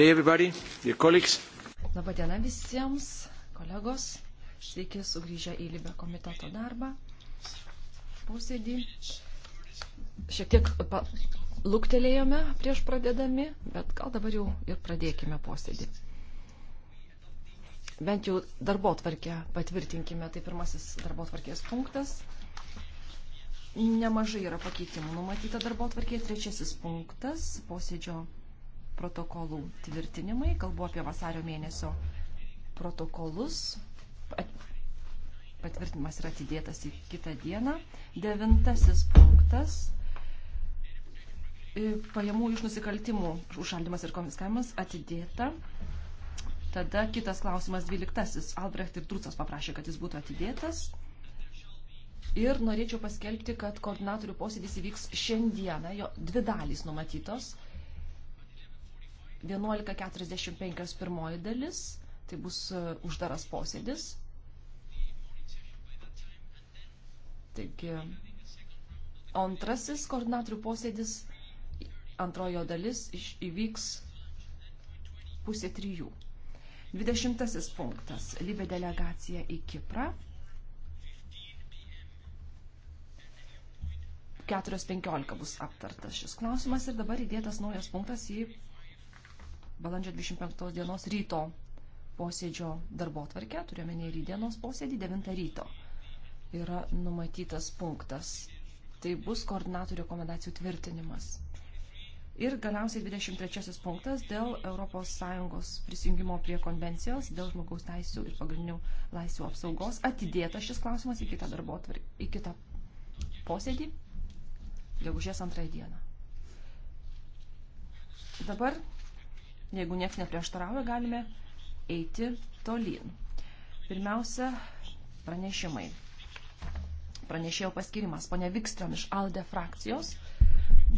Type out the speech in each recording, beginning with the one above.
day, everybody, dear colleagues. Labą dieną visiems, kolegos. Sveiki sugrįžę į Libę komiteto darbą. Posėdį. Šiek tiek luktelėjome prieš pradedami, bet gal dabar jau ir pradėkime posėdį. Bent jau darbo tvarkę patvirtinkime, tai pirmasis darbo tvarkės punktas. Nemažai yra pakeitimų numatyta darbo tvarkė. Trečiasis punktas - posėdžio protokolų tvirtinimai. Kalbu apie vasario mėnesio protokolus. Patvirtinimas yra atidėtas į kitą dieną. Devintasis punktas. E, pajamų iš nusikaltimų užšaldimas ir konfiskavimas atidėta. Tada kitas klausimas, dvyliktasis. Albrecht ir Trucas paprašė, kad jis būtų atidėtas. Ir norėčiau paskelbti, kad koordinatorių posėdis įvyks šiandieną, jo dvi dalys numatytos. 11.45 pirmoji dalis, tai bus e, uždaras posėdis. Taigi, o antrasis koordinatorių posėdis, antrojo dalis, iš, įvyks pusė trijų. Dvidešimtasis punktas. Libė delegacija į Kiprą. 4.15 bus aptartas šis klausimas ir dabar įdėtas naujas punktas į balandžio 25 dienos ryto posėdžio darbo tvarkę, turiuomenė rydienos posėdį 9 ryto, yra numatytas punktas. Tai bus koordinatorių rekomendacijų tvirtinimas. Ir galiausiai 23 punktas dėl ES prisijungimo prie konvencijos dėl žmogaus teisų ir pagrindinių laisvių apsaugos. Atidėta šis klausimas į kitą darbo atvarį, į kitą posėdį, gegužės antrąją dieną. Dabar Jeigu nieks neprieštarauja, galime eiti tolyn. Pirmiausia, pranešimai. Pranešėjo paskirimas. Pone Vikstrom iš ALDE frakcijos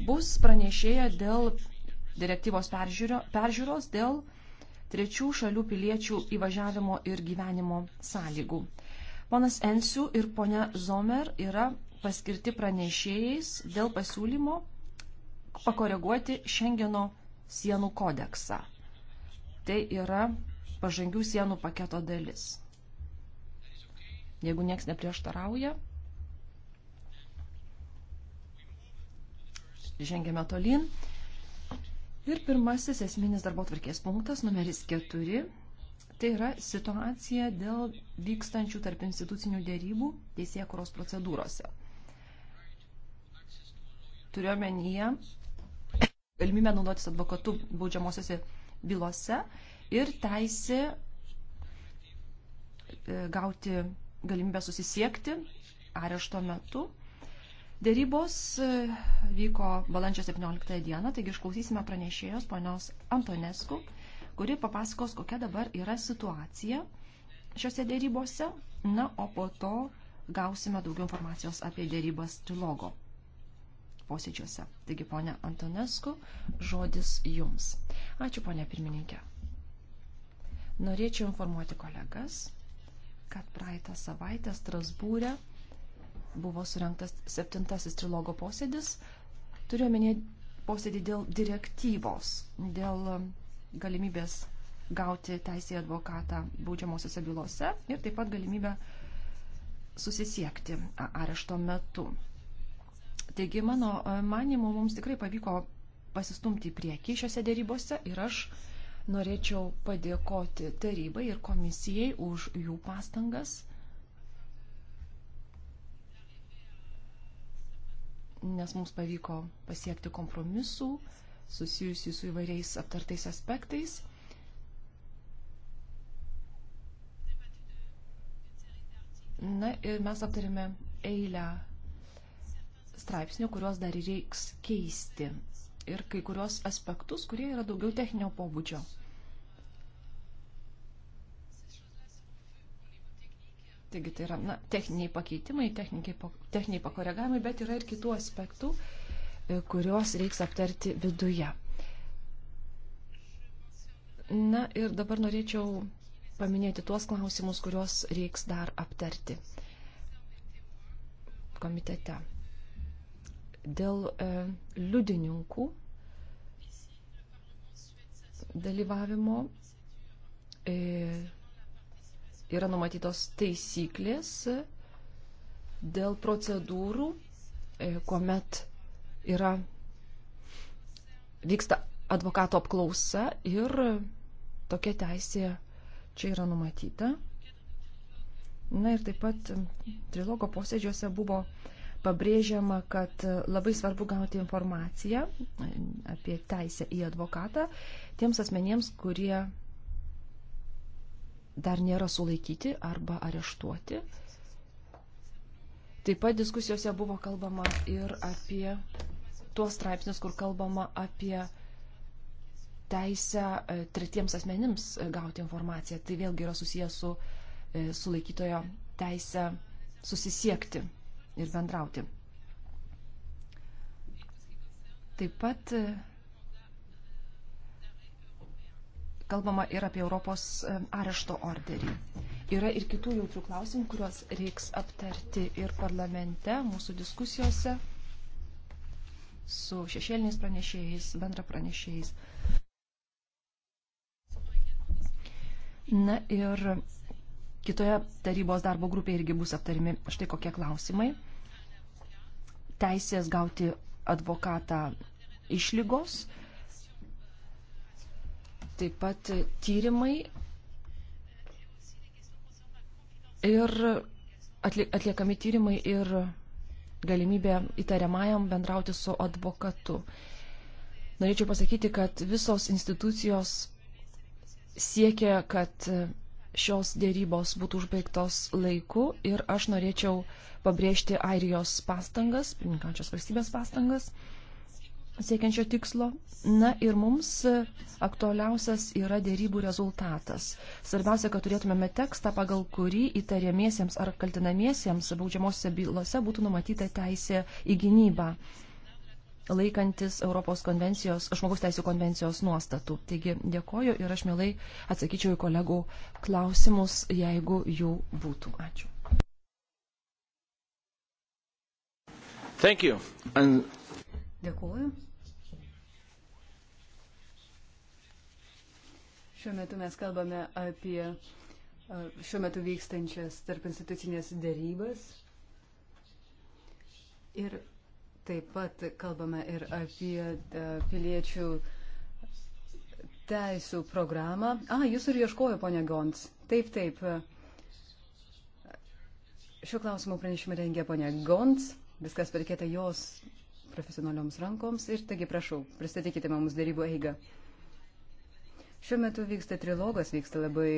bus pranešėja dėl direktyvos peržiūro, peržiūros dėl trečių šalių piliečių įvažiavimo ir gyvenimo sąlygų. Ponas Ensiu ir ponia Zomer yra paskirti pranešėjais dėl pasiūlymo pakoreguoti Šengeno sienų kodeksą. Tai yra pažangių sienų paketo dalis. Jeigu nieks neprieštarauja, žengėme tolin. Ir pirmasis esminis darbo tvarkės punktas, numeris 4, tai yra situacija dėl vykstančių tarp institucinių dėrybų teisėkuros procedūrose. Turiuomenyje galimybę naudotis advokatu baudžiamosiose bylose ir teisė e, gauti galimybę susisiekti arešto metu. Dėrybos e, vyko balandžio 17 dieną, taigi išklausysime pranešėjos ponios Antonesku, kuri papasakos, kokia dabar yra situacija šiuose dėrybose. Na, o po to gausime daugiau informacijos apie dėrybas trilogo posėdžiuose. Taigi, ponia Antonesku, žodis jums. Ačiū, ponia pirmininkė. Norėčiau informuoti kolegas, kad praeitą savaitę Strasbūrė buvo surinktas septintasis trilogo posėdis. Turiu omenyje posėdį dėl direktyvos, dėl galimybės gauti teisėją advokatą baudžiamosiose bylose ir taip pat galimybę susisiekti arešto metu. Taigi, mano e, manimu, mums tikrai pavyko pasistumti į priekį šiuose dėrybose ir aš norėčiau padėkoti tarybai ir komisijai už jų pastangas. Nes mums pavyko pasiekti kompromisų susijusių su įvairiais aptartais aspektais. Na ir mes aptarėme eilę straipsnių, kuriuos dar reiks keisti ir kai kurios aspektus, kurie yra daugiau techninio pobūdžio. Taigi tai yra na, techniniai pakeitimai, techniniai pakoregavimai, bet yra ir kitų aspektų, e, kuriuos reiks aptarti viduje. Na ir dabar norėčiau paminėti tuos klausimus, kuriuos reiks dar aptarti komitete dėl e, liudininkų dalyvavimo e, yra numatytos taisyklės dėl procedūrų, e, kuomet yra vyksta advokato apklausa ir tokia teisė čia yra numatyta. Na ir taip pat trilogo posėdžiuose buvo pabrėžiama, kad labai svarbu gauti informaciją apie teisę į advokatą tiems asmenėms, kurie dar nėra sulaikyti arba areštuoti. Taip pat diskusijose buvo kalbama ir apie tuos straipsnius, kur kalbama apie teisę e, tretiems asmenims e, gauti informaciją. Tai vėlgi yra susijęs su e, sulaikytojo teisę susisiekti ir bendrauti. Taip pat e, kalbama ir apie Europos e, arešto orderį. Yra ir kitų jautrių klausimų, kuriuos reiks aptarti ir parlamente, mūsų diskusijose su šešėliniais pranešėjais, bendra pranešėjais. Na ir Kitoje tarybos darbo grupėje irgi bus aptarimi štai kokie klausimai. Teisės gauti advokatą išlygos, taip pat tyrimai ir atliekami tyrimai ir galimybė įtariamajam bendrauti su advokatu. Norėčiau pasakyti, kad visos institucijos siekia, kad šios dėrybos būtų užbaigtos laiku ir aš norėčiau pabrėžti Airijos pastangas, pirmininkančios valstybės pastangas siekiančio tikslo. Na ir mums aktualiausias yra dėrybų rezultatas. Svarbiausia, kad turėtumėme tekstą, pagal kurį įtariamiesiems ar kaltinamiesiems baudžiamosiose bylose būtų numatyta teisė į gynybą laikantis Europos konvencijos, žmogaus teisų konvencijos nuostatų. Taigi dėkoju ir aš mielai atsakyčiau į kolegų klausimus, jeigu jų būtų. Ačiū. Thank you. And... Dėkuoju. Šiuo metu mes kalbame apie šiuo metu vykstančias tarp institucinės dėrybas. Ir Taip pat kalbame ir apie e, piliečių teisų programą. A, jūs ir ieškojo, ponia Gons. Taip, taip. Šiuo klausimu pranešimą rengė ponia Gons. Viskas patikėta jos profesionalioms rankoms. Ir taigi prašau, pristatykite mums darybų eigą. Šiuo metu vyksta trilogas, vyksta labai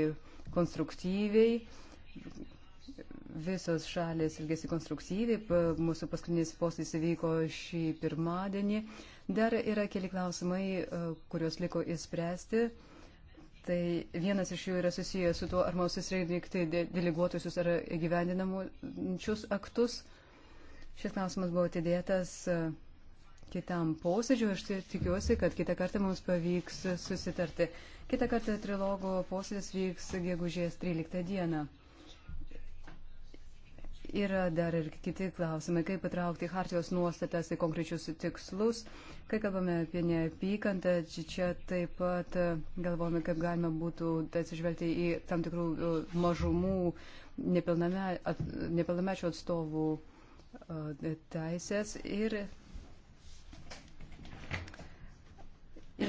konstruktyviai visos šalės ilgesi konstruktyviai. Mūsų paskutinis postas įvyko šį pirmadienį. Dar yra keli klausimai, e, kuriuos liko įspręsti. Tai vienas iš jų yra susijęs su tuo, ar mums įsireikti deleguotusius ar gyvendinamučius aktus. Šis klausimas buvo atidėtas e, kitam posėdžiu. Aš tikiuosi, kad kitą kartą mums pavyks susitarti. Kitą kartą trilogo posėdis vyks gegužės 13 dieną. Yra dar ir kiti klausimai, kaip patraukti hartijos nuostatas į konkrečius tikslus. Kai kalbame apie neapykantą, čia taip pat e, galvojame, kaip galima būtų atsižvelgti į tam tikrų e, mažumų nepilname, at, nepilnamečių atstovų e, teisės. Ir,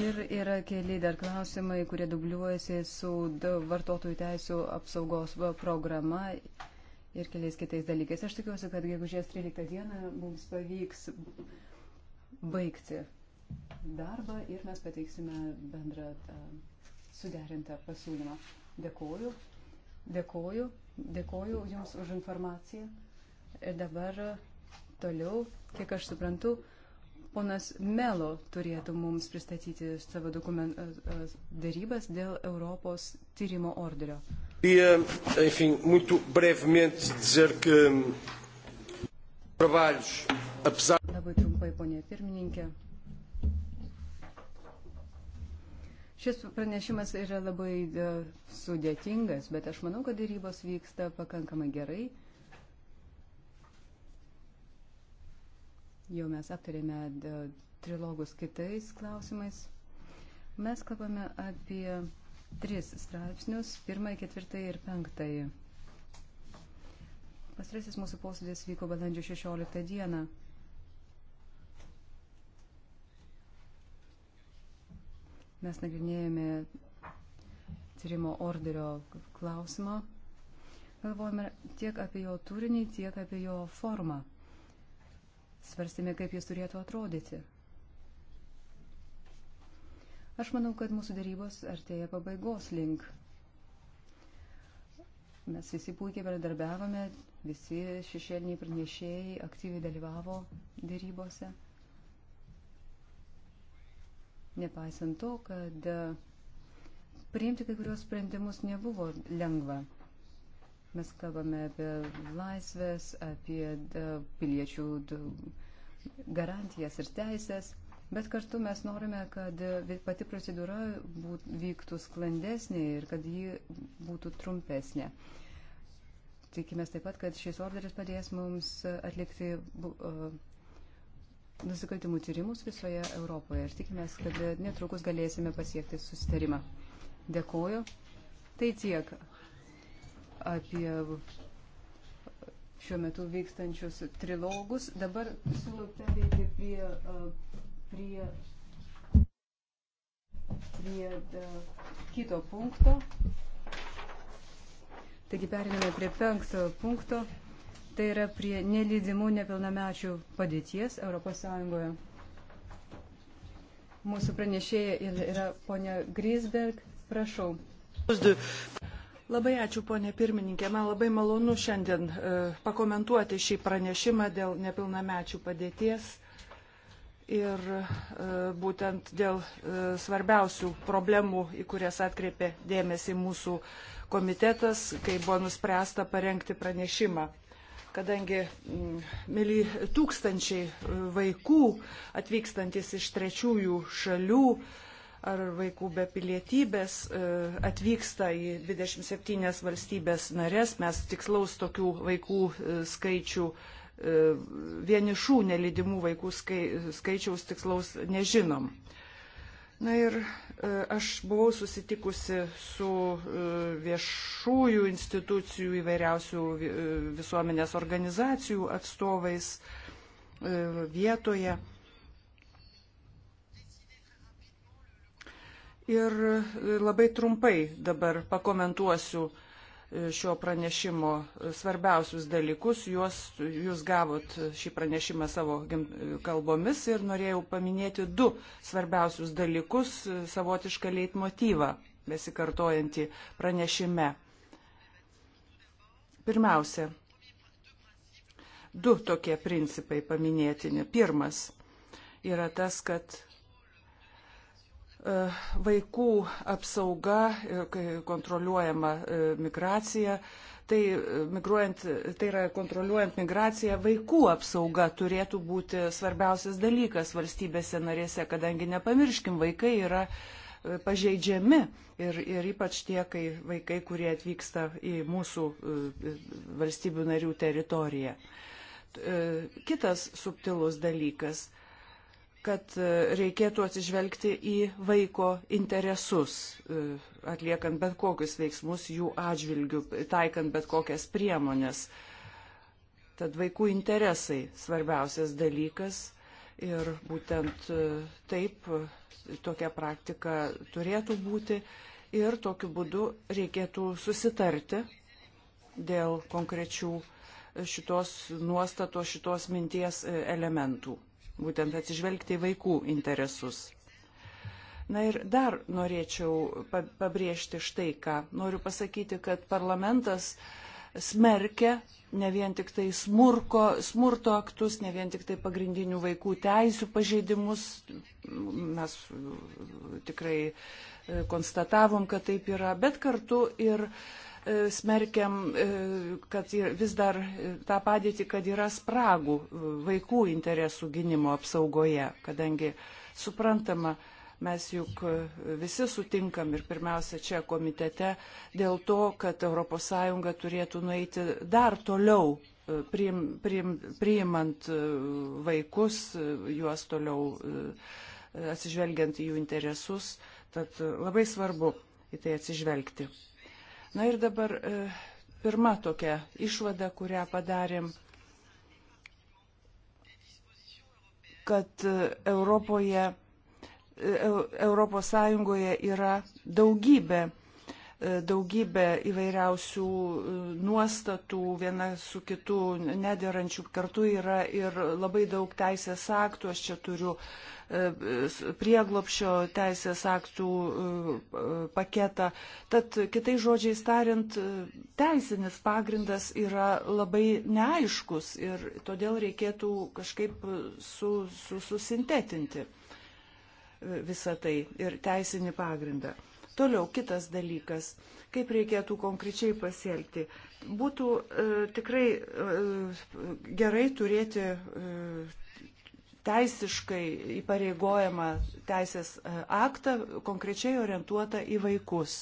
ir yra keli dar klausimai, kurie dubliuojasi su vartotojų teisų apsaugos programa ir keliais kitais dalykais. Aš tikiuosi, kad gegužės 13 dieną mums pavyks baigti darbą ir mes pateiksime bendrą suderintą pasiūlymą. Dėkoju. Dėkoju. Dėkoju Jums už informaciją. Ir dabar toliau, kiek aš suprantu, Ponas Melo turėtų mums pristatyti savo e, e, darybas dėl Europos tyrimo orderio. Enfim, muito brevemente dizer que trabalhos, apesar. Labai trumpai, ponė pirmininkė. Šis pranešimas yra labai e, sudėtingas, bet aš manau, kad darybos vyksta pakankamai gerai. jau mes aptarėme e, trilogus kitais klausimais. Mes kalbame apie tris straipsnius - pirmąjį, ketvirtąjį ir penktąjį. Pastrasis mūsų posėdis vyko balandžio 16 dieną. Mes nagrinėjome tyrimo orderio klausimą. Galvojame tiek apie jo turinį, tiek apie jo formą svarstėme, kaip jis turėtų atrodyti. Aš manau, kad mūsų darybos artėja pabaigos link. Mes visi puikiai bendradarbiavome, visi šešėliniai pranešėjai aktyviai dalyvavo darybose. Nepaisant to, kad priimti kai kurios sprendimus nebuvo lengva. Mes kalbame apie laisvės, apie e, piliečių garantijas ir teisės, bet kartu mes norime, kad e, pati procedūra būt, vyktų sklandesnė ir kad ji būtų trumpesnė. Tikimės taip pat, kad šis orderis padės mums atlikti uh, nusikaltimų tyrimus visoje Europoje ir tikimės, kad netrukus galėsime pasiekti susitarimą. Dėkoju. Tai tiek apie šiuo metu vykstančius trilogus. Dabar siūlau perėti prie, prie, prie da, kito punkto. Taigi periname prie penkto punkto. Tai yra prie nelydimų nepilnamečių padėties ES. Mūsų pranešėja yra ponia Grisberg. Prašau. Labai ačiū, ponė pirmininkė. Man labai malonu šiandien e, pakomentuoti šį pranešimą dėl nepilnamečių padėties ir e, būtent dėl e, svarbiausių problemų, į kurias atkreipė dėmesį mūsų komitetas, kai buvo nuspręsta parengti pranešimą. Kadangi, mėly, tūkstančiai vaikų atvykstantis iš trečiųjų šalių, ar vaikų be pilietybės e, atvyksta į 27 valstybės narės. Mes tikslaus tokių vaikų e, skaičių, e, vienišų nelidimų vaikų skaičiaus tikslaus nežinom. Na ir aš buvau susitikusi su viešųjų institucijų įvairiausių visuomenės organizacijų atstovais vietoje. Ir e, labai trumpai dabar pakomentuosiu e, šio pranešimo e, svarbiausius dalykus. Juos, jūs gavot šį pranešimą savo kalbomis ir norėjau paminėti du svarbiausius dalykus - savotišką leitmotyvą besikartojantį pranešime. Pirmiausia, du tokie principai paminėtini. Pirmas yra tas, kad vaikų apsauga, kontroliuojama e, migracija. Tai, e, migruojant, tai yra kontroliuojant migraciją, vaikų apsauga turėtų būti svarbiausias dalykas valstybėse narėse, kadangi nepamirškim, vaikai yra e, pažeidžiami ir, ir ypač tie, kai vaikai, kurie atvyksta į mūsų valstybių narių teritoriją. Kitas subtilus dalykas kad e, reikėtų atsižvelgti į vaiko interesus, e, atliekant bet kokius veiksmus jų atžvilgių, taikant bet kokias priemonės. Tad vaikų interesai svarbiausias dalykas ir būtent e, taip tokia praktika turėtų būti ir tokiu būdu reikėtų susitarti dėl konkrečių šitos nuostatos, šitos minties elementų būtent atsižvelgti į vaikų interesus. Na ir dar norėčiau pabrėžti štai ką. Noriu pasakyti, kad parlamentas smerkia ne vien tik tai smurko, smurto aktus, ne vien tik tai pagrindinių vaikų teisų pažeidimus. Mes tikrai e, konstatavom, kad taip yra, bet kartu ir uh, E, smerkiam, e, kad vis dar e, tą padėtį, kad yra spragų vaikų interesų gynimo apsaugoje, kadangi suprantama, mes juk visi sutinkam ir pirmiausia čia komitete dėl to, kad ES turėtų nueiti dar toliau priim, priim, priimant vaikus, juos toliau atsižvelgiant į jų interesus. Tad labai svarbu į tai atsižvelgti. Na ir dabar e, pirma tokia išvada, kurią padarėm, kad e, Europoje, e, Europos Sąjungoje yra daugybė daugybė įvairiausių e, nuostatų, viena su kitu nederančių, kartu yra ir labai daug teisės aktų, aš čia turiu e, prieglopšio teisės aktų e, paketą. Tad kitai žodžiai tariant, teisinis pagrindas yra labai neaiškus ir todėl reikėtų kažkaip su, su, susintetinti visą tai ir teisinį pagrindą. Toliau kitas dalykas, kaip reikėtų konkrečiai pasielgti. Būtų e, tikrai e, gerai turėti e, teisiškai įpareigojama teisės e, aktą konkrečiai orientuota į vaikus.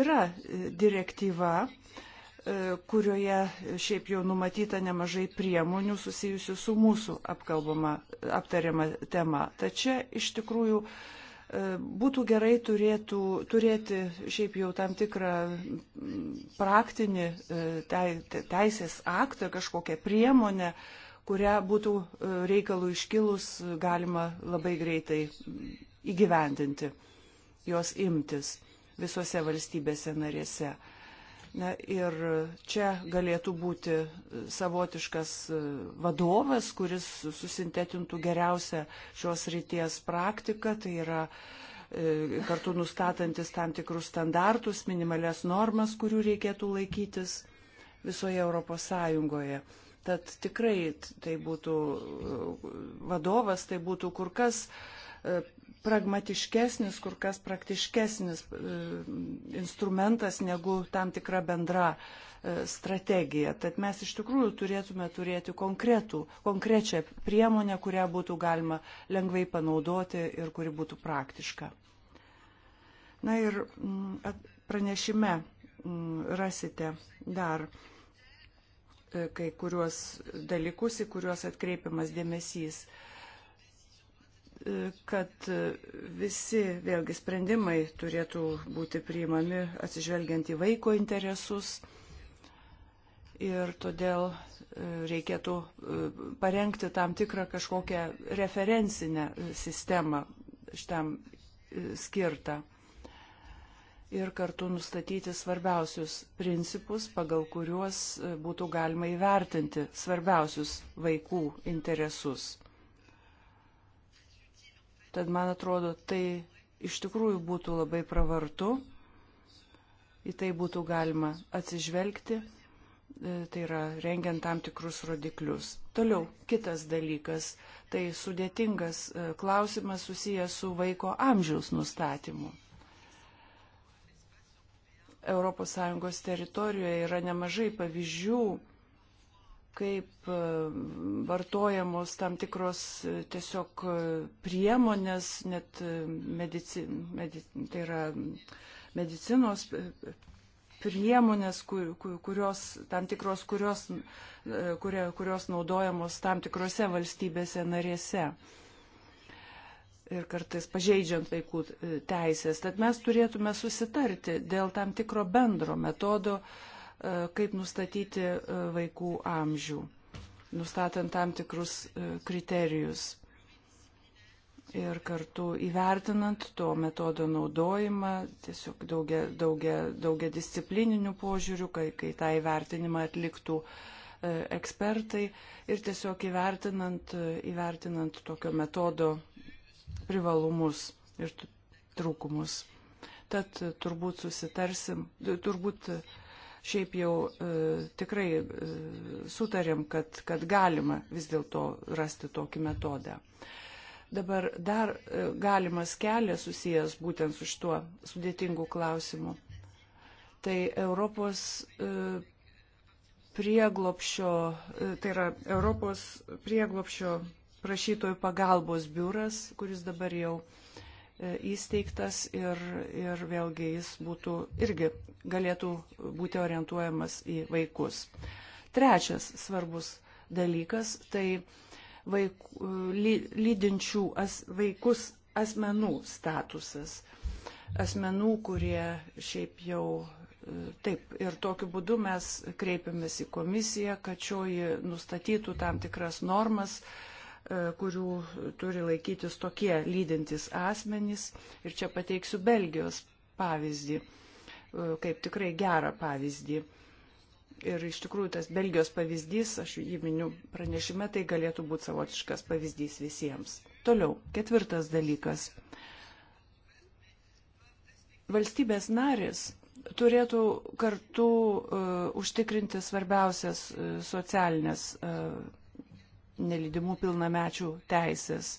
Yra direktyva, E, kurioje šiaip jau numatyta nemažai priemonių susijusių su mūsų apkalbama, aptariama tema. Tačiau iš tikrųjų e, būtų gerai turėtų, turėti šiaip jau tam tikrą mm, praktinį e, teisės aktą, kažkokią priemonę, kurią būtų reikalų iškilus galima labai greitai mm, įgyvendinti, jos imtis visose valstybėse narėse. Na ir čia galėtų būti savotiškas e, vadovas, kuris susintetintų geriausią šios ryties praktiką, tai yra e, kartu nustatantis tam tikrus standartus, minimalias normas, kurių reikėtų laikytis visoje Europos Sąjungoje. Tad tikrai tai būtų e, vadovas, tai būtų kur kas pragmatiškesnis, kur kas praktiškesnis e, instrumentas negu tam tikra bendra e, strategija. Tad mes iš tikrųjų turėtume turėti konkretų, konkrečią priemonę, kurią būtų galima lengvai panaudoti ir kuri būtų praktiška. Na ir mm, pranešime mm, rasite dar e, kai kuriuos dalykus, į kuriuos atkreipiamas dėmesys kad visi vėlgi sprendimai turėtų būti priimami atsižvelgiant į vaiko interesus. Ir todėl e, reikėtų e, parengti tam tikrą kažkokią referencinę e, sistemą šitam skirtą. Ir kartu nustatyti svarbiausius principus, pagal kuriuos būtų galima įvertinti svarbiausius vaikų interesus. Tad, man atrodo, tai iš tikrųjų būtų labai pravartu, į tai būtų galima atsižvelgti, e, tai yra rengiant tam tikrus rodiklius. Toliau, kitas dalykas, tai sudėtingas e, klausimas susijęs su vaiko amžiaus nustatymu. ES teritorijoje yra nemažai pavyzdžių, kaip e, vartojamos tam tikros e, tiesiog e, priemonės, net medici, medici, tai yra medicinos priemonės, kur, kurios, tam tikros, kurios, kurie, kurios naudojamos tam tikrose valstybėse narėse ir kartais pažeidžiant vaikų teisės. Tad mes turėtume susitarti dėl tam tikro bendro metodo, uh, E, kaip nustatyti e, vaikų amžių, nustatant tam tikrus e, kriterijus ir kartu įvertinant to metodo naudojimą, tiesiog daugia, daugia, daugia disciplininių požiūrių, kai, kai tą įvertinimą atliktų ekspertai ir tiesiog įvertinant, įvertinant tokio metodo privalumus ir trūkumus. Tad turbūt susitarsim, turbūt uh, šiaip jau e, tikrai e, sutarėm, kad, kad galima vis dėlto rasti tokį metodą. Dabar dar e, galimas kelias susijęs būtent su šituo sudėtingu klausimu. Tai Europos e, prieglopšio, e, tai yra Europos prieglopšio prašytojų pagalbos biuras, kuris dabar jau e, E, įsteigtas ir, ir vėlgi jis būtų irgi galėtų būti orientuojamas į vaikus. Trečias svarbus dalykas - tai vaikų, ly, lydinčių as, vaikus asmenų statusas. Asmenų, kurie šiaip jau e, Taip, ir tokiu būdu mes kreipiamės į komisiją, kad šioji nustatytų tam tikras normas, E, kurių turi laikytis tokie lydintys asmenys. Ir čia pateiksiu Belgijos pavyzdį, e, kaip tikrai gerą pavyzdį. Ir iš tikrųjų tas Belgijos pavyzdys, aš jį miniu pranešime, tai galėtų būti savotiškas pavyzdys visiems. Toliau, ketvirtas dalykas. Valstybės narės turėtų kartu uh, užtikrinti svarbiausias uh, socialinės uh, nelydimų pilnamečių teisės.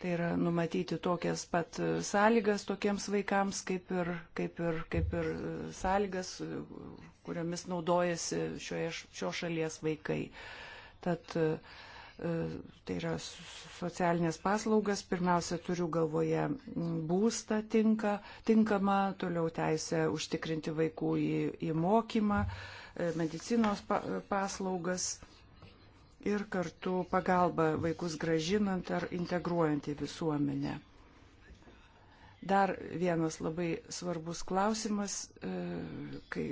Tai yra numatyti tokias pat sąlygas tokiems vaikams, kaip ir, kaip ir, kaip ir sąlygas, kuriomis naudojasi šioje, šio šalies vaikai. Tad e, tai yra socialinės paslaugas, pirmiausia turiu galvoje būstą tinka, tinkamą, toliau teisę užtikrinti vaikų į, į mokymą, e, medicinos paslaugas ir kartu pagalba vaikus gražinant ar integruojant į visuomenę. Dar vienas labai svarbus klausimas, e, kai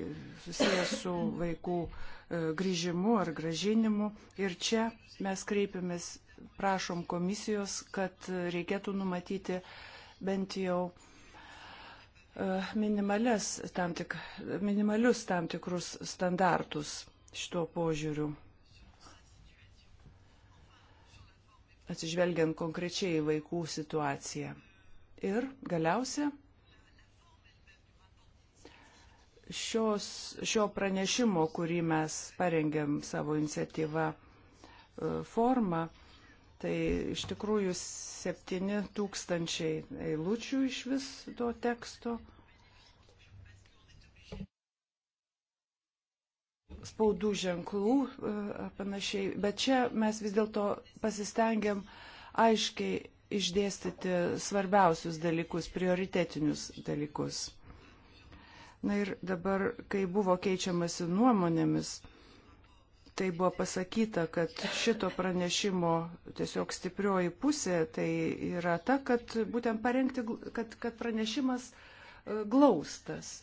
susijęs su vaikų e, grįžimu ar gražinimu. Ir čia mes kreipiamės, prašom komisijos, kad reikėtų numatyti bent jau e, minimalius tam tikrus standartus šituo požiūriu. atsižvelgiant konkrečiai į vaikų situaciją. Ir galiausia, šios, šio pranešimo, kurį mes parengėm savo iniciatyvą e, formą, tai iš tikrųjų 7 tūkstančiai eilučių iš vis to teksto. spaudų ženklų e, ar panašiai, bet čia mes vis dėlto pasistengiam aiškiai išdėstyti svarbiausius dalykus, prioritetinius dalykus. Na ir dabar, kai buvo keičiamasi nuomonėmis, tai buvo pasakyta, kad šito pranešimo tiesiog stiprioji pusė tai yra ta, kad būtent parengti, kad, kad pranešimas e, glaustas.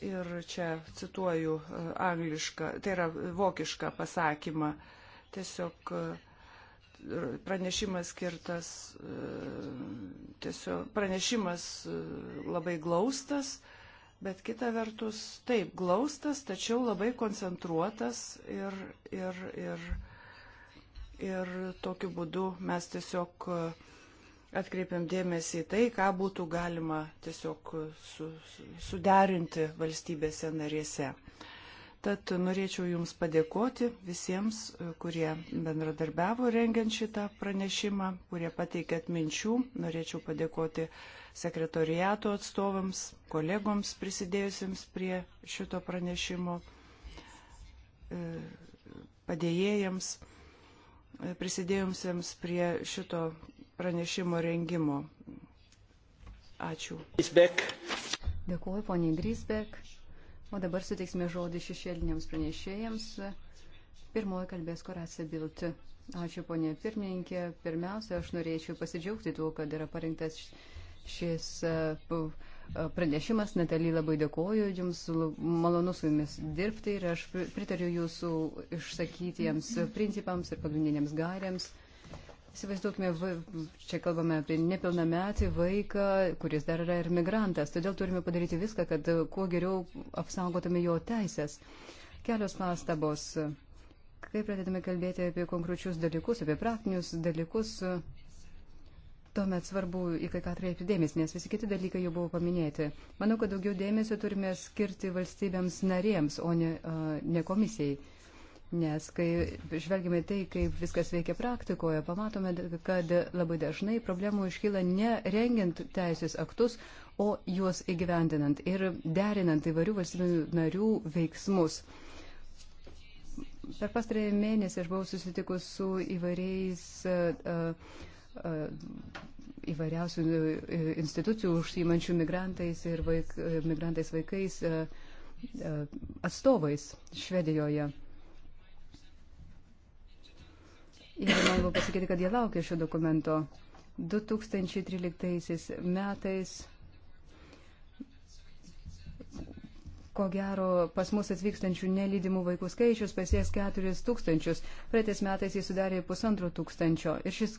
Ir čia cituoju e, anglišką, tai yra vokišką pasakymą. Tiesiog e, pranešimas skirtas, e, tiesiog pranešimas labai glaustas, bet kita vertus taip glaustas, tačiau labai koncentruotas ir, ir, ir, ir tokiu būdu mes tiesiog uh, atkreipiam dėmesį į tai, ką būtų galima tiesiog su, su, suderinti valstybėse narėse. Tad norėčiau Jums padėkoti visiems, kurie bendradarbiavo rengiant šitą pranešimą, kurie pateikėt minčių. Norėčiau padėkoti sekretoriato atstovams, kolegoms prisidėjusiems prie šito pranešimo, e, padėjėjams e, prisidėjusiems prie šito pranešimo rengimo. Ačiū. Grisbek. Dėkuoju, poniai Grisbek. O dabar suteiksime žodį šešėliniams pranešėjams. Pirmoji kalbės Koracija Bilti. Ačiū, ponė pirmininkė. Pirmiausia, aš norėčiau pasidžiaugti tuo, kad yra parinktas šis e, e, pranešimas. Natalį labai dėkoju, jums malonu su jumis dirbti ir aš pritariu jūsų išsakytiems principams ir pagrindinėms gairiams. Mm. Įsivaizduokime, čia kalbame apie nepilnametį vaiką, kuris dar yra ir migrantas, todėl turime padaryti viską, kad kuo geriau apsaugotume jo teisės. Kelios pastabos. Kai pradedame kalbėti apie konkrečius dalykus, apie praktinius dalykus, tuomet svarbu į kai ką atkreipti dėmesį, nes visi kiti dalykai jau buvo paminėti. Manau, kad daugiau dėmesio turime skirti valstybėms narėms, o ne, ne komisijai. Nes kai žvelgime tai, kaip viskas veikia praktikoje, pamatome, kad labai dažnai problemų iškyla ne rengiant teisės aktus, o juos įgyvendinant ir derinant įvairių valstybių narių veiksmus. Per pastarąjį mėnesį aš buvau susitikus su įvairiais. Uh, uh, įvairiausių institucijų užsijimančių migrantais ir vaik, migrantais vaikais uh, uh, atstovais Švedijoje. Ir noriu pasakyti, kad jie laukia šio dokumento. 2013 metais, ko gero, pas mus atvykstančių nelydimų vaikų skaičius pasieks 4 tūkstančius. Praeitais metais jis sudarė pusantro tūkstančio ir šis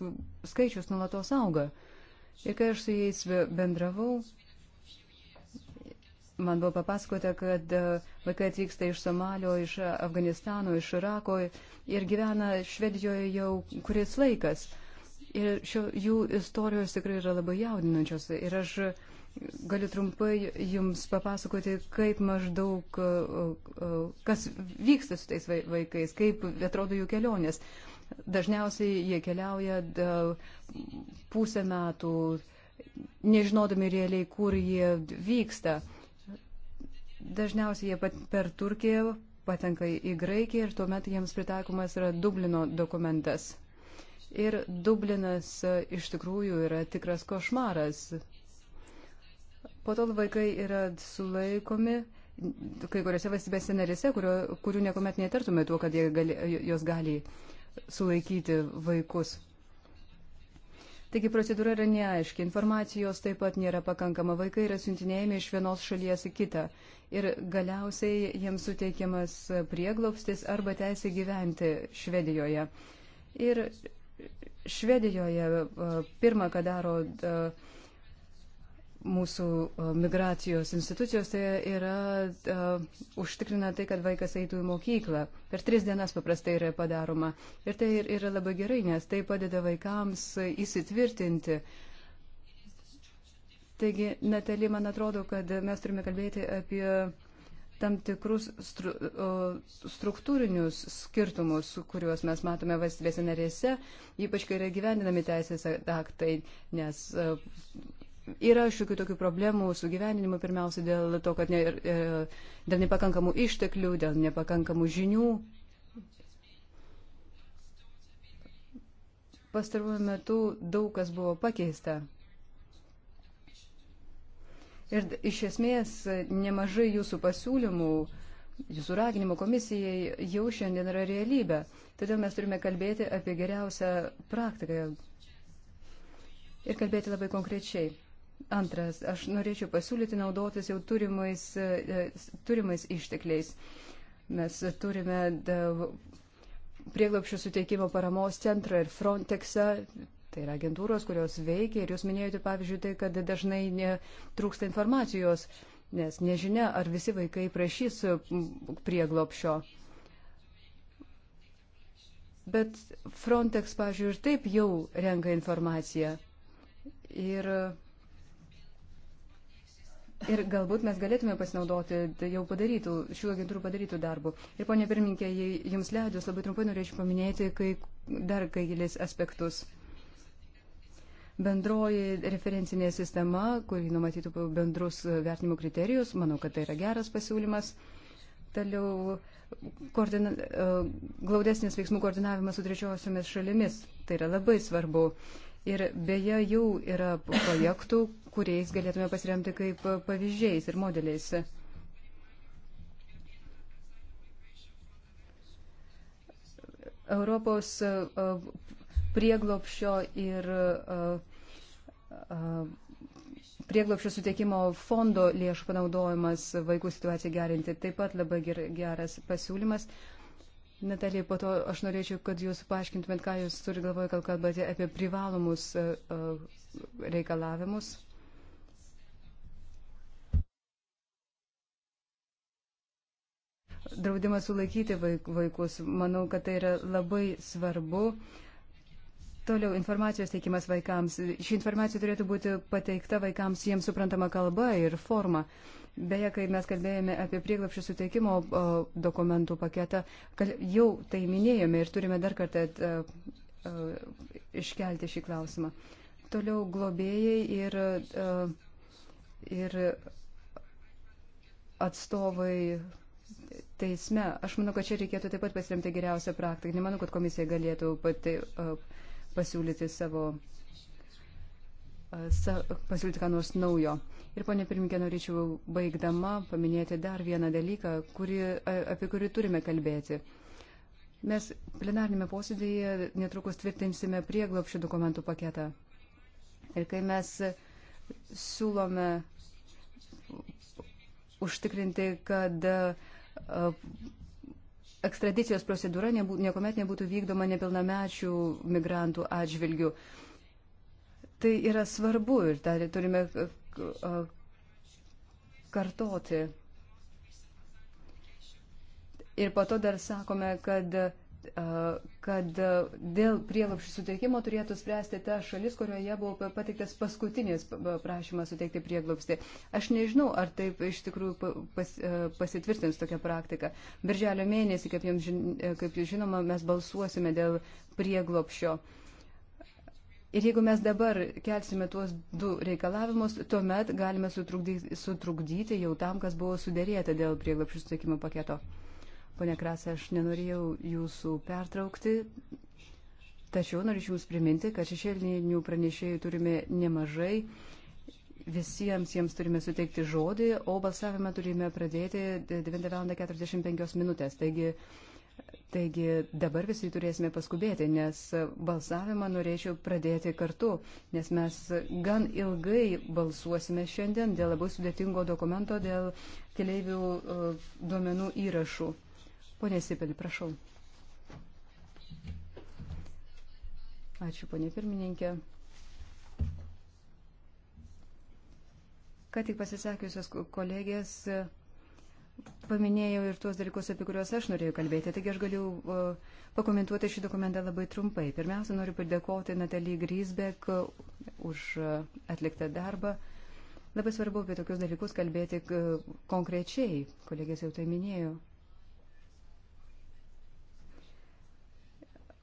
skaičius nulatos auga. Ir kai aš su jais bendravau, Man buvo papasakota, kad e, vaikai atvyksta iš Somalio, iš Afganistano, iš Irako ir gyvena Švedijoje jau kuris laikas. Ir šio, jų istorijos tikrai yra labai jaudinančios. Ir aš galiu trumpai jums papasakoti, kaip maždaug, e, e, kas vyksta su tais vaikais, kaip atrodo jų kelionės. Dažniausiai jie keliauja pusę metų, nežinodami realiai, kur jie vyksta. Dažniausiai jie per Turkiją patenka į Graikiją ir tuomet jiems pritaikomas yra Dublino dokumentas. Ir Dublinas e, iš tikrųjų yra tikras košmaras. Po to vaikai yra sulaikomi kai kuriuose valstybėse narėse, kurio, kurių niekuomet netartume tuo, kad gali, jos gali sulaikyti vaikus. Taigi procedūra yra neaiški, informacijos taip pat nėra pakankama, vaikai yra siuntinėjami iš vienos šalies į kitą ir galiausiai jiems suteikiamas prieglobstis arba teisė gyventi Švedijoje. Ir Švedijoje e, pirmą, ką daro. Uh, mūsų migracijos institucijos tai yra uh, užtikrina tai, kad vaikas eitų į mokyklą. Per tris dienas paprastai yra padaroma. Ir tai yra labai gerai, nes tai padeda vaikams įsitvirtinti. Taigi, Natali, man atrodo, kad mes turime kalbėti apie tam tikrus stru, struktūrinius skirtumus, kuriuos mes matome valstybėse narėse, ypač kai yra gyvendinami teisės aktai, nes uh, Yra šiokių tokių problemų su gyvenimu, pirmiausia, dėl to, kad ne, e, dėl nepakankamų išteklių, dėl nepakankamų žinių. Pastaruoju metu daug kas buvo pakeista. Ir iš esmės nemažai jūsų pasiūlymų, jūsų raginimo komisijai jau šiandien yra realybė. Todėl mes turime kalbėti apie geriausią praktiką ir kalbėti labai konkrečiai. Antras, aš norėčiau pasiūlyti naudotis jau turimais, e, e, turimais ištekliais. Mes turime prieglopščių suteikimo paramos centrą ir Frontexą. Tai yra agentūros, kurios veikia ir jūs minėjote, pavyzdžiui, tai, kad dažnai trūksta informacijos, nes nežinia, ar visi vaikai prašys prieglopščio. Bet Frontex, pavyzdžiui, ir taip jau renka informaciją. Ir Ir galbūt mes galėtume pasinaudoti jau padarytų, šių agentūrų padarytų darbų. Ir ponė pirminkė, jei jums leidus, labai trumpai norėčiau paminėti kai, dar kai gilis aspektus. Bendroji referencinė sistema, kuri numatytų bendrus vertinimo kriterijus, manau, kad tai yra geras pasiūlymas. Toliau koordina, e, glaudesnis veiksmų koordinavimas su trečiosiomis šalimis, tai yra labai svarbu. Uh, Ir beje, jau yra projektų, kuriais galėtume pasiremti kaip pavyzdžiais ir modeliais. Europos prieglopšio ir prieglopšio suteikimo fondo lėšų panaudojimas vaikų situacijai gerinti taip pat labai geras pasiūlymas. Natalija, po to aš norėčiau, kad jūs paaiškintumėt, ką jūs turi galvoje, kad kalbate apie privalomus e, e, reikalavimus. Draudimas sulaikyti vaikus, manau, kad tai yra labai svarbu. Toliau informacijos teikimas vaikams. Ši informacija turėtų būti pateikta vaikams jiems suprantama kalba ir forma. Beje, kai mes kalbėjome apie prieglapšio suteikimo dokumentų paketą, jau tai minėjome ir turime dar kartą iškelti šį klausimą. Toliau globėjai ir, ir atstovai teisme. Aš manau, kad čia reikėtų taip pat pasiremti geriausią praktiką. Nemanau, kad komisija galėtų pati, pasiūlyti savo, sa, pasiūlyti ką nors naujo. Ir, ponė pirmininkė, norėčiau baigdama paminėti dar vieną dalyką, kuri, apie kurį turime kalbėti. Mes plenarnėme posėdėje netrukus tvirtinsime prieglopšių dokumentų paketą. Ir kai mes siūlome užtikrinti, kad ekstradicijos procedūra niekuomet nebūtų vykdoma nepilnamečių migrantų atžvilgių. Tai yra svarbu ir tą turime kartoti. Ir po to dar sakome, kad, kad dėl prieglapšių suteikimo turėtų spręsti ta šalis, kurioje buvo pateiktas paskutinis prašymas suteikti prieglapstį. Aš nežinau, ar taip iš tikrųjų pas, pasitvirtins tokia praktika. Birželio mėnesį, kaip jums, kaip jums žinoma, mes balsuosime dėl prieglapšio. Uh, Ir jeigu mes dabar kelsime tuos du reikalavimus, tuomet galime sutrukdyti, sutrukdyti jau tam, kas buvo sudėrėta dėl prieglapšių sutikimo paketo. Pone Krasė, aš nenorėjau jūsų pertraukti, tačiau norėčiau jums priminti, kad šešėlinių pranešėjų turime nemažai. Visiems jiems turime suteikti žodį, o balsavimą turime pradėti 9.45 min. Taigi Taigi dabar visi turėsime paskubėti, nes balsavimą norėčiau pradėti kartu, nes mes gan ilgai balsuosime šiandien dėl labai sudėtingo dokumento, dėl keliaivių e, duomenų įrašų. Pone Sipelį, prašau. Ačiū, ponė pirmininkė. Ką tik pasisakiusios kolegės paminėjau ir tuos dalykus, apie kuriuos aš norėjau kalbėti, taigi aš galiu uh, pakomentuoti šį dokumentą labai trumpai. Pirmiausia, noriu padėkoti Natalijai Grisbek už atliktą darbą. Labai svarbu apie tokius dalykus kalbėti konkrečiai, kolegės jau tai minėjo.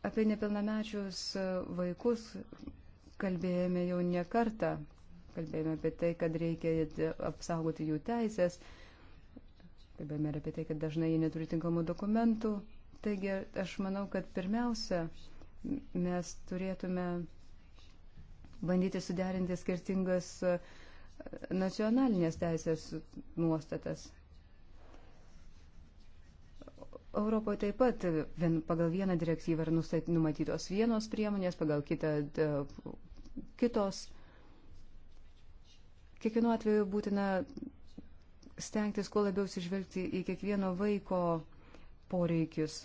Apie nepilnamečius vaikus kalbėjome jau ne kartą, kalbėjome apie tai, kad reikia apsaugoti jų teisės. Uh, kalbėjome ir apie tai, kad dažnai jie neturi tinkamų dokumentų. Taigi aš manau, kad pirmiausia, mes turėtume bandyti suderinti skirtingas e, nacionalinės teisės nuostatas. Europoje taip pat vien, pagal vieną direktyvą yra nustat, numatytos vienos priemonės, pagal kitą kitos. Kiekvienu atveju būtina stengtis kuo labiau sižvelgti į kiekvieno vaiko poreikius.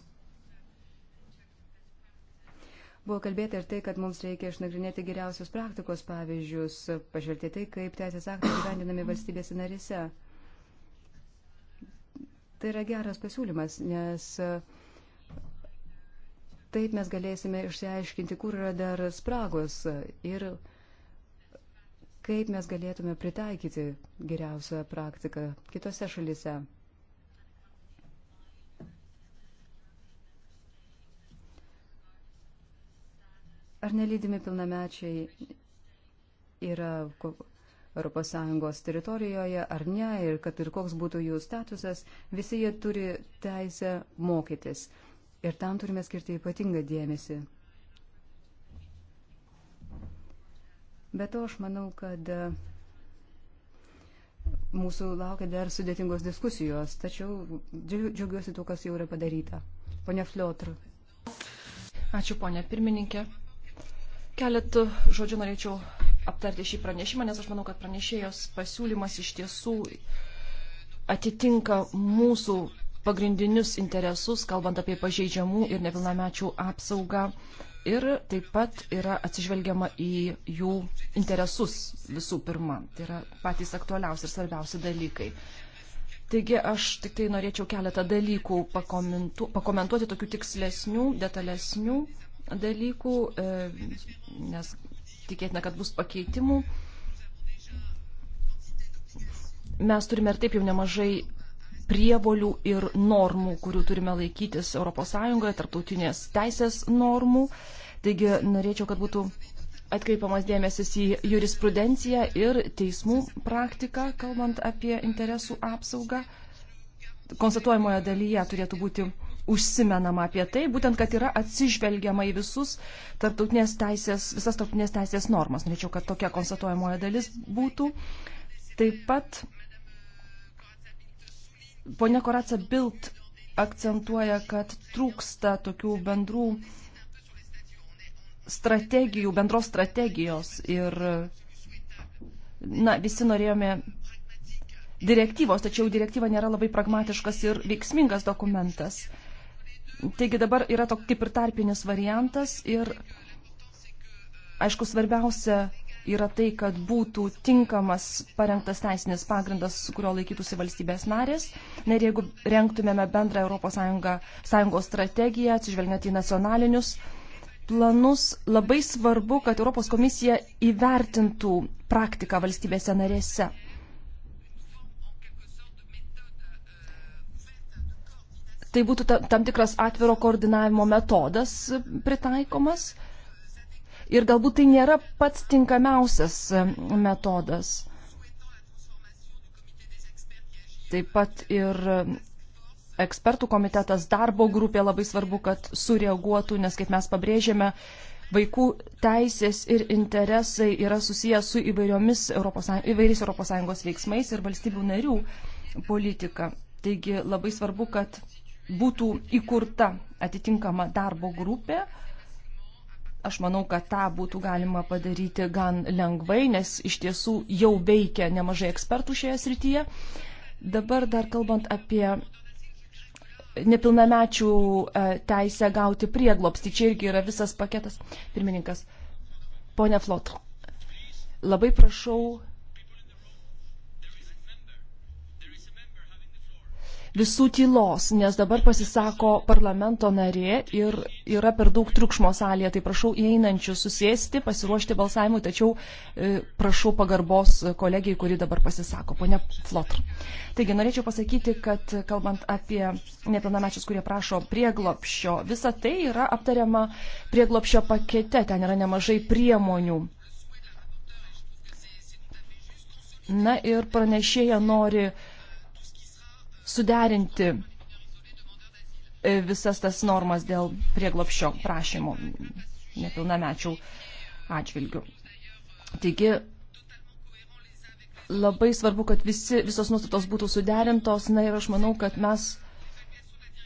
Buvo kalbėta ir tai, kad mums reikia išnagrinėti geriausios praktikos pavyzdžius, pažvelgti tai, kaip teisės aktai gyvendinami valstybėse narise. Tai yra geras pasiūlymas, nes e, taip mes galėsime išsiaiškinti, kur yra dar spragos ir uh, kaip mes galėtume pritaikyti geriausią praktiką kitose šalise. Ar nelydimi pilnamečiai yra ES teritorijoje ar ne, ir kad ir koks būtų jų statusas, visi jie turi teisę mokytis. Ir tam turime skirti ypatingą dėmesį. Bet to aš manau, kad e, mūsų laukia dar sudėtingos diskusijos, tačiau džiaugiuosi tuo, kas jau yra padaryta. Pone Fliotr. Ačiū, ponė pirmininkė. Keletų žodžių norėčiau aptarti šį pranešimą, nes aš manau, kad pranešėjos pasiūlymas iš tiesų atitinka mūsų pagrindinius interesus, kalbant apie pažeidžiamų ir nepilnamečių apsaugą. Ir taip pat yra atsižvelgiama į jų interesus visų pirma. Tai yra patys aktualiausi ir svarbiausi dalykai. Taigi aš tik tai norėčiau keletą dalykų pakomentu, pakomentuoti, tokių tikslesnių, detalesnių dalykų, e, nes tikėtina, kad bus pakeitimų. Mes turime ir taip jau nemažai prievolių ir normų, kurių turime laikytis ES, tarptautinės teisės normų. Taigi norėčiau, kad būtų atkreipiamas dėmesys į jurisprudenciją ir teismų praktiką, kalbant apie interesų apsaugą. Konstatuojamoje dalyje turėtų būti užsimenama apie tai, būtent, kad yra atsižvelgiama į visus tarptautinės teisės, visas tarptautinės teisės normas. Norėčiau, kad tokia konstatuojamoje dalis būtų. Taip pat Pone Koraca Bilt akcentuoja, kad trūksta tokių bendrų strategijų, bendros strategijos ir na, visi norėjome direktyvos, tačiau direktyva nėra labai pragmatiškas ir veiksmingas dokumentas. Taigi dabar yra toks kaip ir tarpinis variantas ir, aišku, svarbiausia yra tai, kad būtų tinkamas parengtas teisinis pagrindas, kurio laikytųsi valstybės narės. Na ir jeigu renktumėme bendrą ES strategiją, atsižvelgiant į nacionalinius planus, labai svarbu, kad Europos komisija įvertintų praktiką valstybėse narėse. Tai būtų tam tikras atviro koordinavimo metodas pritaikomas ir galbūt tai nėra pats tinkamiausias e, metodas. Taip pat ir ekspertų komitetas, darbo grupė labai svarbu, kad sureaguotų, nes kaip mes pabrėžėme, vaikų teisės ir interesai yra susijęs su įvairiomis Europos, įvairiais ES veiksmais ir valstybių narių politika. Taigi labai svarbu, kad būtų įkurta atitinkama darbo grupė, Aš manau, kad tą būtų galima padaryti gan lengvai, nes iš tiesų jau veikia nemažai ekspertų šioje srityje. Dabar dar kalbant apie nepilnamečių e, teisę gauti prieglopstį, čia irgi yra visas paketas. Pirmininkas, ponia Flot, labai prašau visų tylos, nes dabar pasisako parlamento narė ir yra per daug triukšmo salėje. Tai prašau įeinančių susėsti, pasiruošti balsavimui, tačiau e, prašau pagarbos kolegijai, kuri dabar pasisako, ponia Flotr. Taigi norėčiau pasakyti, kad kalbant apie nepilnamečius, kurie prašo prieglopščio, visa tai yra aptariama prieglopščio pakete, ten yra nemažai priemonių. Na ir pranešėja nori uh, suderinti e, visas tas normas dėl prieglopščio prašymų nepilnamečių atžvilgių. Taigi labai svarbu, kad visi, visos nustatos būtų suderintos. Na ir aš manau, kad mes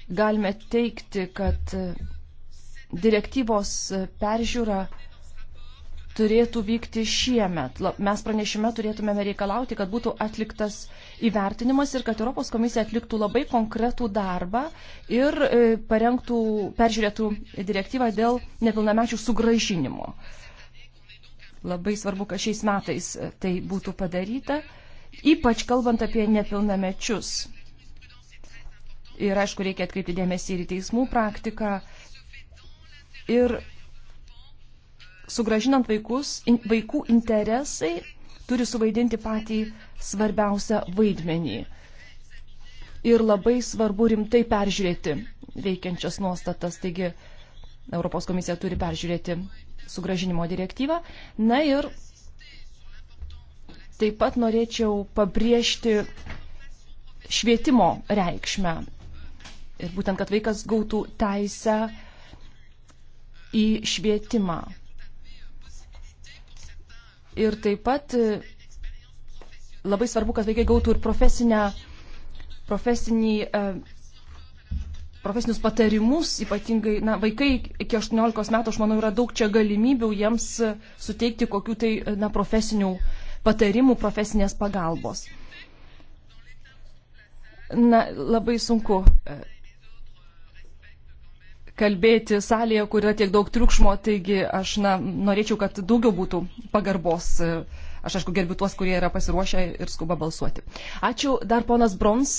galime teikti, kad direktyvos peržiūra turėtų vykti šiemet. Mes pranešime turėtumėme reikalauti, kad būtų atliktas įvertinimas ir kad Europos komisija atliktų labai konkretų darbą ir e, parengtų, peržiūrėtų direktyvą dėl nepilnamečių sugražinimo. Labai svarbu, kad šiais metais e, tai būtų padaryta, ypač kalbant apie nepilnamečius. Ir aišku, reikia atkreipti dėmesį ir į teismų praktiką. Ir sugražinant vaikus, in, vaikų interesai turi suvaidinti patį svarbiausią vaidmenį. Ir labai svarbu rimtai peržiūrėti veikiančias nuostatas. Taigi Europos komisija turi peržiūrėti sugražinimo direktyvą. Na ir taip pat norėčiau pabrėžti švietimo reikšmę. Ir būtent, kad vaikas gautų teisę į švietimą. Ir taip pat e, labai svarbu, kad vaikai gautų ir profesinę, profesinį, e, profesinius patarimus, ypatingai, na, vaikai iki 18 metų, aš manau, yra daug čia galimybių jiems suteikti kokių tai, e, na, profesinių patarimų, profesinės pagalbos. Na, labai sunku kalbėti salėje, kur yra tiek daug triukšmo, taigi aš na, norėčiau, kad daugiau būtų pagarbos. Aš aišku gerbiu tuos, kurie yra pasiruošę ir skuba balsuoti. Ačiū, dar ponas Brons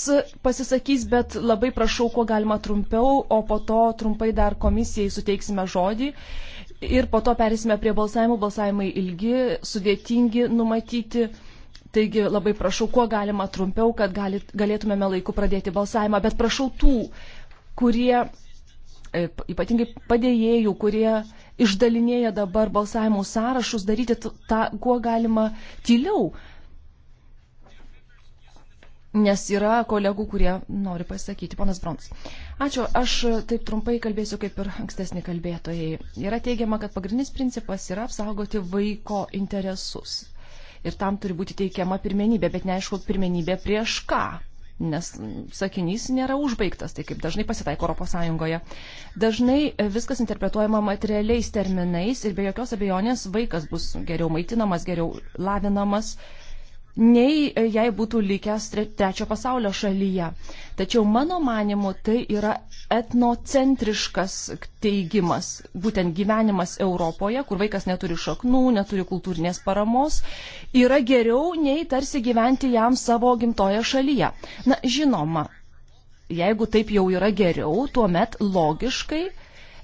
pasisakys, bet labai prašau, kuo galima trumpiau, o po to trumpai dar komisijai suteiksime žodį. Ir po to perėsime prie balsavimų. Balsavimai ilgi, sudėtingi numatyti. Taigi labai prašau, kuo galima trumpiau, kad galit, galėtumėme laiku pradėti balsavimą, bet prašau tų, kurie E, ypatingai padėjėjų, kurie išdalinėja dabar balsavimų sąrašus, daryti tą, kuo galima tyliau. Nes yra kolegų, kurie nori pasakyti. Ponas Brons. Ačiū. Aš taip trumpai kalbėsiu kaip ir ankstesni kalbėtojai. Yra teigiama, kad pagrindinis principas yra apsaugoti vaiko interesus. Ir tam turi būti teikiama pirmenybė, bet neaišku, pirmenybė prieš ką nes sakinys nėra užbaigtas, tai kaip dažnai pasitaiko ES. Dažnai e, viskas interpretuojama materialiais terminais ir be jokios abejonės vaikas bus geriau maitinamas, geriau lavinamas, nei jei būtų likęs trečio pasaulio šalyje. Tačiau mano manimu tai yra etnocentriškas teigimas, būtent gyvenimas Europoje, kur vaikas neturi šaknų, neturi kultūrinės paramos, yra geriau nei tarsi gyventi jam savo gimtoje šalyje. Na, žinoma, jeigu taip jau yra geriau, tuomet logiškai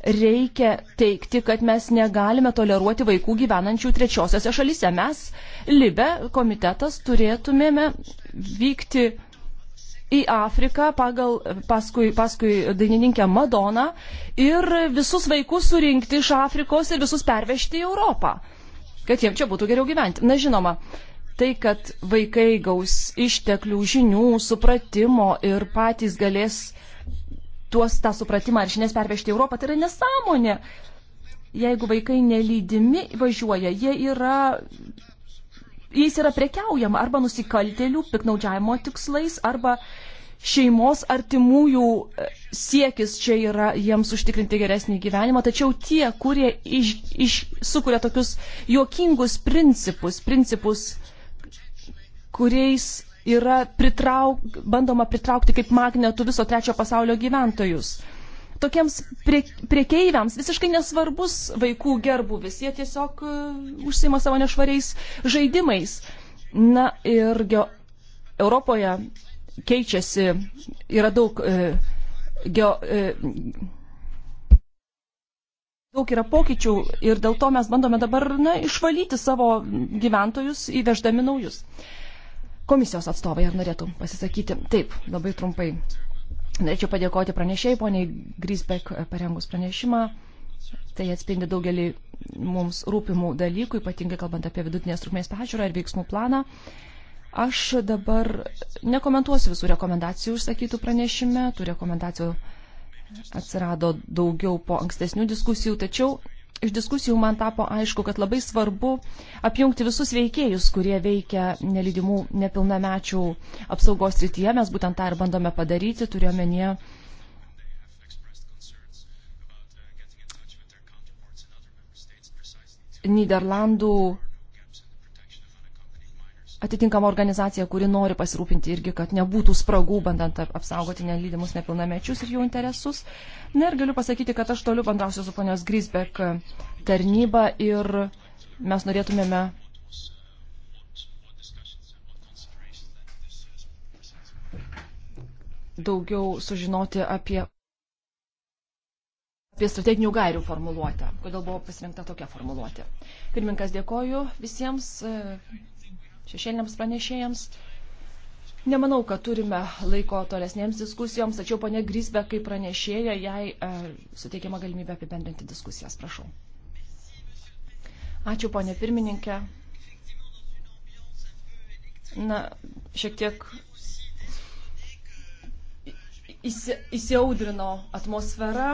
reikia teikti, kad mes negalime toleruoti vaikų gyvenančių trečiosiose šalyse. Mes, Libe komitetas, turėtumėme vykti į Afriką pagal, paskui, paskui dainininkę Madoną ir visus vaikus surinkti iš Afrikos ir visus pervežti į Europą, kad jiems čia būtų geriau gyventi. Na žinoma, tai, kad vaikai gaus išteklių, žinių, supratimo ir patys galės tuos tą supratimą ar žinias pervežti į Europą, tai yra nesąmonė. Jeigu vaikai nelydimi važiuoja, jie yra, jais yra prekiaujama arba nusikaltelių piknaudžiavimo tikslais, arba šeimos artimųjų e, siekis čia yra jiems užtikrinti geresnį gyvenimą, tačiau tie, kurie iš, iš, sukuria tokius juokingus principus, principus, kuriais yra pritrauk, bandoma pritraukti kaip magnetų viso trečio pasaulio gyventojus. Tokiems prie, priekeiviams visiškai nesvarbus vaikų gerbuvis, jie tiesiog e, užsima savo nešvariais žaidimais. Na ir ge, Europoje keičiasi, yra daug, e, ge, e, daug yra pokyčių ir dėl to mes bandome dabar na, išvalyti savo gyventojus įveždami naujus. E, Komisijos atstovai, ar norėtų pasisakyti? Taip, labai trumpai. Norėčiau padėkoti pranešėjai, poniai Grisbek, e, parengus pranešimą. Tai atspindi daugelį mums rūpimų dalykų, ypatingai kalbant apie vidutinės trukmės pažiūrą ir veiksmų planą. Aš dabar nekomentuosiu visų rekomendacijų užsakytų pranešime, tų rekomendacijų atsirado daugiau po ankstesnių diskusijų, tačiau iš diskusijų man tapo aišku, kad labai svarbu apjungti visus veikėjus, kurie veikia nelydimų nepilnamečių apsaugos rytyje. Mes būtent tą ir bandome padaryti, turiuomenėje. Niderlandų atitinkama organizacija, kuri nori pasirūpinti irgi, kad nebūtų spragų, bandant apsaugoti nelydimus nepilnamečius ir jų interesus. Na ir galiu pasakyti, kad aš toliau bendrausiu su ponios Grisbek e, tarnyba ir mes norėtumėme. daugiau sužinoti apie, apie strateginių gairių formuluotę. Kodėl buvo pasirinkta tokia formuluotė. Pirmininkas dėkoju visiems. E, šešėliniams pranešėjams. Nemanau, kad turime laiko tolesnėms diskusijoms, tačiau ponė Grisbe, kaip pranešėja, jai e, suteikiama galimybė apibendrinti diskusijas. Prašau. Ačiū, ponė pirmininkė. Na, šiek tiek įsiaudrino atmosfera,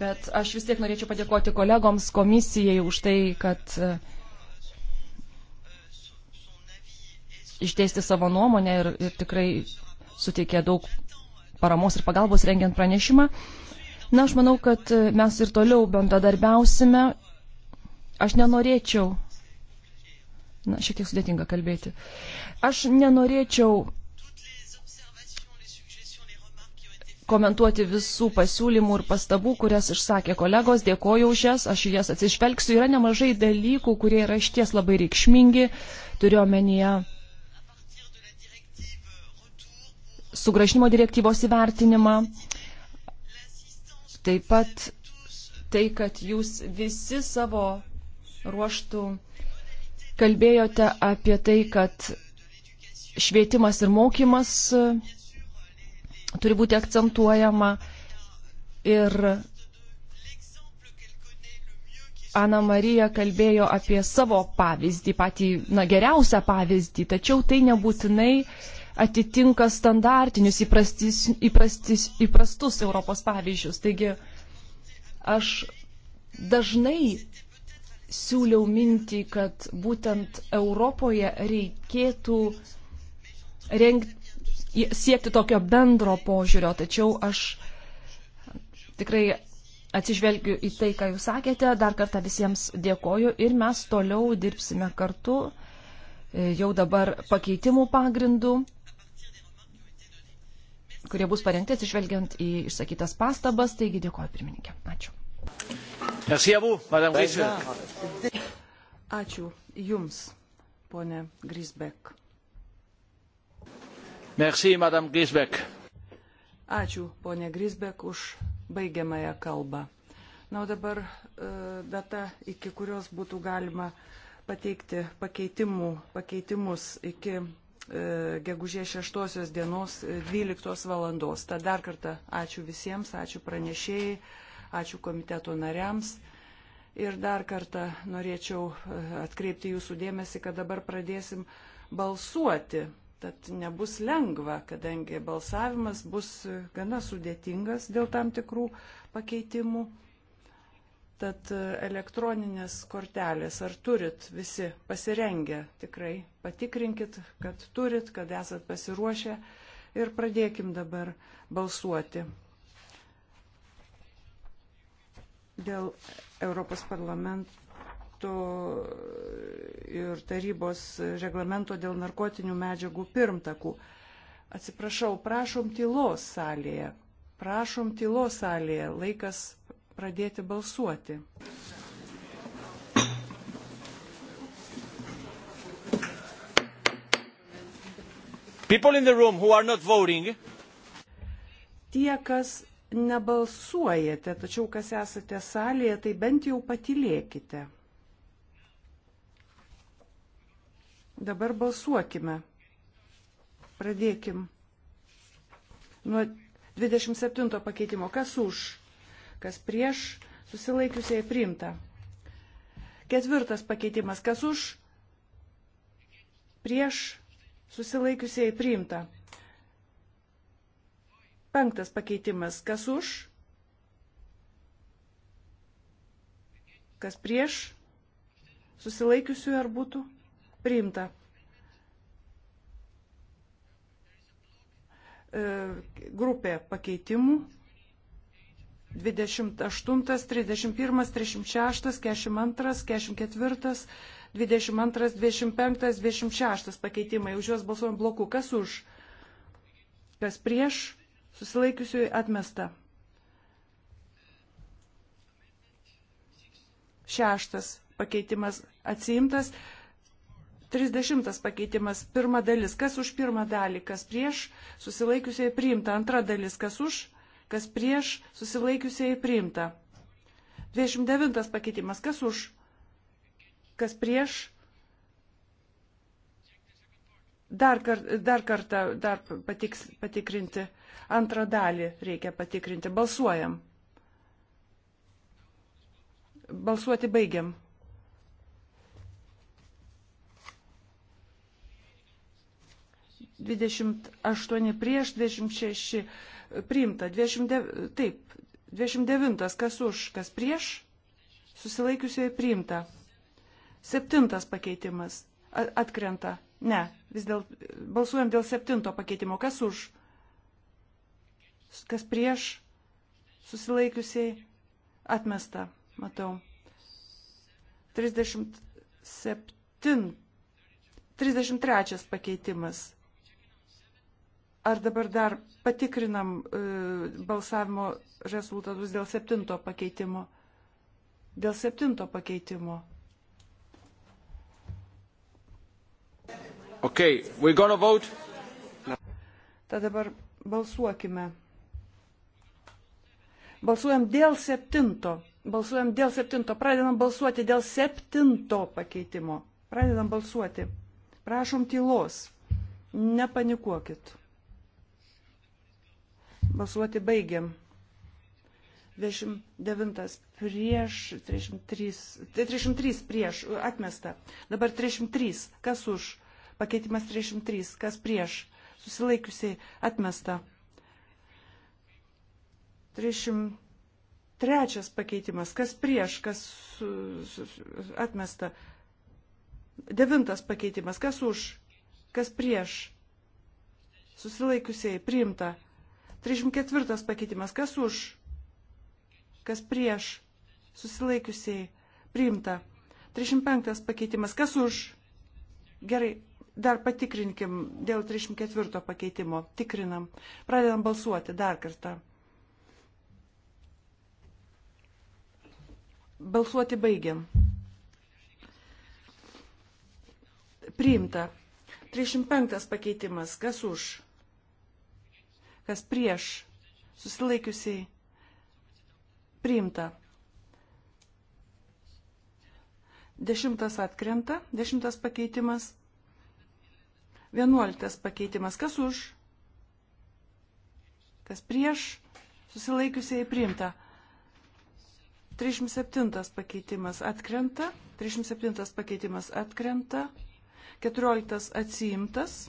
bet aš vis tiek norėčiau padėkoti kolegoms, komisijai už tai, kad e, išdėsti savo nuomonę ir, ir tikrai suteikė daug paramos ir pagalbos rengiant pranešimą. Na, aš manau, kad mes ir toliau bendradarbiausime. Aš nenorėčiau. Na, šiek tiek sudėtinga kalbėti. Aš nenorėčiau komentuoti visų pasiūlymų ir pastabų, kurias išsakė kolegos. Dėkoju už jas, aš jas atsižvelgsiu. Yra nemažai dalykų, kurie yra išties labai reikšmingi. Turiu omenyje sugražinimo direktyvos įvertinimą. Taip pat tai, kad jūs visi savo ruoštų kalbėjote apie tai, kad švietimas ir mokymas e, turi būti akcentuojama. Ir Ana Marija kalbėjo apie savo pavyzdį, patį na, geriausią pavyzdį, tačiau tai nebūtinai uh, atitinka standartinius įprastis, įprastis, įprastus Europos pavyzdžius. Taigi aš dažnai siūliau mintį, kad būtent Europoje reikėtų rengti, siekti tokio bendro požiūrio, tačiau aš tikrai atsižvelgiu į tai, ką jūs sakėte, dar kartą visiems dėkoju ir mes toliau dirbsime kartu e, jau dabar pakeitimų pagrindų kurie bus parengti atsižvelgiant į išsakytas pastabas. Taigi dėkoju pirmininkė. Ačiū. Ačiū Jums, ponė Grisbek. Merci, Madame Grisbek. Ačiū, ponė Grisbek, už baigiamąją kalbą. Na, o dabar e, data, iki kurios būtų galima pateikti pakeitimų, pakeitimus iki E, gegužės 6 dienos 12 e, valandos. Tad dar kartą ačiū visiems, ačiū pranešėjai, ačiū komiteto nariams. Ir dar kartą norėčiau e, atkreipti jūsų dėmesį, kad dabar pradėsim balsuoti. Tad nebus lengva, kadangi balsavimas bus gana sudėtingas dėl tam tikrų pakeitimų. Tad elektroninės kortelės, ar turit visi pasirengę, tikrai patikrinkit, kad turit, kad esat pasiruošę ir pradėkim dabar balsuoti dėl Europos parlamento ir tarybos reglamento dėl narkotinių medžiagų pirmtakų. Atsiprašau, prašom tylos salėje. Prašom tylos salėje. Laikas pradėti balsuoti. Voting, Tie, kas nebalsuojate, tačiau kas esate salėje, tai bent jau patylėkite. Dabar balsuokime. Pradėkim nuo 27 pakeitimo. Kas už? kas prieš, susilaikiusiai priimta. Ketvirtas pakeitimas, kas už, prieš, susilaikiusiai priimta. Penktas pakeitimas, kas už, kas prieš, susilaikiusių ar būtų priimta. E, grupė pakeitimų 28, 31, 36, 42, 44, 22, 25, 26 pakeitimai. Už juos balsuojam bloku. Kas už? Kas prieš? Susilaikiusiųjų atmesta. Šeštas pakeitimas atsiimtas. 30 pakeitimas, pirma dalis, kas už pirmą dalį, kas prieš, susilaikiusiai priimta, antra dalis, kas už, kas prieš, susilaikiusiai priimta. 29 pakeitimas, kas už, kas prieš. Dar, kar, dar kartą, dar patiks, patikrinti. Antrą dalį reikia patikrinti. Balsuojam. Balsuoti baigiam. Dvidešimt aštuoni prieš, dvidešimt šeši priimta 29, taip, 29, kas už, kas prieš, susilaikiusioji priimta. Septintas pakeitimas atkrenta. Ne, vis dėl, balsuojam dėl septinto pakeitimo. Kas už, kas prieš, susilaikiusiai atmesta, matau. 37, 33 pakeitimas Ar dabar dar patikrinam e, balsavimo rezultatus dėl septinto pakeitimo? Dėl septinto pakeitimo. Okay, we're gonna vote. Tad dabar balsuokime. Balsuojam dėl septinto. Balsuojam dėl septinto. Pradedam balsuoti dėl septinto pakeitimo. Pradedam balsuoti. Prašom tylos. Nepanikuokit. Balsuoti baigiam. 29 prieš, 33, 303 prieš, atmesta. Dabar 303, kas už? Pakeitimas 303, kas prieš? Susilaikiusiai atmesta. 303 pakeitimas, kas prieš, kas atmesta. Devintas pakeitimas, kas už, kas prieš? Susilaikiusiai priimta. 34 pakeitimas. Kas už? Kas prieš? Susilaikiusiai. Priimta. 35 pakeitimas. Kas už? Gerai, dar patikrinkim dėl 34 pakeitimo. Tikrinam. Pradedam balsuoti dar kartą. Balsuoti baigiam. Priimta. 35 pakeitimas. Kas už? kas prieš, susilaikiusiai priimta. Dešimtas atkrenta, dešimtas pakeitimas, vienuoliktas pakeitimas, kas už, kas prieš, susilaikiusiai priimta. 37 pakeitimas atkrenta, 37 pakeitimas atkrenta, 14 atsiimtas,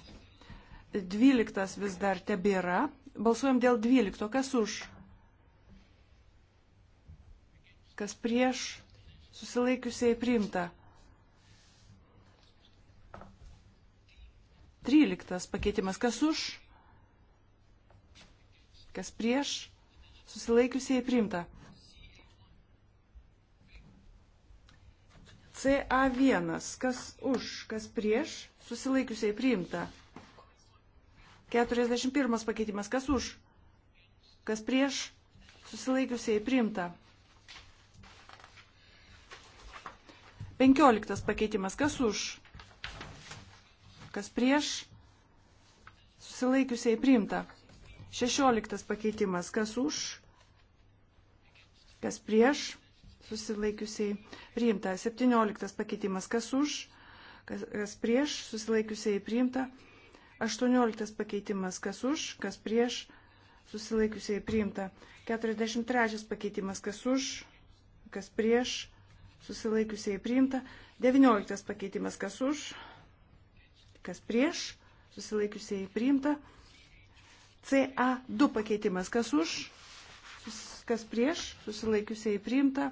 12 vis dar tebėra, Balsuojam dėl 12. Kas už? Kas prieš? Susilaikiusiai priimta. 13 pakeitimas. Kas už? Kas prieš? Susilaikiusiai priimta. CA1. Kas už? Kas prieš? Susilaikiusiai priimta. 41 pakeitimas. Kas už? Kas prieš? Susilaikiusiai priimta. 15 pakeitimas. Kas už? Kas prieš? Susilaikiusiai priimta. 16 pakeitimas. Kas už? Kas prieš? Susilaikiusiai priimta. 17 pakeitimas. Kas už? Kas, kas prieš? Susilaikiusiai priimta. 18 pakeitimas, kas už, kas prieš, susilaikiusiai priimta. 43 pakeitimas, kas už, kas prieš, susilaikiusiai priimta. 19 pakeitimas, kas už, kas prieš, susilaikiusiai priimta. CA2 pakeitimas, kas už, kas prieš, susilaikiusiai priimta.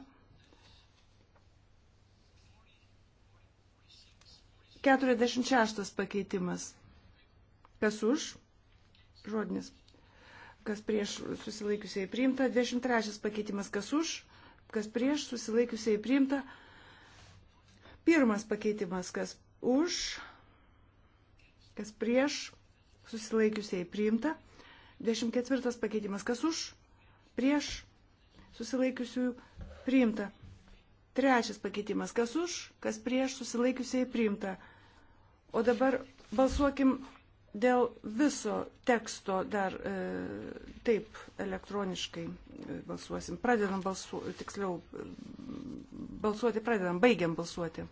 46 pakeitimas. Kas už? Žodinis. Kas prieš susilaikiusiai priimta. 23 pakeitimas. Kas už? Kas prieš susilaikiusiai priimta. Pirmas pakeitimas. Kas už? Kas prieš susilaikiusiai priimta. 24 pakeitimas. Kas už? Prieš susilaikiusiųjų priimta. Trečias pakeitimas. Kas už, kas prieš susilaikiusiai priimta. O dabar balsuokim Dėl viso teksto dar e, taip elektroniškai e, balsuosim. Pradedam balsuoti, tiksliau, e, balsuoti pradedam, baigiam balsuoti.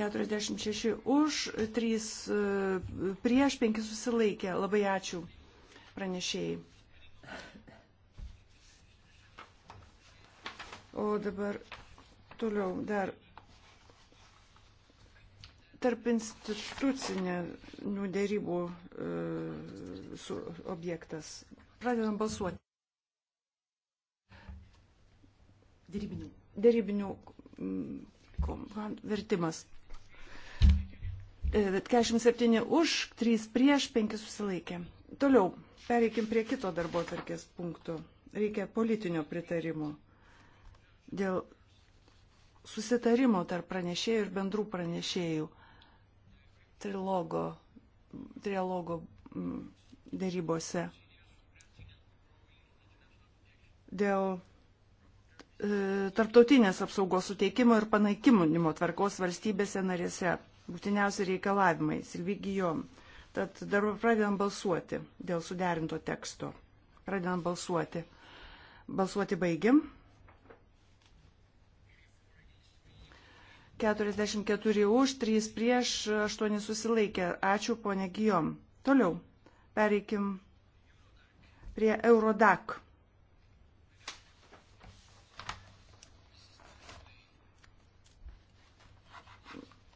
46 už, 3 e, prieš, 5 susilaikė. Labai ačiū pranešėjai. O dabar toliau dar tarp institucinių dėrybų e, su objektas. Pradedam balsuoti. Dėrybinių. Dėrybinių mm, vertimas. 47 e, už, 3 prieš, 5 susilaikė. Toliau, pereikim prie kito darbo tarkės punktų. Reikia politinio pritarimo dėl susitarimo tarp pranešėjų ir bendrų pranešėjų trilogo, trilogo mm, dėrybose dėl e, tarptautinės apsaugos suteikimo ir panaikinimo tvarkos valstybėse narėse. Būtiniausi reikalavimai Silvigijom. Tad dabar pradedam balsuoti dėl suderinto teksto. Pradedam balsuoti. Balsuoti baigiam. 44 už, 3 prieš, 8 susilaikė. Ačiū, ponė Gijom. Toliau. Pereikim prie Eurodac.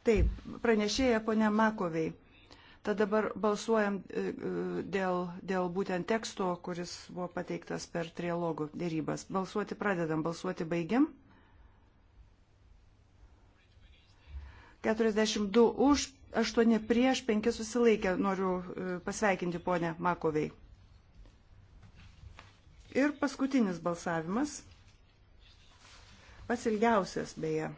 Taip, pranešėja ponia Makoviai. Tad dabar balsuojam e, e, dėl, dėl būtent teksto, kuris buvo pateiktas per trialogų dėrybas. Balsuoti pradedam, balsuoti baigiam. 42 už, 8 prieš, 5 susilaikę. Noriu e, pasveikinti ponę Makovei. Ir paskutinis balsavimas. Pats ilgiausias beje.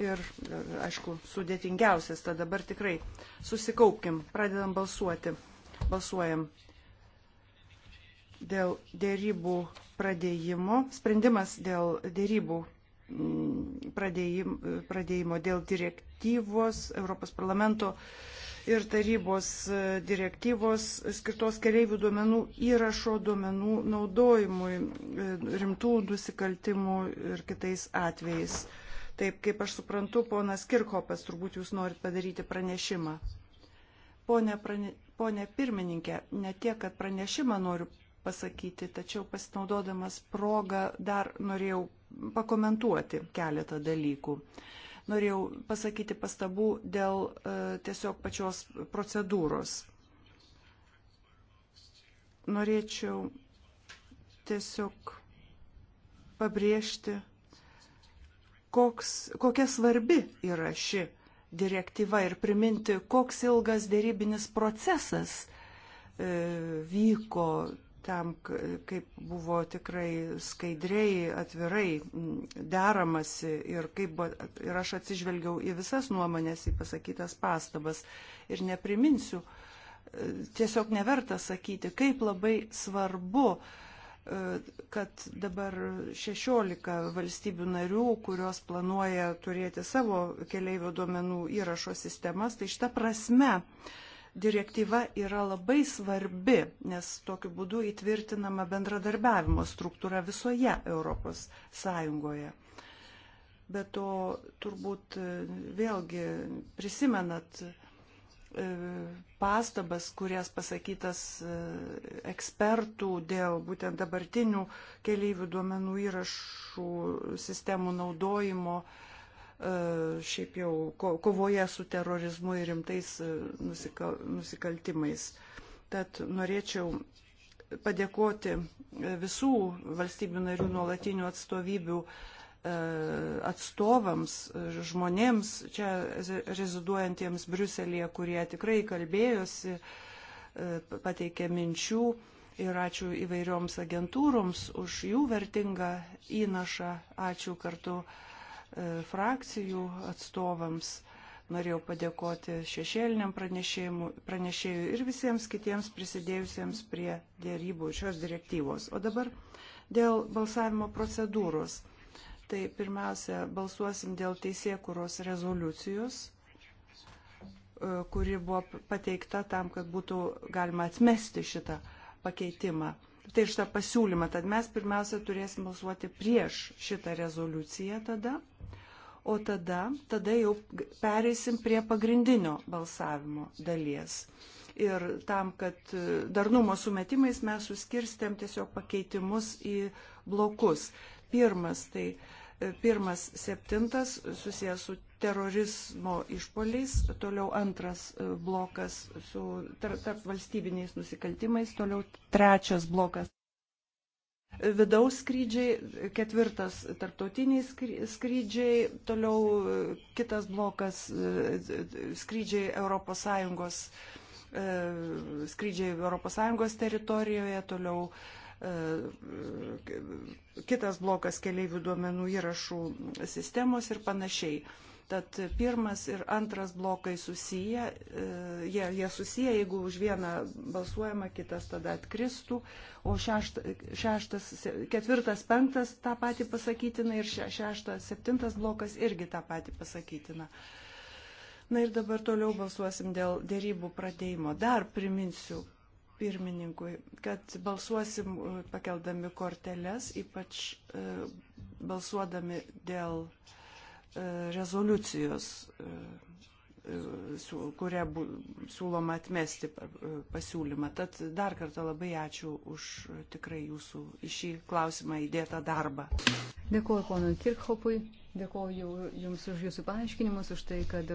Ir, e, aišku, sudėtingiausias, tad dabar tikrai susikaupkim, pradedam balsuoti. Balsuojam dėl dėrybų pradėjimo, sprendimas dėl dėrybų mm, pradėjimo dėl direktyvos Europos parlamento ir tarybos e, direktyvos skirtos keliaivių duomenų įrašo duomenų naudojimui e, rimtų nusikaltimų ir kitais atvejais. Taip, kaip aš suprantu, ponas Kirkopas, turbūt jūs norit padaryti pranešimą. Pone, prane, pone pirmininkė, ne tiek, kad pranešimą noriu pasakyti, tačiau pasinaudodamas progą dar norėjau pakomentuoti keletą dalykų. Norėjau pasakyti pastabų dėl e, tiesiog pačios procedūros. Norėčiau tiesiog pabrėžti, koks, kokia svarbi yra ši direktyva ir priminti, koks ilgas dėrybinis procesas e, vyko tam, kaip buvo tikrai skaidriai, atvirai deramasi ir, kaip, ir aš atsižvelgiau į visas nuomonės, į pasakytas pastabas ir nepriminsiu, tiesiog neverta sakyti, kaip labai svarbu, kad dabar 16 valstybių narių, kurios planuoja turėti savo keliaivio duomenų įrašo sistemas, tai šita prasme uh, direktyva yra labai svarbi, nes tokiu būdu įtvirtinama bendradarbiavimo struktūra visoje Europos Sąjungoje. Bet to turbūt e, vėlgi prisimenat e, pastabas, kurias pasakytas e, ekspertų dėl būtent dabartinių keliaivių duomenų įrašų sistemų naudojimo uh, E, šiaip jau ko, kovoje su terorizmu ir rimtais e, nusikal, nusikaltimais. Tad norėčiau padėkoti e, visų valstybių narių nuolatinių atstovybių atstovams, žmonėms čia reziduojantiems Briuselėje, kurie tikrai kalbėjosi, pateikė minčių ir ačiū įvairioms agentūroms už jų vertingą įnašą. Ačiū kartu uh, E, frakcijų atstovams. Norėjau padėkoti šešėliniam pranešėjui ir visiems kitiems prisidėjusiems prie dėrybų šios direktyvos. O dabar dėl balsavimo procedūros. Tai pirmiausia, balsuosim dėl teisėkuros rezoliucijos, e, kuri buvo pateikta tam, kad būtų galima atmesti šitą pakeitimą tai šitą pasiūlymą, tad mes pirmiausia turėsim balsuoti prieš šitą rezoliuciją tada o tada, tada jau pereisim prie pagrindinio balsavimo dalies. Ir tam, kad e, darnumo sumetimais mes suskirstėm tiesiog pakeitimus į blokus. Pirmas, tai e, pirmas septintas susijęs su terorizmo išpoliais, toliau antras e, blokas su tarp, tarp valstybiniais nusikaltimais, toliau trečias blokas Vidaus skrydžiai, ketvirtas tarptautiniai skrydžiai, toliau e, kitas blokas e, e, skrydžiai ES, skrydžiai ES teritorijoje, toliau kitas blokas keliaivių duomenų įrašų sistemos ir panašiai. Tad pirmas ir antras blokai susiję, e, jie, jie susiję, jeigu už vieną balsuojama, kitas tada atkristų, o šešta, šeštas, ketvirtas, penktas tą patį pasakytina ir še, šeštas, septintas blokas irgi tą patį pasakytina. Na ir dabar toliau balsuosim dėl dėrybų pradėjimo. Dar priminsiu pirmininkui, kad balsuosim e, pakeldami korteles, ypač e, balsuodami dėl E, rezoliucijos, e, e, kurią siūloma atmesti pasiūlymą. Tad dar kartą labai ačiū už tikrai jūsų į šį klausimą įdėtą darbą. Dėkuoju ponui Kirkhopui, dėkuoju jums už jūsų paaiškinimus, už tai, kad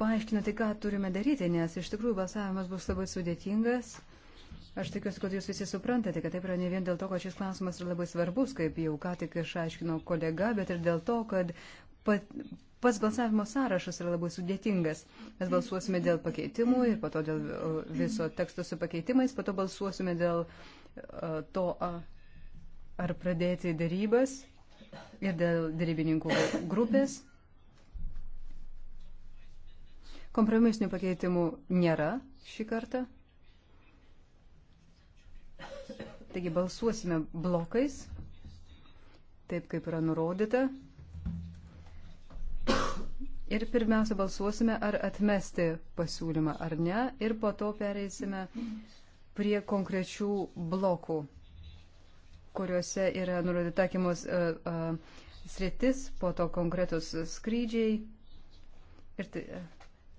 paaiškinote, ką turime daryti, nes iš tikrųjų balsavimas bus labai sudėtingas. Aš tikiuosi, kad jūs visi suprantate, kad taip yra ne vien dėl to, kad šis klausimas yra labai svarbus, kaip jau ką tik išaiškino kolega, bet ir dėl to, kad pat, pats balsavimo sąrašas yra labai sudėtingas. Mes balsuosime dėl pakeitimų ir po to dėl viso teksto su pakeitimais, po to balsuosime dėl to, ar pradėti darybas ir dėl darybininkų grupės. Kompromisinių pakeitimų nėra šį kartą. Taigi balsuosime blokais, taip kaip yra nurodyta. Ir pirmiausia balsuosime, ar atmesti pasiūlymą ar ne, ir po to pereisime prie konkrečių blokų, kuriuose yra nurodyta taikymus uh, e, uh, e, sritis, po to konkretus skrydžiai. Ir tai, uh,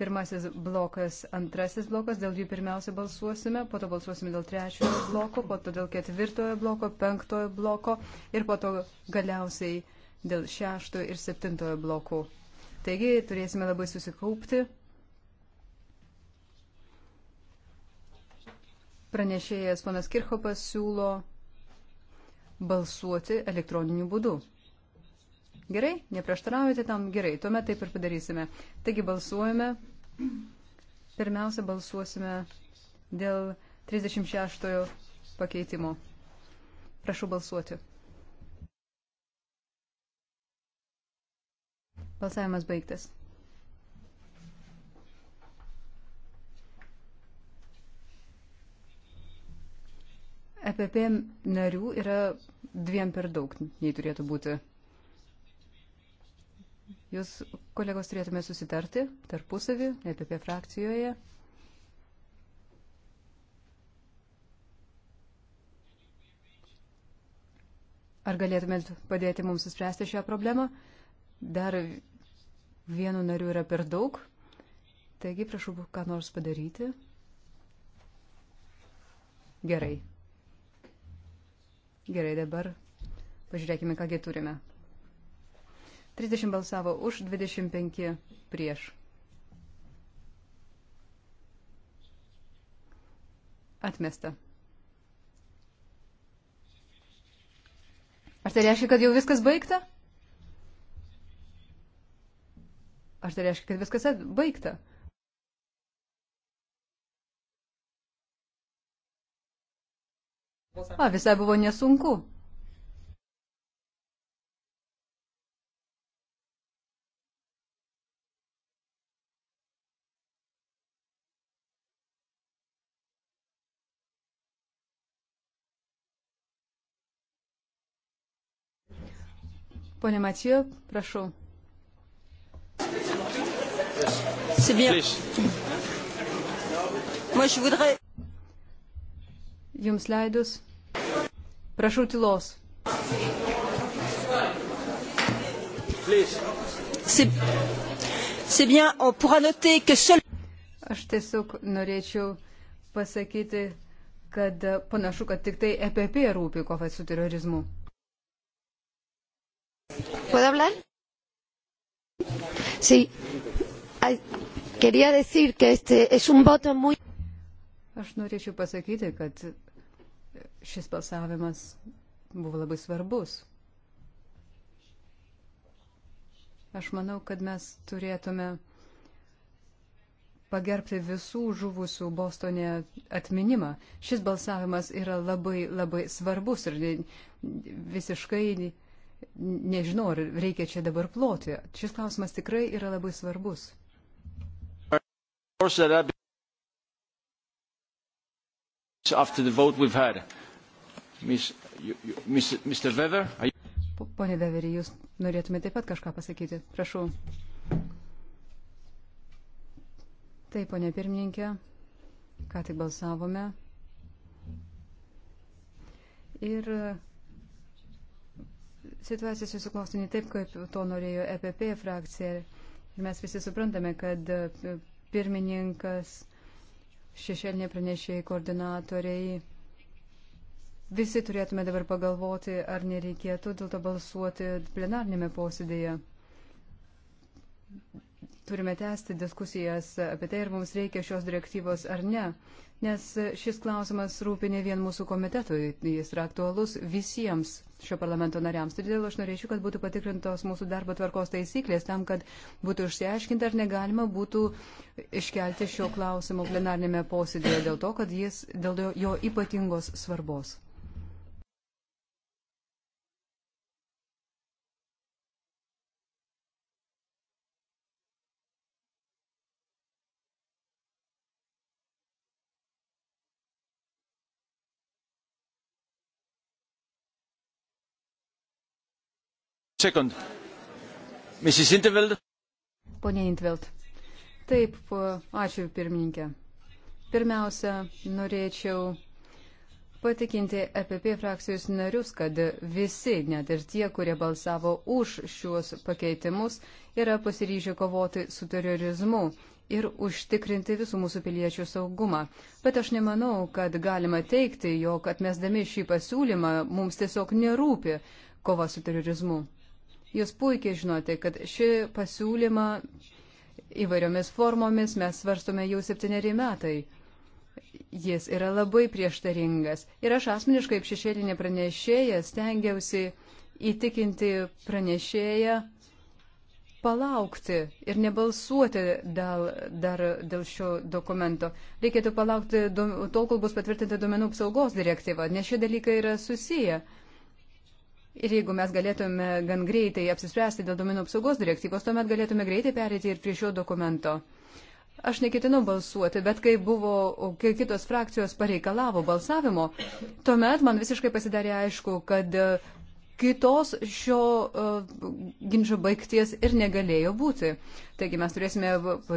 Pirmasis blokas, antrasis blokas, dėl jų pirmiausia balsuosime, po to balsuosime dėl trečiojo bloko, po to dėl ketvirtojo bloko, penktojo bloko ir po to galiausiai dėl šeštojo ir septintojo blokų. Taigi turėsime labai susikaupti. Pranešėjas ponas Kirchopas siūlo balsuoti elektroniniu būdu. Gerai, neprieštaraujate tam, gerai, tuomet taip ir padarysime. Taigi balsuojame Pirmiausia, balsuosime dėl 36 pakeitimo. Prašau balsuoti. Balsavimas baigtas. EPP narių yra dviem per daug, jei turėtų būti. Jūs, kolegos, turėtume susitarti tarpusavį, net apie frakcijoje. Ar galėtumėt padėti mums suspręsti šią problemą? Dar vienu nariu yra per daug. Taigi, prašau, ką nors padaryti. Gerai. Gerai, dabar pažiūrėkime, kągi turime. 30 balsavo už, 25 prieš. Atmesta. Ar tai reiškia, kad jau viskas baigta? Ar tai reiškia, kad viskas baigta? A, visai buvo nesunku. Pone Matijo, prašau. Jums leidus. Prašau tylos. Aš tiesiog norėčiau pasakyti, kad panašu, kad tik tai EPP rūpi kova su terorizmu. ¿Puedo hablar? Sí. Ay, quería decir que este es un voto muy. Aš norėčiau pasakyti, kad šis balsavimas buvo labai svarbus. Aš manau, kad mes turėtume pagerbti visų žuvusių Bostone atminimą. Šis balsavimas yra labai labai svarbus ir visiškai nežinau, ar reikia čia dabar ploti. Šis klausimas tikrai yra labai svarbus. Pone Veveri, jūs norėtumėte taip pat kažką pasakyti? Prašau. Taip, ponė pirmininkė, ką tik balsavome. Ir situacija susiklosti ne taip, kaip to norėjo EPP frakcija. Ir mes visi suprantame, kad e, pirmininkas, šešėlinė pranešėjai, koordinatoriai, visi turėtume dabar pagalvoti, ar nereikėtų dėl to balsuoti plenarnėme posėdėje turime tęsti diskusijas apie tai, ar mums reikia šios direktyvos ar ne, nes šis klausimas rūpi ne vien mūsų komitetui, jis yra aktualus visiems šio parlamento nariams. Todėl aš norėčiau, kad būtų patikrintos mūsų darbo tvarkos taisyklės tam, kad būtų išsiaiškinta, ar negalima būtų iškelti šio klausimo plenarnėme posėdėje dėl to, kad jis dėl jo ypatingos svarbos. Second. Mrs. Interveld. Pone Intveld. Taip, ačiū pirmininkė. Pirmiausia, norėčiau patikinti EPP frakcijos narius, kad visi, net ir tie, kurie balsavo už šiuos pakeitimus, yra pasiryžę kovoti su terorizmu ir užtikrinti visų mūsų piliečių saugumą. Bet aš nemanau, kad galima teikti, jog atmesdami šį pasiūlymą mums tiesiog nerūpi kova su terorizmu. Jūs puikiai žinote, kad šį pasiūlymą įvairiomis formomis mes svarstome jau septyneri metai. Jis yra labai prieštaringas. Ir aš asmeniškai, kaip šešėlinė pranešėja, stengiausi įtikinti pranešėją palaukti ir nebalsuoti dal, dar dėl šio dokumento. Reikėtų palaukti do, tol, kol bus patvirtinta duomenų apsaugos direktyva, nes šie dalykai yra susiję. Uh, Ir jeigu mes galėtume gan greitai apsispręsti dėl domenų apsaugos direktyvos, tuomet galėtume greitai perėti ir prie šio dokumento. Aš neketinau balsuoti, bet kai, buvo, kai kitos frakcijos pareikalavo balsavimo, tuomet man visiškai pasidarė aišku, kad kitos šio e, ginčio baigties ir negalėjo būti. Taigi mes turėsime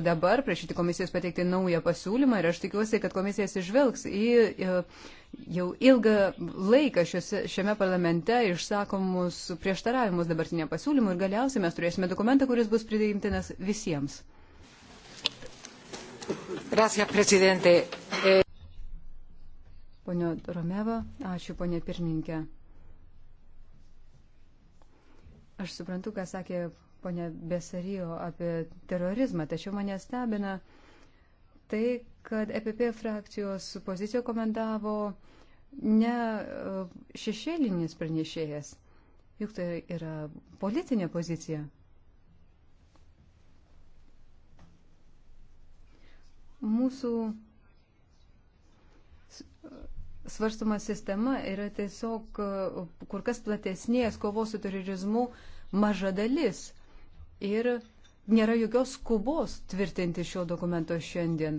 dabar prašyti komisijos pateikti naują pasiūlymą ir aš tikiuosi, kad komisija sižvelgs į e, jau ilgą laiką šiuose, šiame parlamente išsakomus prieštaravimus dabartinė pasiūlymų ir galiausiai mes turėsime dokumentą, kuris bus priimtinas visiems. Gracias, presidente. Pone Romeva, ačiū, ponė pirmininkė. Aš suprantu, ką sakė ponia Besarijo apie terorizmą, tačiau mane stebina tai, kad EPP frakcijos poziciją komentavo ne e, šešėlinis pranešėjas, juk tai yra politinė pozicija. Mūsų svarstoma sistema yra tiesiog e, kur kas platesnės kovos su terorizmu maža dalis. Ir nėra jokios skubos tvirtinti šio dokumento šiandien.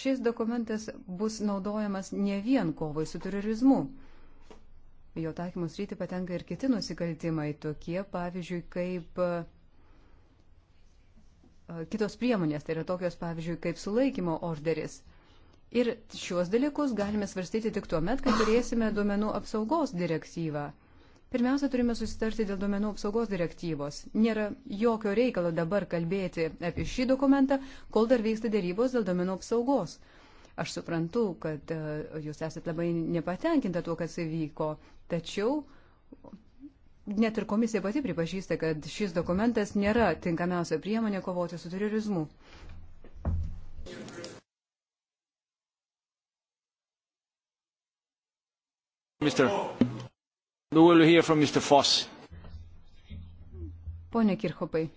Šis dokumentas bus naudojamas ne vien kovai su terorizmu. Jo taikymus rytį patenka ir kiti nusikaltimai, tokie pavyzdžiui kaip uh, E, kitos priemonės, tai yra tokios, pavyzdžiui, kaip sulaikymo orderis. Ir šiuos dalykus galime svarstyti tik tuo met, kai turėsime duomenų apsaugos direktyvą. Pirmiausia, turime susitarti dėl duomenų apsaugos direktyvos. Nėra jokio reikalo dabar kalbėti apie šį dokumentą, kol dar vyksta dėrybos dėl duomenų apsaugos. Aš suprantu, kad e, jūs esate labai nepatenkinta tuo, kas įvyko, tačiau net ir komisija pati pripažįsta, kad šis dokumentas nėra tinkamiausia priemonė kovoti su terorizmu. Mister. We will hear from Mr. Foss. Pone Kirchopai.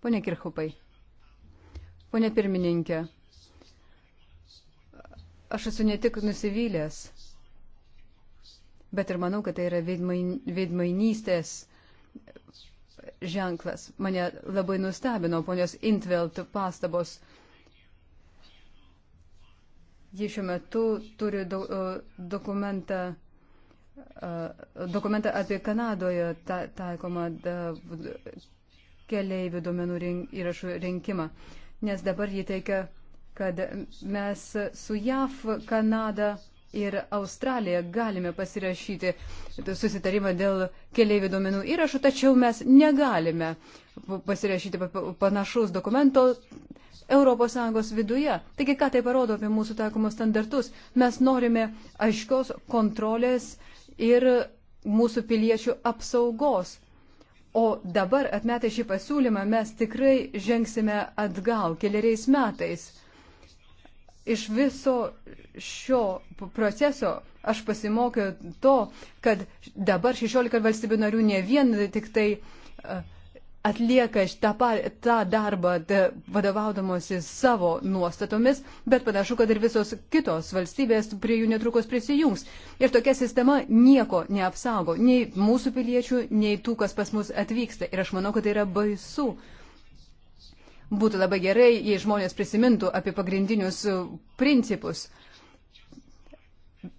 Pone Kirchopai. Pone pirmininkė. Aš esu ne tik nusivylęs bet ir manau, kad tai yra veidmainystės ženklas. Mane labai nustebino ponios Intvelt pastabos. Ji šiuo metu turi do, e, dokumentą, e, dokumentą apie Kanadoje ta, taikomą da, keleivių duomenų rink, įrašų rinkimą, nes dabar ji teikia, kad mes su JAF Kanada ir Australija galime pasirašyti susitarimą dėl keliaivių duomenų įrašų, tačiau mes negalime pasirašyti panašaus dokumento ES viduje. Taigi, ką tai parodo apie mūsų taikomus standartus? Mes norime aiškios kontrolės ir mūsų piliečių apsaugos. O dabar atmetę šį pasiūlymą mes tikrai žengsime atgal keliariais metais. Iš viso šio proceso aš pasimokiau to, kad dabar 16 valstybių narių ne vien tik tai e, atlieka tą, tą darbą vadovaudamosi savo nuostatomis, bet panašu, kad ir visos kitos valstybės prie jų netrukus prisijungs. Ir tokia sistema nieko neapsaugo, nei mūsų piliečių, nei tų, kas pas mus atvyksta. Ir aš manau, kad tai yra baisu. Būtų labai gerai, jei žmonės prisimintų apie pagrindinius e, principus.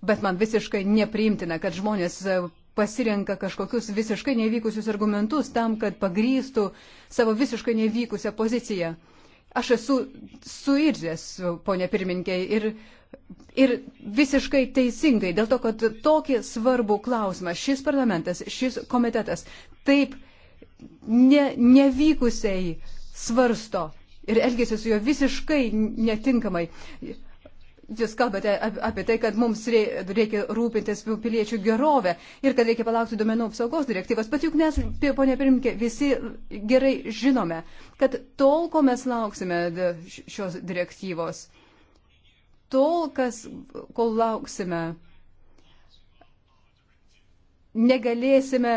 Bet man visiškai nepriimtina, kad žmonės e, pasirenka kažkokius visiškai nevykusius argumentus tam, kad pagrystų savo visiškai nevykusią poziciją. Aš esu suirzęs, ponė pirmininkė, ir, ir visiškai teisingai, dėl to, kad tokį svarbų klausimą šis parlamentas, šis komitetas taip ne, nevykusiai uh, svarsto ir elgesi su juo visiškai netinkamai. Jūs kalbate apie tai, kad mums reikia rūpintis piliečių gerovę ir kad reikia palaukti duomenų apsaugos direktyvos. Bet juk mes, ponė pirmininkė, visi gerai žinome, kad tol, kol mes lauksime šios direktyvos, tol, kas, kol lauksime, negalėsime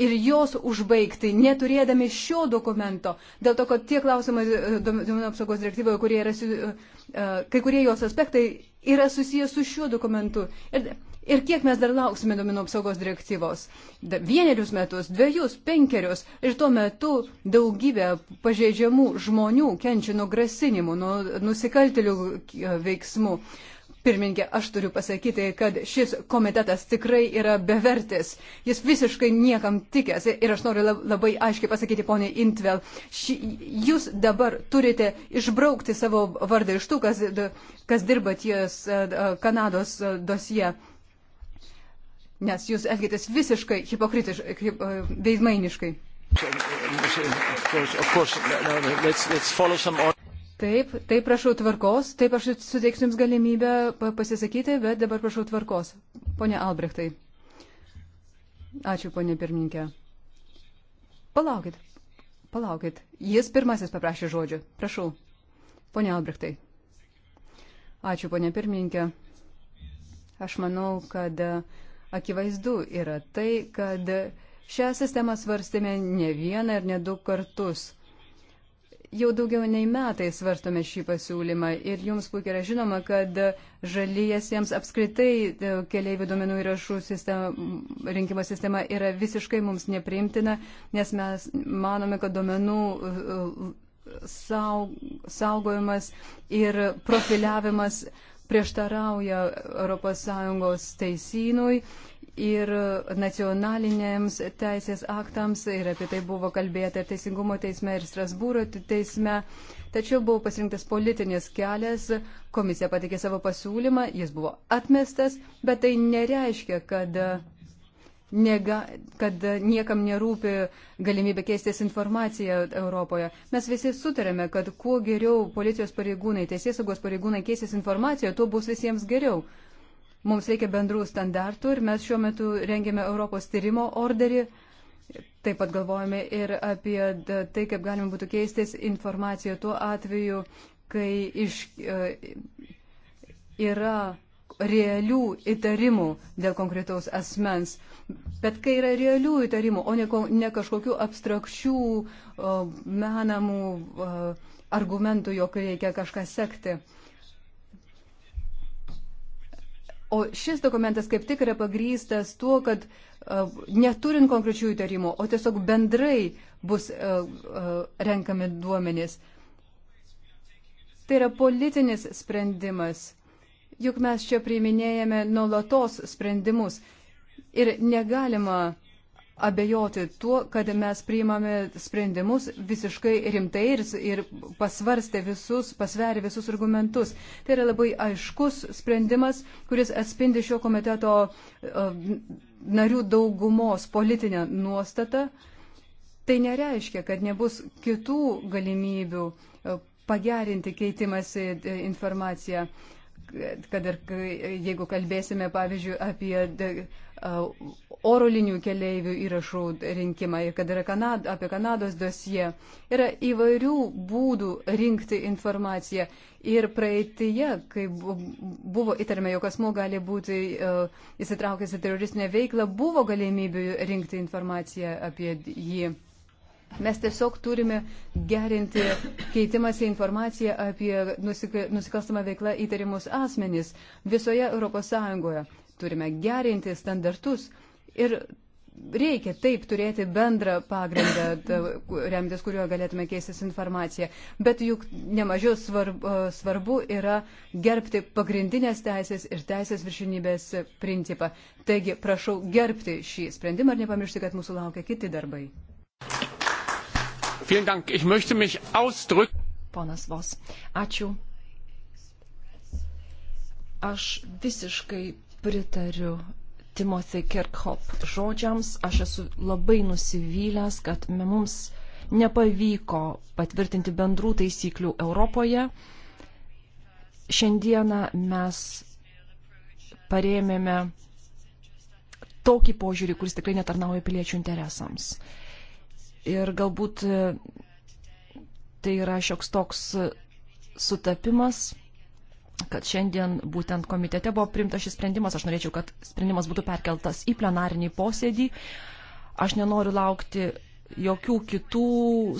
ir jos užbaigti, neturėdami šio dokumento. Dėl to, kad tie klausimai e, duomenų apsaugos direktyvoje, kurie yra, e, e, kai kurie jos aspektai yra susijęs su šiuo dokumentu. Ir, ir kiek mes dar lauksime duomenų apsaugos direktyvos? Vienerius metus, dviejus, penkerius. Ir tuo metu daugybė pažeidžiamų žmonių kenčia nuo grasinimų, nuo nusikaltelių veiksmų. Uh, Pirmininkė, aš turiu pasakyti, kad šis komitetas tikrai yra bevertis. Jis visiškai niekam tikęs. Ir aš noriu labai aiškiai pasakyti, ponė Intvel, ši, jūs dabar turite išbraukti savo vardą iš tų, kas, kas dirba ties Kanados dosie. Nes jūs elgitės visiškai hipokritiškai, veidmainiškai. Of course, of course, no, no, let's, let's follow some order. Taip, taip prašau tvarkos, taip aš suteiksiu Jums galimybę pasisakyti, bet dabar prašau tvarkos. Pone Albrechtai. Ačiū, ponė pirmininkė. Palaukit, palaukit. Jis pirmasis paprašė žodžio. Prašau. Pone Albrechtai. Ačiū, ponė pirmininkė. Aš manau, kad akivaizdu yra tai, kad šią sistemą svarstėme ne vieną ir ne du kartus. Jau daugiau nei metai svarstome šį pasiūlymą ir jums puikiai yra žinoma, kad žaliesiems apskritai e, keliaivių duomenų įrašų sistema, rinkimo sistema yra visiškai mums nepriimtina, nes mes manome, kad duomenų e, e, saugojimas ir profiliavimas prieštarauja ES teisynui ir nacionalinėms teisės aktams, ir apie tai buvo kalbėta ir Teisingumo teisme, ir Strasbūro teisme. Tačiau buvo pasirinktas politinis kelias, komisija patikė savo pasiūlymą, jis buvo atmestas, bet tai nereiškia, kad, nega, kad niekam nerūpi galimybė keistis informaciją Europoje. Mes visi sutarėme, kad kuo geriau policijos pareigūnai, teisėsaugos pareigūnai keistis informaciją, tuo bus visiems geriau. Mums reikia bendrų standartų ir mes šiuo metu rengiame Europos tyrimo orderį. Taip pat galvojame ir apie tai, kaip galima būtų keistis informacija tuo atveju, kai iš, e, yra realių įtarimų dėl konkretaus asmens. Bet kai yra realių įtarimų, o ne, ne kažkokių abstrakčių menamų argumentų, jog reikia kažką sekti. O šis dokumentas kaip tik yra pagrystas tuo, kad e, neturint konkrečių įtarimų, o tiesiog bendrai bus e, e, renkami duomenys. Tai yra politinis sprendimas. Juk mes čia priiminėjame nuolatos sprendimus ir negalima abejoti tuo, kad mes priimame sprendimus visiškai rimtai ir, ir pasvarstę visus, pasverę visus argumentus. Tai yra labai aiškus sprendimas, kuris atspindi šio komiteto um, narių daugumos politinę nuostatą. Tai nereiškia, kad nebus kitų galimybių uh, pagerinti keitimąsi uh, informaciją, kad ir jeigu kalbėsime, pavyzdžiui, apie oro linijų keleivių įrašų rinkimą ir kad yra Kanad, apie Kanados dosie. Yra įvairių būdų rinkti informaciją. Ir praeitėje, kai buvo įtarime, jog asmo gali būti įsitraukęs į teroristinę veiklą, buvo galimybių rinkti informaciją apie jį. Mes tiesiog turime gerinti keitimąsi informaciją apie nusikalstamą veiklą įtarimus asmenys visoje ES turime gerinti standartus ir reikia taip turėti bendrą pagrindą, remtis kuriuo galėtume keistis informaciją. Bet juk nemažiau svarbu, svarbu yra gerbti pagrindinės teisės ir teisės viršinybės principą. Taigi, prašau gerbti šį sprendimą ir nepamiršti, kad mūsų laukia kiti darbai. Ponas Vos, ačiū. Aš visiškai pritariu Timothy Kirkhop žodžiams. Aš esu labai nusivylęs, kad mums nepavyko patvirtinti bendrų taisyklių Europoje. Šiandieną mes parėmėme tokį požiūrį, kuris tikrai netarnauja piliečių interesams. Ir galbūt e, tai yra šioks toks sutapimas, kad šiandien būtent komitete buvo primtas šis sprendimas. Aš norėčiau, kad sprendimas būtų perkeltas į plenarinį posėdį. Aš nenoriu laukti jokių kitų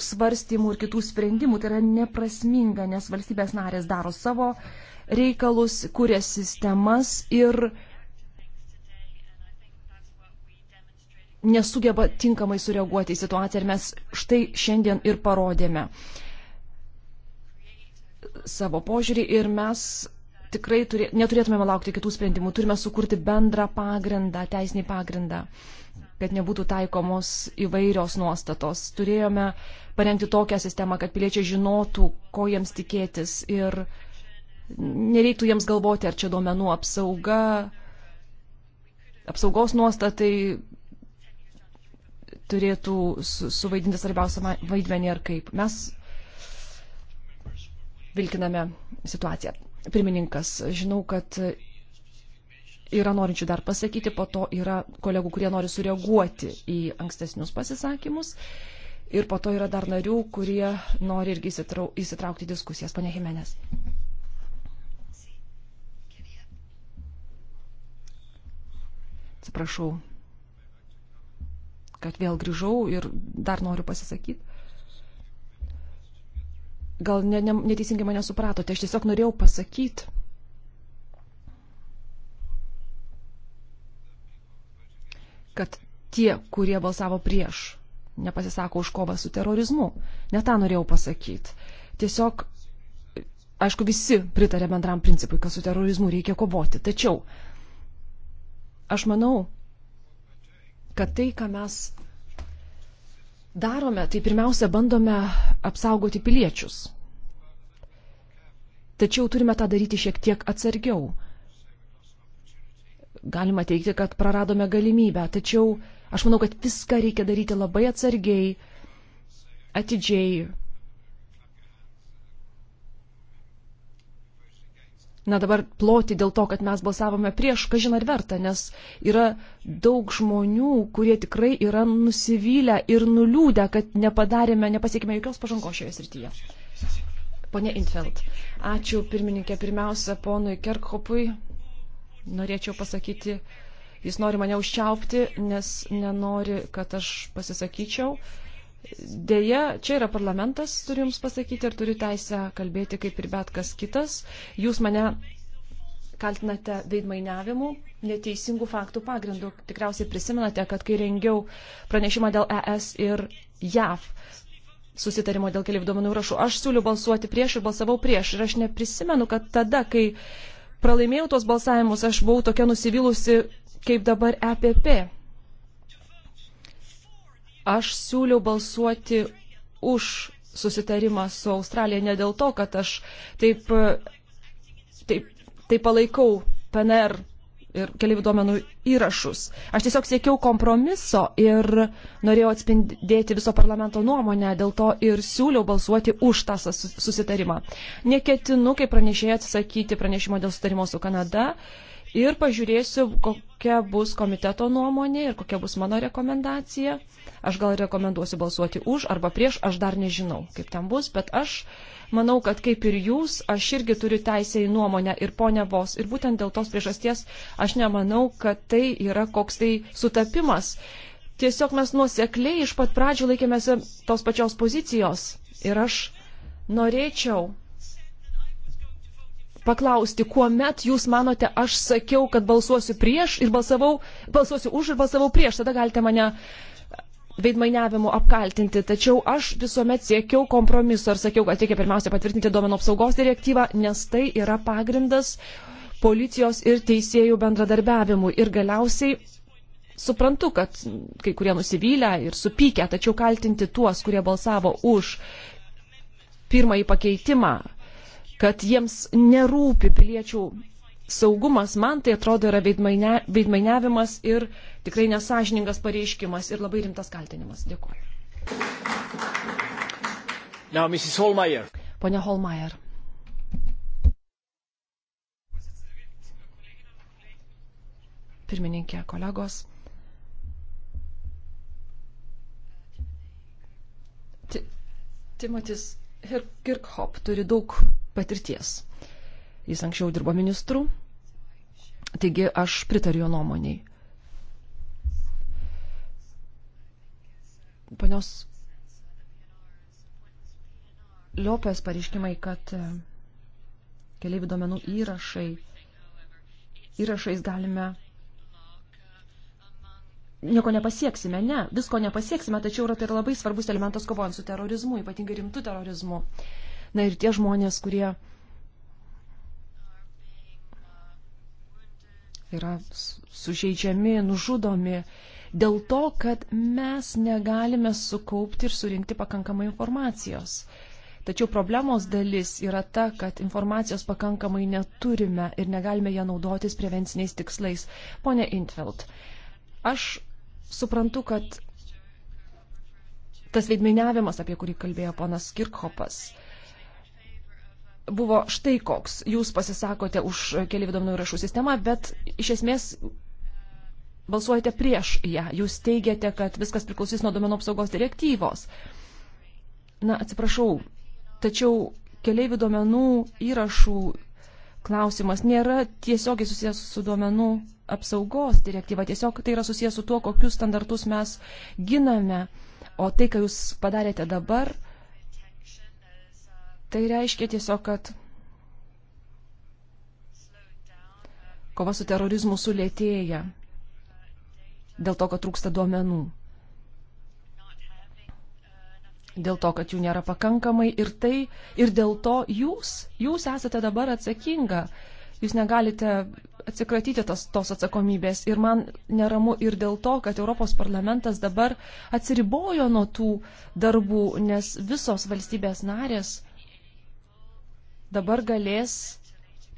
svarstymų ir kitų sprendimų. Tai yra neprasminga, nes valstybės narės daro savo reikalus, kuria sistemas ir nesugeba tinkamai sureaguoti į situaciją. Ir mes štai šiandien ir parodėme. Uh, savo požiūrį ir mes tikrai turė, neturėtumėme laukti kitų sprendimų. Turime sukurti bendrą pagrindą, teisinį pagrindą, kad nebūtų taikomos įvairios nuostatos. Turėjome parengti tokią sistemą, kad piliečiai žinotų, ko jiems tikėtis ir nereiktų jiems galvoti, ar čia duomenų apsauga, apsaugos nuostatai turėtų suvaidinti svarbiausią vaidmenį ar kaip. Mes vilkiname situaciją. Pirmininkas, žinau, kad yra norinčių dar pasakyti, po to yra kolegų, kurie nori sureaguoti į ankstesnius pasisakymus. Ir po to yra dar narių, kurie nori irgi įsitraukti diskusijas. Pane Jimenez. Atsiprašau, kad vėl grįžau ir dar noriu pasisakyti. Gal ne, ne, neteisingai mane supratote, aš tiesiog norėjau pasakyti. kad tie, kurie balsavo prieš, nepasisako už kovą su terorizmu. Ne tą norėjau pasakyti. Tiesiog, aišku, visi pritarė bendram principui, kad su terorizmu reikia kovoti. Tačiau aš manau, kad tai, ką mes darome, tai pirmiausia bandome apsaugoti piliečius. Tačiau turime tą daryti šiek tiek atsargiau. Galima teikti, kad praradome galimybę, tačiau aš manau, kad viską reikia daryti labai atsargiai, atidžiai, na dabar ploti dėl to, kad mes balsavome prieš, kažin ar verta, nes yra daug žmonių, kurie tikrai yra nusivylę ir nuliūdę, kad nepadarėme, nepasiekime jokios pažangos šioje srityje. Pone Intfeld, ačiū pirmininkė. Pirmiausia, ponui Kerkhopui norėčiau pasakyti, jis nori mane užčiaupti, nes nenori, kad aš pasisakyčiau. Uh, Deja, čia yra parlamentas, turiu Jums pasakyti, ir turiu teisę kalbėti kaip ir bet kas kitas. Jūs mane kaltinate veidmainiavimu, neteisingų faktų pagrindų. Tikriausiai prisimenate, kad kai rengiau pranešimą dėl ES ir JAV susitarimo dėl keliaivių duomenų rašų, aš siūliu balsuoti prieš ir balsavau prieš. Ir aš neprisimenu, kad tada, kai pralaimėjau tuos balsavimus, aš buvau tokia nusivylusi kaip dabar EPP Aš siūliau balsuoti už susitarimą su Australija ne dėl to, kad aš taip, taip, taip palaikau PNR ir keliaivių duomenų įrašus. Aš tiesiog siekiau kompromiso ir norėjau atspindėti viso parlamento nuomonę, dėl to ir siūliau balsuoti už tą susitarimą. Neketinu, kaip pranešėjai, atsisakyti pranešimo dėl sutarimo su Kanada. Uh, ir pažiūrėsiu, kokia bus komiteto nuomonė ir kokia bus mano rekomendacija. Aš gal rekomenduosiu balsuoti už arba prieš, aš dar nežinau, kaip ten bus, bet aš manau, kad kaip ir jūs, aš irgi turiu teisę į nuomonę ir ponia vos. Ir būtent dėl tos priežasties aš nemanau, kad tai yra koks tai sutapimas. Tiesiog mes nuosekliai iš pat pradžių laikėmės tos pačios pozicijos. Ir aš norėčiau paklausti, kuomet jūs manote, aš sakiau, kad balsuosiu prieš ir balsavau, balsuosiu už ir balsavau prieš, tada galite mane veidmainiavimu apkaltinti. Tačiau aš visuomet siekiau kompromiso ir sakiau, kad reikia pirmiausia patvirtinti duomenų apsaugos direktyvą, nes tai yra pagrindas policijos ir teisėjų bendradarbiavimui. Ir galiausiai suprantu, kad kai kurie nusivylę ir supykę, tačiau kaltinti tuos, kurie balsavo už pirmąjį pakeitimą kad jiems nerūpi piliečių saugumas, man tai atrodo yra veidmaine, veidmainiavimas ir tikrai nesažiningas pareiškimas ir labai rimtas kaltinimas. Dėkuoju. Now, Mrs. Holmeyer. Pone Holmeyer. Pirmininkė, kolegos. Timotis Kirkhop turi daug patirties. Jis anksčiau dirbo ministru, taigi aš pritariu jo nuomoniai. Panios Liopės pareiškimai, kad e, keliaivių duomenų įrašai, įrašais galime nieko nepasieksime, ne, visko nepasieksime, tačiau yra tai yra labai svarbus elementas kovojant su terorizmu, ypatingai rimtu terorizmu. Na ir tie žmonės, kurie yra sužeidžiami, nužudomi dėl to, kad mes negalime sukaupti ir surinkti pakankamai informacijos. Tačiau problemos dalis yra ta, kad informacijos pakankamai neturime ir negalime ją naudotis prevenciniais tikslais. Pone Intfeld, aš suprantu, kad tas veidmainiavimas, apie kurį kalbėjo ponas Kirkhopas, buvo štai koks. Jūs pasisakote už keliaivių duomenų įrašų sistemą, bet iš esmės balsuojate prieš ją. Jūs teigiate, kad viskas priklausys nuo duomenų apsaugos direktyvos. Na, atsiprašau, tačiau keliaivių duomenų įrašų klausimas nėra tiesiogiai susijęs su duomenų apsaugos direktyva, tiesiog tai yra susijęs su tuo, kokius standartus mes giname, o tai, ką jūs padarėte dabar, tai reiškia tiesiog, kad kova su terorizmu sulėtėja dėl to, kad trūksta duomenų dėl to, kad jų nėra pakankamai ir tai, ir dėl to jūs, jūs esate dabar atsakinga, jūs negalite atsikratyti tos, tos atsakomybės ir man neramu ir dėl to, kad Europos parlamentas dabar atsiribojo nuo tų darbų, nes visos valstybės narės dabar galės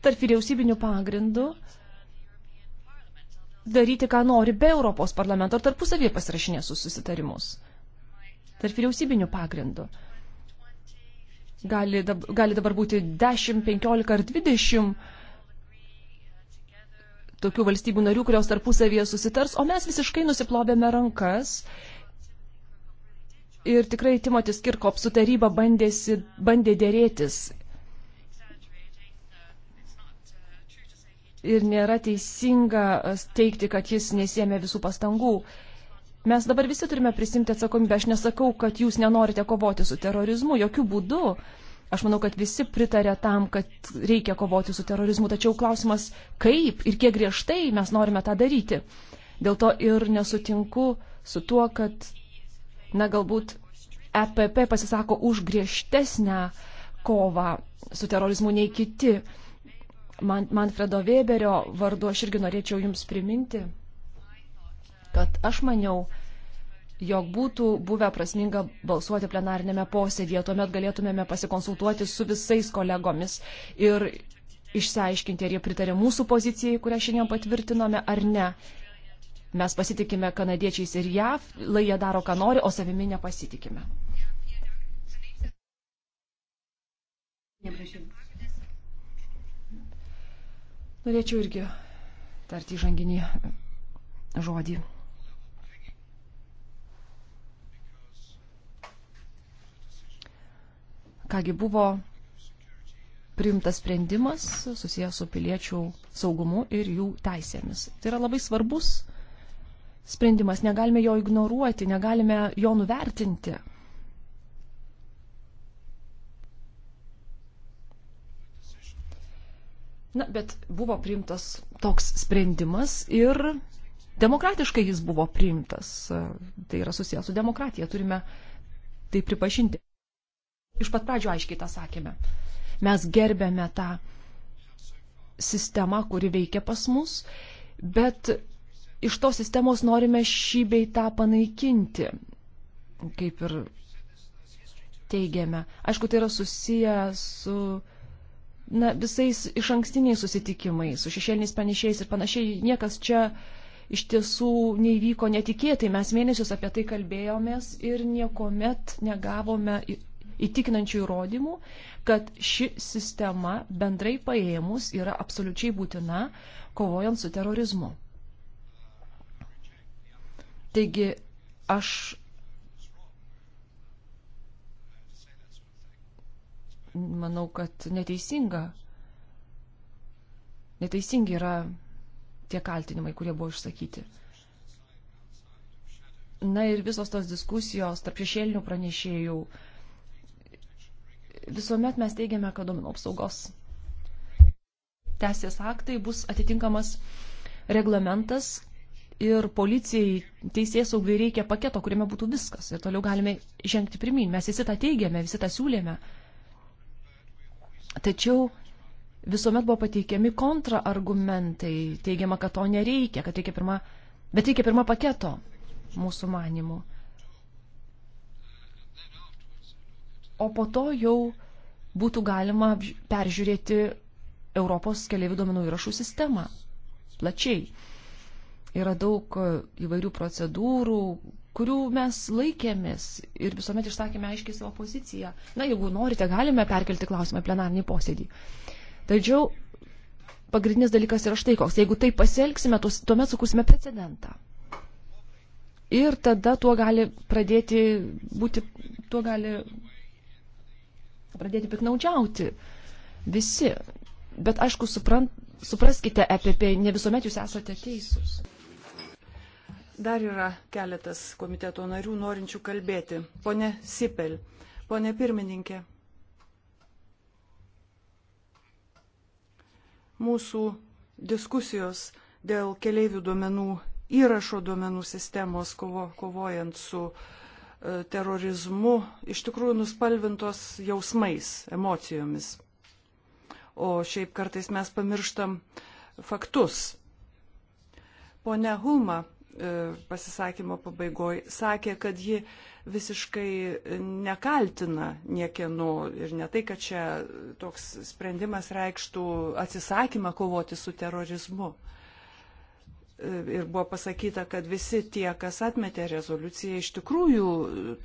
tarp vyriausybinių pagrindų daryti, ką nori be Europos parlamento ir tarpusavį pasirašinės susitarimus tarp vyriausybinių pagrindų. Gali, dab, gali dabar būti 10, 15 ar 20 tokių valstybių narių, kurios tarpusavėje susitars, o mes visiškai nusiplovėme rankas. Ir tikrai Timotis Kirkop su taryba bandėsi, bandė dėrėtis ir nėra teisinga teikti, kad jis nesėmė visų pastangų. Mes dabar visi turime prisimti atsakomybę. Aš nesakau, kad jūs nenorite kovoti su terorizmu, jokių būdų. Aš manau, kad visi pritarė tam, kad reikia kovoti su terorizmu, tačiau klausimas, kaip ir kiek griežtai mes norime tą daryti. Dėl to ir nesutinku su tuo, kad, na, galbūt EPP pasisako už griežtesnę kovą su terorizmu nei kiti. Man, Manfredo Weberio vardu aš irgi norėčiau Jums priminti, kad aš maniau, jog būtų buvę prasminga balsuoti plenarinėme posėdėje, tuomet galėtumėme pasikonsultuoti su visais kolegomis ir išsiaiškinti, ar jie pritarė mūsų pozicijai, kurią šiandien patvirtinome, ar ne. Mes pasitikime kanadiečiais ir JAV, lai jie daro, ką nori, o savimi nepasitikime. Norėčiau irgi tarti žanginį žodį. Kągi buvo priimtas sprendimas susijęs su piliečių saugumu ir jų teisėmis. Tai yra labai svarbus sprendimas, negalime jo ignoruoti, negalime jo nuvertinti. Na, bet buvo priimtas toks sprendimas ir demokratiškai jis buvo priimtas. Tai yra susijęs su demokratija, turime tai pripažinti iš pat pradžio aiškiai tą sakėme. Mes gerbėme tą sistemą, kuri veikia pas mus, bet iš tos sistemos norime šį bei tą panaikinti, kaip ir teigiame. Aišku, tai yra susiję su na, visais iš ankstiniais susitikimais, su šešėliniais pranešėjais ir panašiai. Niekas čia iš tiesų neįvyko netikėtai. Mes mėnesius apie tai kalbėjomės ir niekuomet negavome įtikinančių įrodymų, kad ši sistema bendrai paėmus yra absoliučiai būtina kovojant su terorizmu. Taigi aš manau, kad neteisinga, neteisingi yra tie kaltinimai, kurie buvo išsakyti. Na ir visos tos diskusijos tarp šešėlinių pranešėjų, uh, visuomet mes teigiame, kad duomenų apsaugos teisės aktai bus atitinkamas reglamentas ir policijai teisės saugai reikia paketo, kuriame būtų viskas ir toliau galime žengti pirmin. Mes visi tą teigiame, visi tą siūlėme. Tačiau visuomet buvo pateikiami kontraargumentai, teigiama, kad to nereikia, kad reikia pirma, bet reikia pirma paketo mūsų manimų. o po to jau būtų galima peržiūrėti Europos keliaivių duomenų įrašų sistemą plačiai. Yra daug e, įvairių procedūrų, kurių mes laikėmės ir visuomet išsakėme aiškiai savo poziciją. Na, jeigu norite, galime perkelti klausimą į plenarnį posėdį. Tačiau pagrindinis dalykas yra štai koks. Jeigu taip pasielgsime, tuomet sukursime precedentą. Ir tada tuo gali pradėti būti, tuo gali pradėti piknaudžiauti. Visi. Bet aišku, suprant, supraskite, EPP, ne visuomet jūs esate teisūs. Dar yra keletas komiteto narių norinčių kalbėti. Pone Sipel, pone pirmininkė. Mūsų diskusijos dėl keliaivių duomenų, įrašo duomenų sistemos kovo, kovojant su uh, E, terorizmu iš tikrųjų nuspalvintos jausmais, emocijomis. O šiaip kartais mes pamirštam faktus. Pone Hulma e, pasisakymo pabaigoje sakė, kad ji visiškai nekaltina niekieno ir ne tai, kad čia toks sprendimas reikštų atsisakymą kovoti su terorizmu ir buvo pasakyta, kad visi tie, kas atmetė rezoliuciją, iš tikrųjų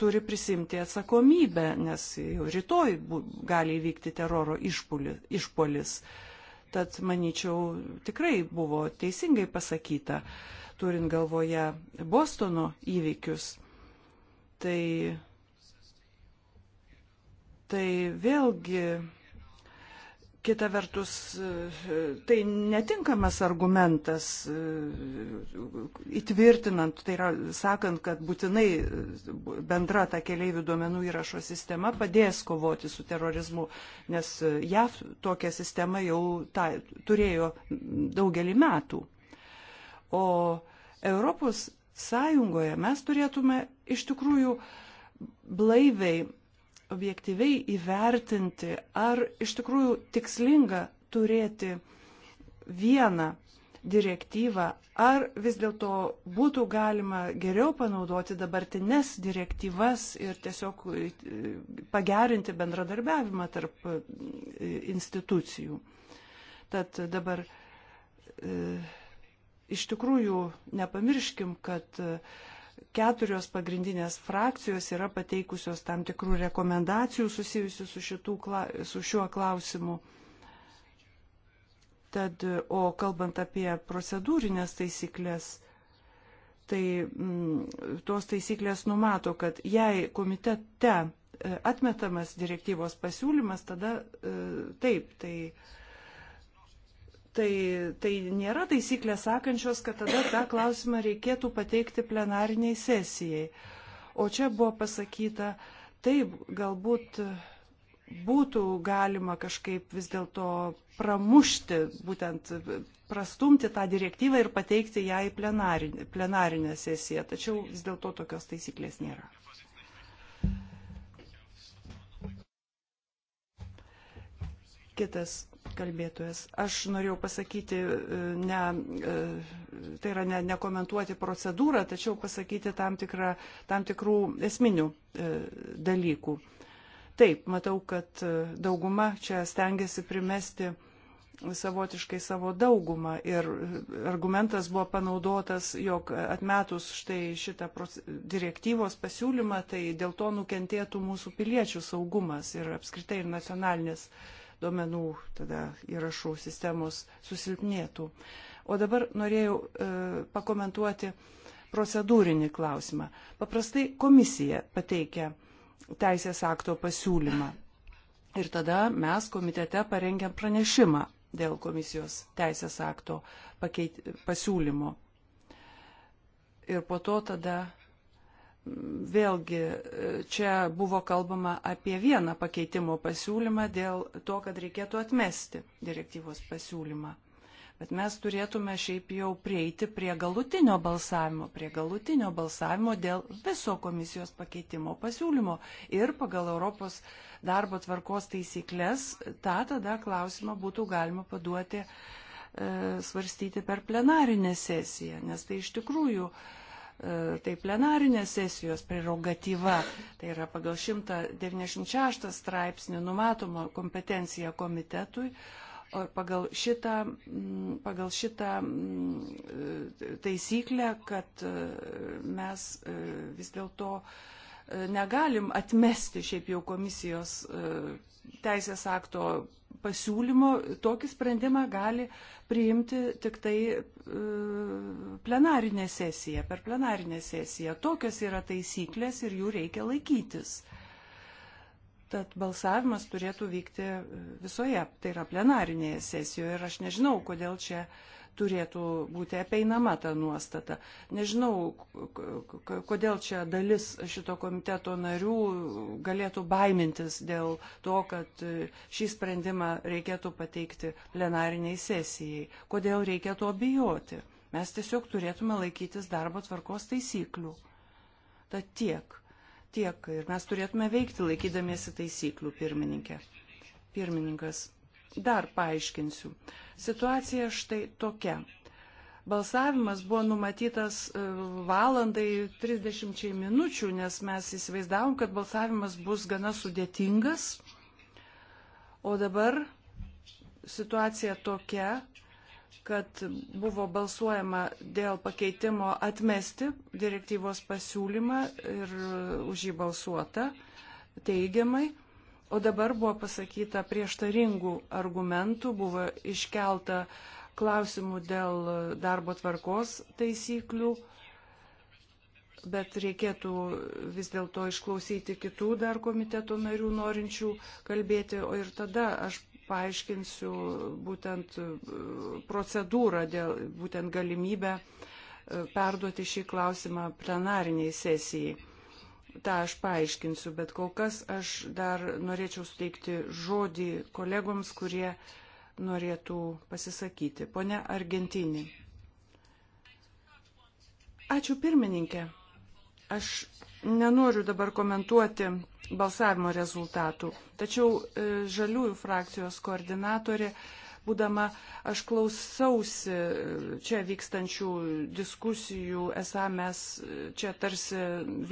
turi prisimti atsakomybę, nes jau rytoj gali įvykti teroro išpolis. Tad, manyčiau, tikrai buvo teisingai pasakyta, turint galvoje Bostono įvykius. Tai, tai vėlgi Kita vertus, e, tai netinkamas argumentas e, įtvirtinant, tai yra sakant, kad būtinai e, bendra ta keliaivių duomenų įrašo sistema padės kovoti su terorizmu, nes JAV tokią sistemą jau ta, turėjo daugelį metų. O Europos Sąjungoje mes turėtume iš tikrųjų blaiviai objektyviai įvertinti, ar iš tikrųjų tikslinga turėti vieną direktyvą, ar vis dėlto būtų galima geriau panaudoti dabartines direktyvas ir tiesiog e, pagerinti bendradarbiavimą tarp e, institucijų. Tad dabar e, iš tikrųjų nepamirškim, kad keturios pagrindinės frakcijos yra pateikusios tam tikrų rekomendacijų susijusių su, šitų, su šiuo klausimu. Tad, o kalbant apie procedūrinės taisyklės, tai m, mm, tos taisyklės numato, kad jei komitete e, atmetamas direktyvos pasiūlymas, tada e, taip, tai e, Tai, tai nėra taisyklės sakančios, kad tada tą klausimą reikėtų pateikti plenariniai sesijai. O čia buvo pasakyta, taip, galbūt būtų galima kažkaip vis dėlto pramušti, būtent prastumti tą direktyvą ir pateikti ją į plenarinę, plenarinę sesiją. Tačiau vis dėlto tokios taisyklės nėra. Kitas kalbėtojas. Aš norėjau pasakyti, e, ne, e, tai yra ne, nekomentuoti procedūrą, tačiau pasakyti tam, tikrą, tam tikrų esminių e, dalykų. Taip, matau, kad dauguma čia stengiasi primesti savotiškai savo daugumą ir argumentas buvo panaudotas, jog atmetus štai šitą direktyvos pasiūlymą, tai dėl to nukentėtų mūsų piliečių saugumas ir apskritai ir nacionalinės uh, duomenų tada įrašų sistemos susilpnėtų. O dabar norėjau e, pakomentuoti procedūrinį klausimą. Paprastai komisija pateikia teisės akto pasiūlymą. Ir tada mes komitete parengiam pranešimą dėl komisijos teisės akto pakeit, pasiūlymo. Ir po to tada vėlgi čia buvo kalbama apie vieną pakeitimo pasiūlymą dėl to, kad reikėtų atmesti direktyvos pasiūlymą. Bet mes turėtume šiaip jau prieiti prie galutinio balsavimo, prie galutinio balsavimo dėl viso komisijos pakeitimo pasiūlymo ir pagal Europos darbo tvarkos taisyklės tą tada klausimą būtų galima paduoti e, svarstyti per plenarinę sesiją, nes tai iš tikrųjų e, E, tai plenarinės sesijos prerogatyva, tai yra pagal 196 straipsnį numatoma kompetencija komitetui, o pagal šitą, pagal šitą taisyklę, kad e, mes e, vis dėlto negalim atmesti šiaip jau komisijos teisės akto pasiūlymo tokį sprendimą gali priimti tik tai e, plenarinė sesija, per plenarinę sesiją. Tokios yra taisyklės ir jų reikia laikytis. Tad balsavimas turėtų vykti visoje, tai yra plenarinėje sesijoje ir aš nežinau, kodėl čia uh, turėtų būti apeinama ta nuostata. Nežinau, kodėl čia dalis šito komiteto narių galėtų baimintis dėl to, kad e, šį sprendimą reikėtų pateikti plenariniai sesijai. Kodėl reikėtų abijoti? Mes tiesiog turėtume laikytis darbo tvarkos taisyklių. Tad tiek tiek ir mes turėtume veikti laikydamiesi taisyklių, pirmininkė. Pirmininkas. Dar paaiškinsiu. Situacija štai tokia. Balsavimas buvo numatytas e, valandai 30 minučių, nes mes įsivaizdavom, kad balsavimas bus gana sudėtingas. O dabar situacija tokia, kad buvo balsuojama dėl pakeitimo atmesti direktyvos pasiūlymą ir e, už jį balsuota teigiamai. O dabar buvo pasakyta prieštaringų argumentų, buvo iškelta klausimų dėl darbo tvarkos taisyklių, bet reikėtų vis dėlto išklausyti kitų dar komiteto narių norinčių kalbėti, o ir tada aš paaiškinsiu būtent e, procedūrą, dėl, būtent galimybę e, perduoti šį klausimą plenariniai sesijai tą aš paaiškinsiu, bet kol kas aš dar norėčiau suteikti žodį kolegoms, kurie norėtų pasisakyti. Pone Argentinį. Ačiū pirmininkė. Aš nenoriu dabar komentuoti balsavimo rezultatų, tačiau e, žaliųjų frakcijos koordinatorė būdama aš klausausi čia vykstančių diskusijų, esą mes čia tarsi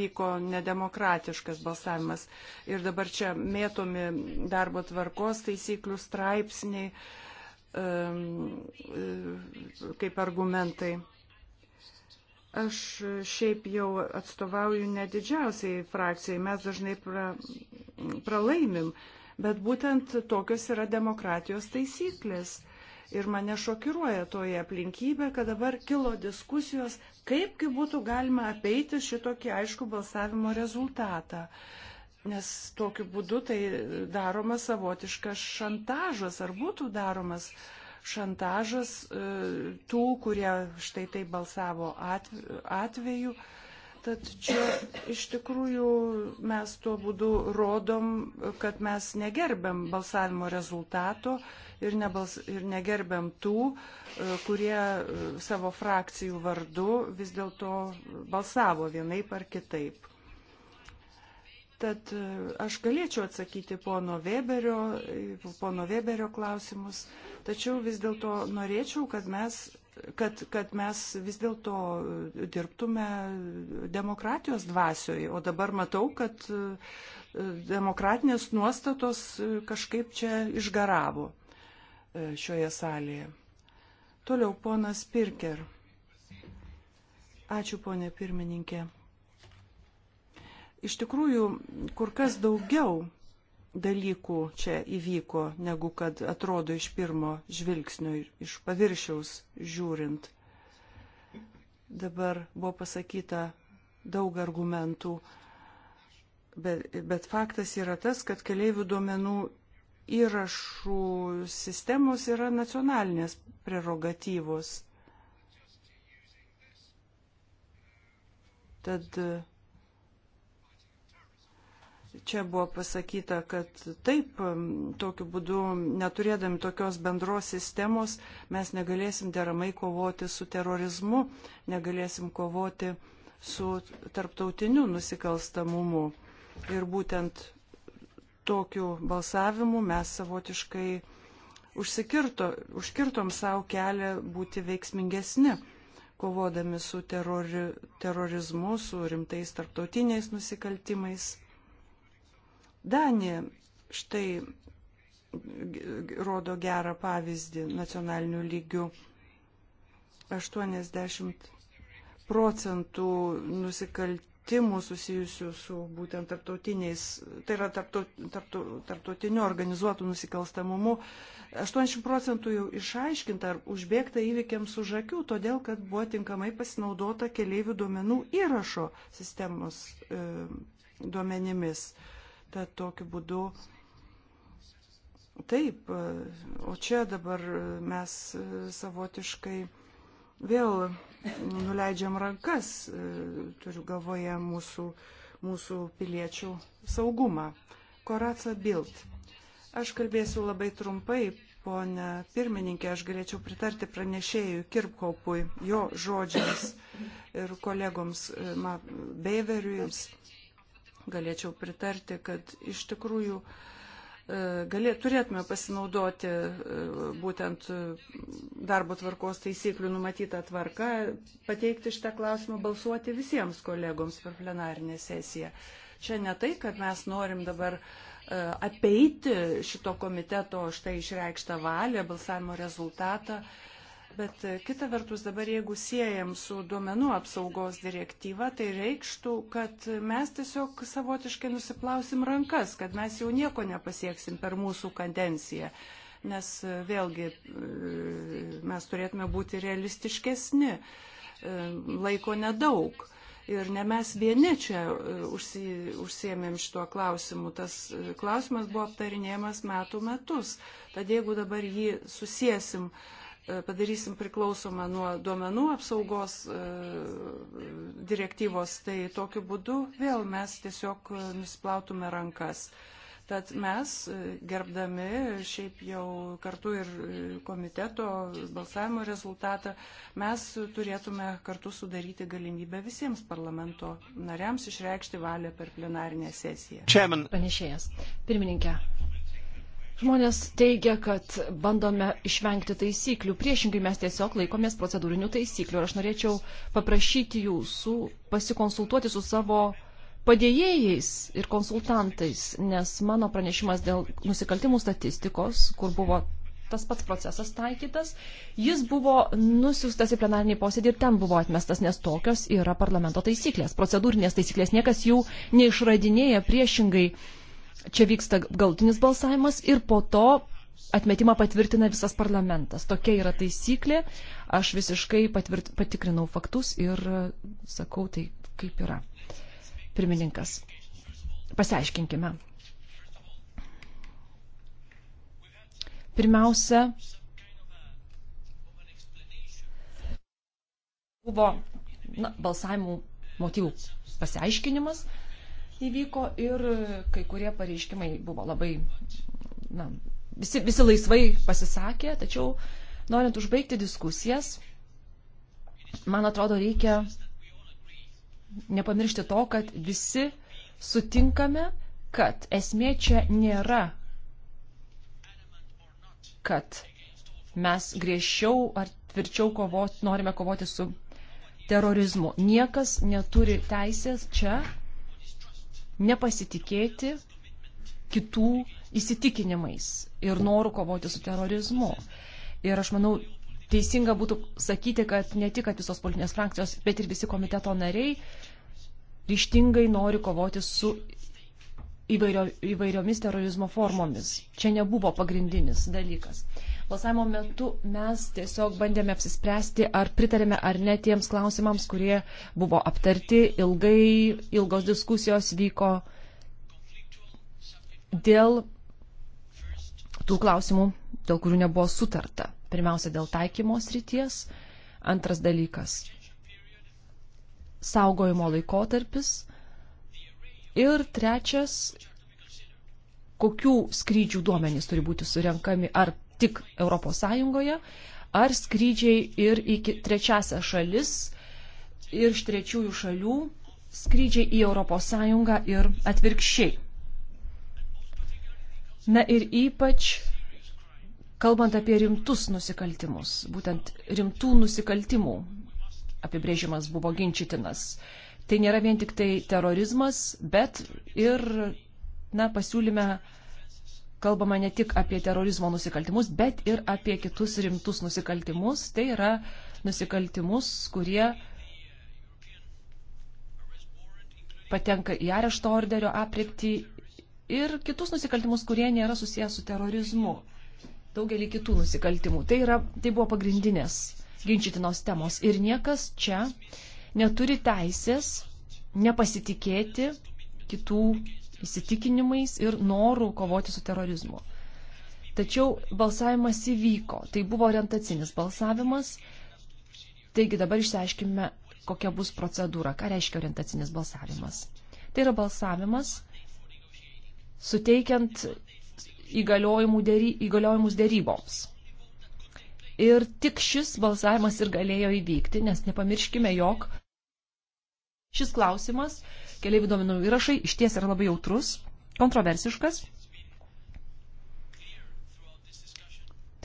vyko nedemokratiškas balsavimas ir dabar čia mėtomi darbo tvarkos taisyklių straipsniai um, kaip argumentai. Aš šiaip jau atstovauju ne didžiausiai frakcijai, mes dažnai pra, pralaimim, Bet būtent tokios yra demokratijos taisyklės. Ir mane šokiruoja toje aplinkybė, kad dabar kilo diskusijos, kaipgi būtų galima apeiti šitokį aišku balsavimo rezultatą. Nes tokiu būdu tai daromas savotiškas šantažas, ar būtų daromas šantažas e, tų, kurie štai tai balsavo atveju, Tad čia iš tikrųjų mes tuo būdu rodom, kad mes negerbėm balsavimo rezultato ir, nebals, ir negerbėm tų, e, kurie e, savo frakcijų vardu vis dėlto balsavo vienaip ar kitaip. Tad e, aš galėčiau atsakyti pono Weberio, pono Weberio klausimus, tačiau vis dėlto norėčiau, kad mes kad, kad mes vis dėlto dirbtume demokratijos dvasioje, o dabar matau, kad e, demokratinės nuostatos kažkaip čia išgaravo e, šioje salėje. Toliau ponas Pirker. Ačiū, ponė pirmininkė. Iš tikrųjų, kur kas daugiau dalykų čia įvyko, negu kad atrodo iš pirmo žvilgsnio, iš paviršiaus žiūrint. Dabar buvo pasakyta daug argumentų, bet, bet faktas yra tas, kad keliaivių duomenų įrašų sistemos yra nacionalinės prerogatyvos. Tad Čia buvo pasakyta, kad taip, tokiu būdu, neturėdami tokios bendros sistemos, mes negalėsim deramai kovoti su terorizmu, negalėsim kovoti su tarptautiniu nusikalstamumu. Ir būtent tokiu balsavimu mes savotiškai užsikirto, užkirtom savo kelią būti veiksmingesni, kovodami su terori, terorizmu, su rimtais tarptautiniais nusikaltimais. Danija štai rodo gerą pavyzdį nacionalinių lygių. 80 procentų nusikaltimų susijusių su būtent tarptautiniais, tai yra tarptautiniu tarptaut, organizuotų nusikalstamumu, 80 procentų jau išaiškinta ar užbėgta įvykiams už akių, todėl kad buvo tinkamai pasinaudota keliaivių duomenų įrašo sistemos e, duomenimis. E, Tad tokiu būdu taip, o čia dabar mes savotiškai vėl nuleidžiam rankas, turiu galvoje mūsų, mūsų piliečių saugumą. Koraca Bild. Aš kalbėsiu labai trumpai, ponė pirmininkė, aš galėčiau pritarti pranešėjui Kirpkaupui, jo žodžiams ir kolegoms Beveriui, galėčiau pritarti, kad iš tikrųjų e, galė, turėtume pasinaudoti e, būtent e, darbo tvarkos taisyklių numatytą tvarką, pateikti šitą klausimą, balsuoti visiems kolegoms per plenarinę sesiją. Čia ne tai, kad mes norim dabar apeiti šito komiteto štai išreikštą valią, balsavimo rezultatą Bet e, kita vertus dabar, jeigu siejam su duomenų apsaugos direktyva, tai reikštų, kad mes tiesiog savotiškai nusiplausim rankas, kad mes jau nieko nepasieksim per mūsų kadenciją. Nes e, vėlgi e, mes turėtume būti realistiškesni, laiko nedaug. Ir ne mes vieni čia užsi, užsiemėm šituo klausimu. Tas klausimas buvo aptarinėjamas metų metus. Tad jeigu dabar jį susiesim uh, padarysim priklausomą nuo duomenų apsaugos e, direktyvos, tai tokiu būdu vėl mes tiesiog e, nusplautume rankas. Tad mes, e, gerbdami šiaip jau kartu ir komiteto balsavimo rezultatą, mes turėtume kartu sudaryti galimybę visiems parlamento nariams išreikšti valią per plenarinę sesiją. Chairman. Panešėjas. Pirmininkė, Žmonės teigia, kad bandome išvengti taisyklių. Priešingai mes tiesiog laikomės procedūrinių taisyklių. Ir aš norėčiau paprašyti jūsų pasikonsultuoti su savo padėjėjais ir konsultantais, nes mano pranešimas dėl nusikaltimų statistikos, kur buvo tas pats procesas taikytas, jis buvo nusiųstas į plenarinį posėdį ir ten buvo atmestas, nes tokios yra parlamento taisyklės. Procedūrinės taisyklės niekas jų neišradinėja priešingai. Uh, čia vyksta galtinis balsavimas ir po to atmetimą patvirtina visas parlamentas. Tokia yra taisyklė. Aš visiškai patvirt, patikrinau faktus ir e, sakau tai, kaip yra. Pirmininkas. Pasiaiškinkime. Pirmiausia, buvo na, balsavimų motyvų pasiaiškinimas įvyko ir kai kurie pareiškimai buvo labai, na, visi, visi laisvai pasisakė, tačiau norint užbaigti diskusijas, man atrodo, reikia nepamiršti to, kad visi sutinkame, kad esmė čia nėra, kad mes griežčiau ar tvirčiau kovot, norime kovoti su terorizmu. Niekas neturi teisės čia nepasitikėti kitų įsitikinimais ir noru kovoti su terorizmu. Ir aš manau, teisinga būtų sakyti, kad ne tik kad visos politinės frakcijos, bet ir visi komiteto nariai ryštingai nori kovoti su įvairio, įvairiomis terorizmo formomis. Čia nebuvo pagrindinis dalykas. Balsavimo metu mes tiesiog bandėme apsispręsti, ar pritarėme ar ne tiems klausimams, kurie buvo aptarti. Ilgai, ilgos diskusijos vyko dėl tų klausimų, dėl kurių nebuvo sutarta. Pirmiausia, dėl taikymo srities. Antras dalykas - saugojimo laikotarpis. Ir trečias - kokių skrydžių duomenys turi būti surenkami, ar tik ES, ar skrydžiai ir į trečiasią šalis, ir iš trečiųjų šalių skrydžiai į ES ir atvirkščiai. Na ir ypač kalbant apie rimtus nusikaltimus, būtent rimtų nusikaltimų apibrėžimas buvo ginčytinas. Tai nėra vien tik tai terorizmas, bet ir na, pasiūlyme kalbama ne tik apie terorizmo nusikaltimus, bet ir apie kitus rimtus nusikaltimus. Tai yra nusikaltimus, kurie patenka į arešto orderio aprepti ir kitus nusikaltimus, kurie nėra susijęs su terorizmu. Daugelį kitų nusikaltimų. Tai, yra, tai buvo pagrindinės ginčytinos temos. Ir niekas čia neturi teisės nepasitikėti kitų įsitikinimais ir noru kovoti su terorizmu. Tačiau balsavimas įvyko, tai buvo orientacinis balsavimas, taigi dabar išsiaiškime, kokia bus procedūra, ką reiškia orientacinis balsavimas. Tai yra balsavimas suteikiant dėry, įgaliojimus dėryboms. Ir tik šis balsavimas ir galėjo įvykti, nes nepamirškime, jog šis klausimas keliaivių duomenų įrašai išties yra labai jautrus, kontroversiškas.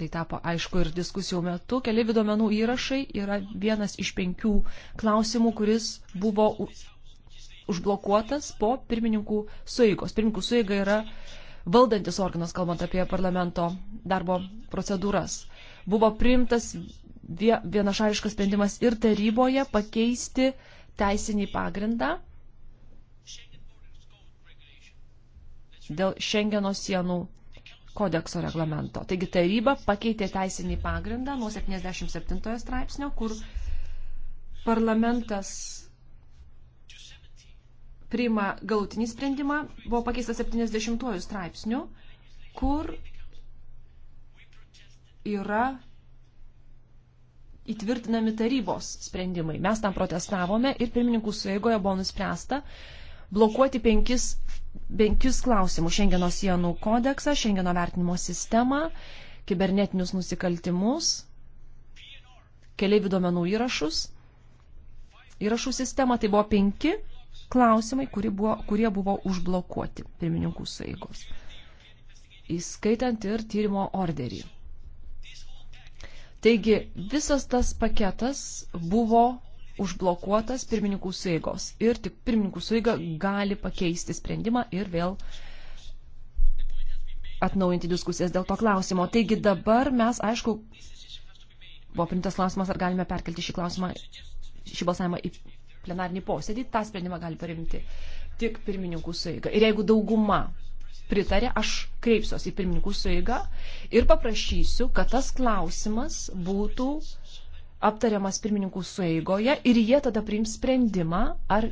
Tai tapo aišku ir diskusijų metu. Keliaivių duomenų įrašai yra vienas iš penkių klausimų, kuris buvo užblokuotas po pirmininkų sueigos. Pirmininkų sueiga yra valdantis organas, kalbant apie parlamento darbo procedūras. Buvo priimtas vienašališkas sprendimas ir taryboje pakeisti teisinį pagrindą dėl Šengeno sienų kodekso reglamento. Taigi taryba pakeitė teisinį pagrindą nuo 77 straipsnio, kur parlamentas priima galutinį sprendimą, buvo pakeistas 70 straipsniu, kur yra įtvirtinami tarybos sprendimai. Mes tam protestavome ir pirmininkų sueigoje buvo nuspręsta blokuoti penkis penkius klausimus - Šengeno sienų kodeksą, Šengeno vertinimo sistemą, kibernetinius nusikaltimus, keliaivių duomenų įrašus, įrašų sistemą. Tai buvo penki klausimai, kurie buvo, kurie buvo užblokuoti pirmininkų sueigos, įskaitant ir tyrimo orderį. Taigi visas tas paketas buvo užblokuotas pirmininkų suėgos. Ir tik pirmininkų suėga gali pakeisti sprendimą ir vėl atnaujinti diskusijas dėl to klausimo. Taigi dabar mes, aišku, buvo primtas klausimas, ar galime perkelti šį klausimą, šį balsavimą į plenarinį posėdį, tą sprendimą gali parimti tik pirmininkų suėga. Ir jeigu dauguma pritarė, aš kreipsiuosi į pirmininkų suėgą ir paprašysiu, kad tas klausimas būtų uh, aptariamas pirmininkų sueigoje ir jie tada priims sprendimą, ar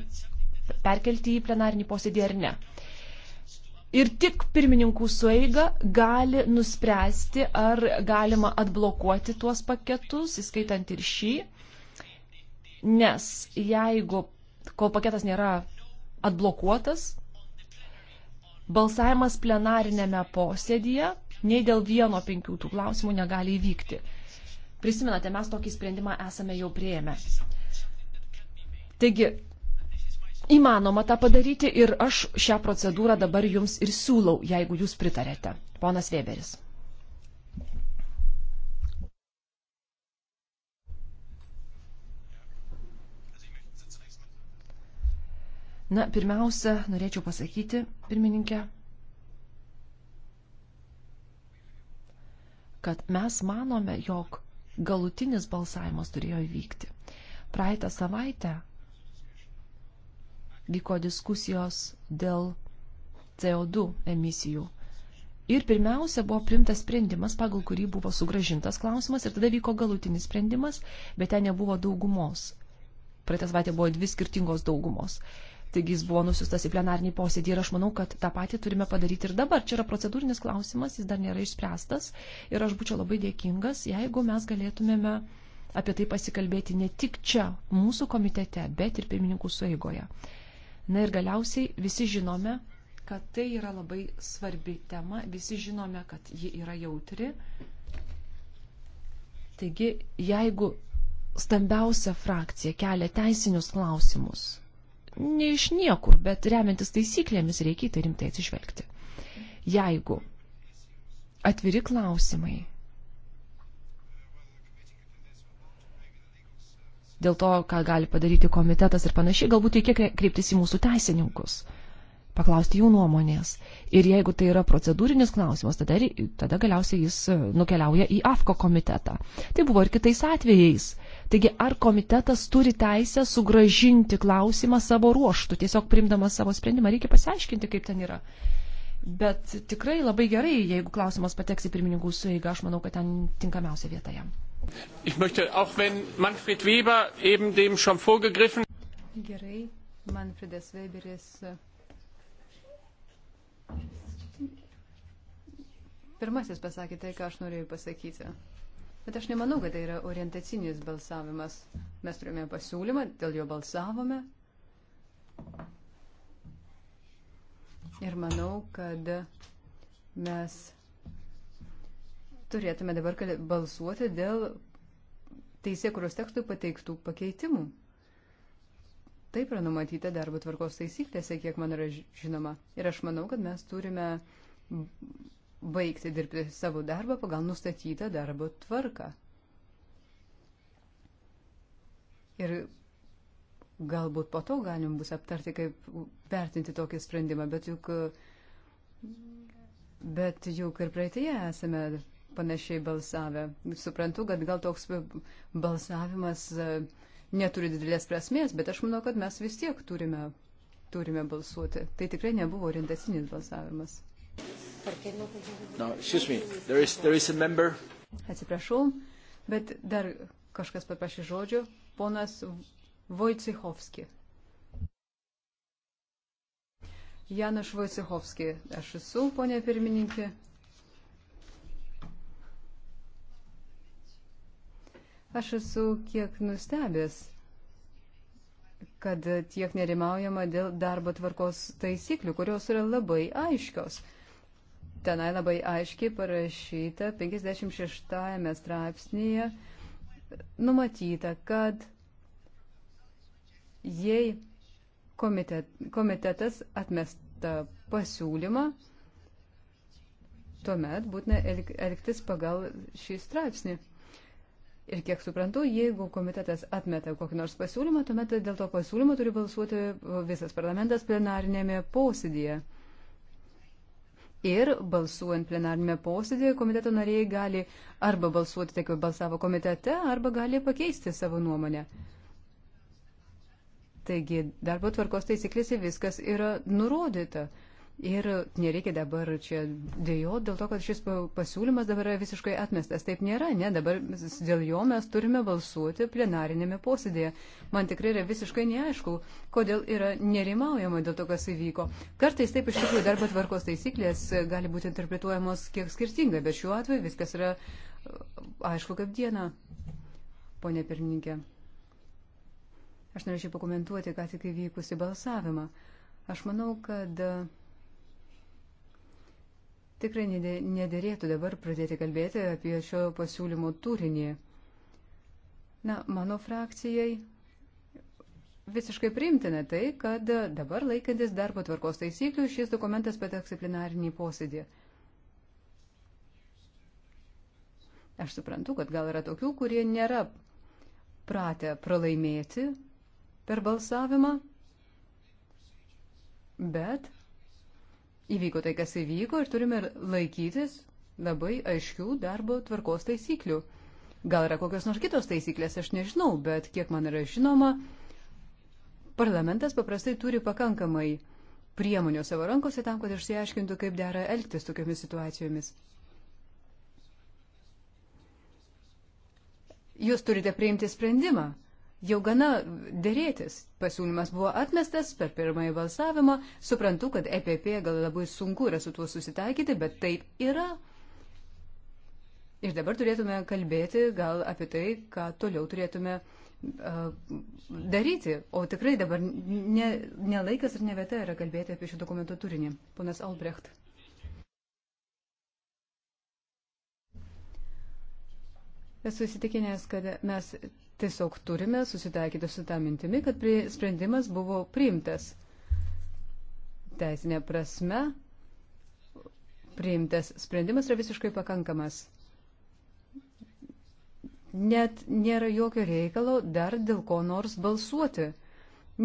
perkelti į plenarinį posėdį ar ne. Ir tik pirmininkų sueiga gali nuspręsti, ar galima atblokuoti tuos paketus, įskaitant ir šį, nes jeigu, kol paketas nėra atblokuotas, balsavimas plenarinėme posėdyje nei dėl vieno penkių tų klausimų negali įvykti. Prisimenate, mes tokį sprendimą esame jau prieėmę. Taigi, įmanoma tą padaryti ir aš šią procedūrą dabar jums ir siūlau, jeigu jūs pritarėte. Ponas Weberis. Na, pirmiausia, norėčiau pasakyti, pirmininkė, kad mes manome, jog galutinis balsavimas turėjo įvykti. Praeitą savaitę vyko diskusijos dėl CO2 emisijų. Ir pirmiausia buvo primtas sprendimas, pagal kurį buvo sugražintas klausimas ir tada vyko galutinis sprendimas, bet ten nebuvo daugumos. Praeitą savaitę buvo dvi skirtingos daugumos. Taigi jis buvo nusiustas į plenarnį posėdį ir aš manau, kad tą patį turime padaryti ir dabar. Čia yra procedūrinis klausimas, jis dar nėra išspręstas ir aš būčiau labai dėkingas, jeigu mes galėtumėme apie tai pasikalbėti ne tik čia, mūsų komitete, bet ir pirmininkų sueigoje. Na ir galiausiai visi žinome, kad tai yra labai svarbi tema, visi žinome, kad ji yra jautri. Taigi, jeigu stambiausia frakcija kelia teisinius klausimus, ne iš niekur, bet remiantis taisyklėmis reikia į tai rimtai atsižvelgti. Jeigu atviri klausimai dėl to, ką gali padaryti komitetas ir panašiai, galbūt reikia kreiptis į mūsų teisininkus paklausti jų nuomonės. Ir jeigu tai yra procedūrinis klausimas, tada, tada galiausiai jis e, nukeliauja į AFKO komitetą. Tai buvo ir kitais atvejais. Taigi, ar komitetas turi teisę sugražinti klausimą savo ruoštų, tiesiog primdamas savo sprendimą, reikia pasiaiškinti, kaip ten yra. Bet tikrai labai gerai, jeigu klausimas pateks į pirmininkų sueigą, aš manau, kad ten tinkamiausia vieta jam. Ich möchte, auch wenn Manfred Weber eben dem schon vorgegriffen. Gerai, Manfredas Weberis Pirmasis pasakė tai, ką aš norėjau pasakyti. Bet aš nemanau, kad tai yra orientacinis balsavimas. Mes turėjome pasiūlymą, dėl jo balsavome. Ir manau, kad mes turėtume dabar balsuoti dėl teisėkuros tekstui pateiktų pakeitimų. Taip yra numatyta darbo tvarkos taisyklėse, kiek man yra žinoma. Ir aš manau, kad mes turime baigti dirbti savo darbą pagal nustatytą darbo tvarką. Ir galbūt po to galim bus aptarti, kaip vertinti tokį sprendimą, bet juk, bet juk ir praeitėje esame panašiai balsavę. Suprantu, kad gal toks balsavimas uh, neturi didelės prasmės, bet aš manau, kad mes vis tiek turime, turime balsuoti. Tai tikrai nebuvo orientacinis balsavimas. No, me, there is, there is Atsiprašau, bet dar kažkas paprašė žodžio. Ponas Vojcichovski. Janas Vojcichovski, aš esu, ponė pirmininkė. Aš esu kiek nustebęs, kad tiek nerimaujama dėl darbo tvarkos taisyklių, kurios yra labai aiškios. Tenai labai aiškiai parašyta 56 straipsnėje numatyta, kad jei komitet, komitetas atmesta pasiūlymą, tuomet būtina elgtis pagal šį straipsnį. Ir kiek suprantu, jeigu komitetas atmeta kokį nors pasiūlymą, tuomet dėl to pasiūlymo turi balsuoti visas parlamentas plenarinėme posėdėje. Ir balsuojant plenarinėme posėdėje, komiteto nariai gali arba balsuoti taip, kaip balsavo komitete, arba gali pakeisti savo nuomonę. Taigi, darbo tvarkos taisyklėse viskas yra nurodyta. Ir nereikia dabar čia dėjot dėl to, kad šis pasiūlymas dabar yra visiškai atmestas. Taip nėra, ne, dabar dėl jo mes turime balsuoti plenarinėme posėdėje. Man tikrai yra visiškai neaišku, kodėl yra nerimaujama dėl to, kas įvyko. Kartais taip iš tikrųjų darbo tvarkos taisyklės gali būti interpretuojamos kiek skirtingai, bet šiuo atveju viskas yra aišku kaip diena, ponė pirmininkė. Aš norėčiau pakomentuoti ką tik įvykusi balsavimą. Aš manau, kad uh, Tikrai nedėrėtų dabar pradėti kalbėti apie šio pasiūlymo turinį. Na, mano frakcijai visiškai primtina tai, kad dabar laikantis darbo tvarkos taisyklių šis dokumentas pateks į plenarinį posėdį. Aš suprantu, kad gal yra tokių, kurie nėra pratę pralaimėti per balsavimą, bet Įvyko tai, kas įvyko ir turime laikytis labai aiškių darbo tvarkos taisyklių. Gal yra kokios nors kitos taisyklės, aš nežinau, bet kiek man yra žinoma, parlamentas paprastai turi pakankamai priemonių savo rankose tam, kad išsiaiškintų, kaip dera elgtis tokiamis situacijomis. Jūs turite priimti sprendimą, jau gana dėrėtis. Pasiūlymas buvo atmestas per pirmąjį balsavimą. Suprantu, kad EPP gal labai sunku yra su tuo susitaikyti, bet taip yra. Ir dabar turėtume kalbėti gal apie tai, ką toliau turėtume uh, daryti. O tikrai dabar nelaikas ne ir ne vieta yra kalbėti apie šio dokumento turinį. Ponas Albrecht. Esu įsitikinęs, kad mes Tiesiog turime susitaikyti su tą mintimi, kad sprendimas buvo priimtas. Teisinė prasme, priimtas sprendimas yra visiškai pakankamas. Net nėra jokio reikalo dar dėl ko nors balsuoti.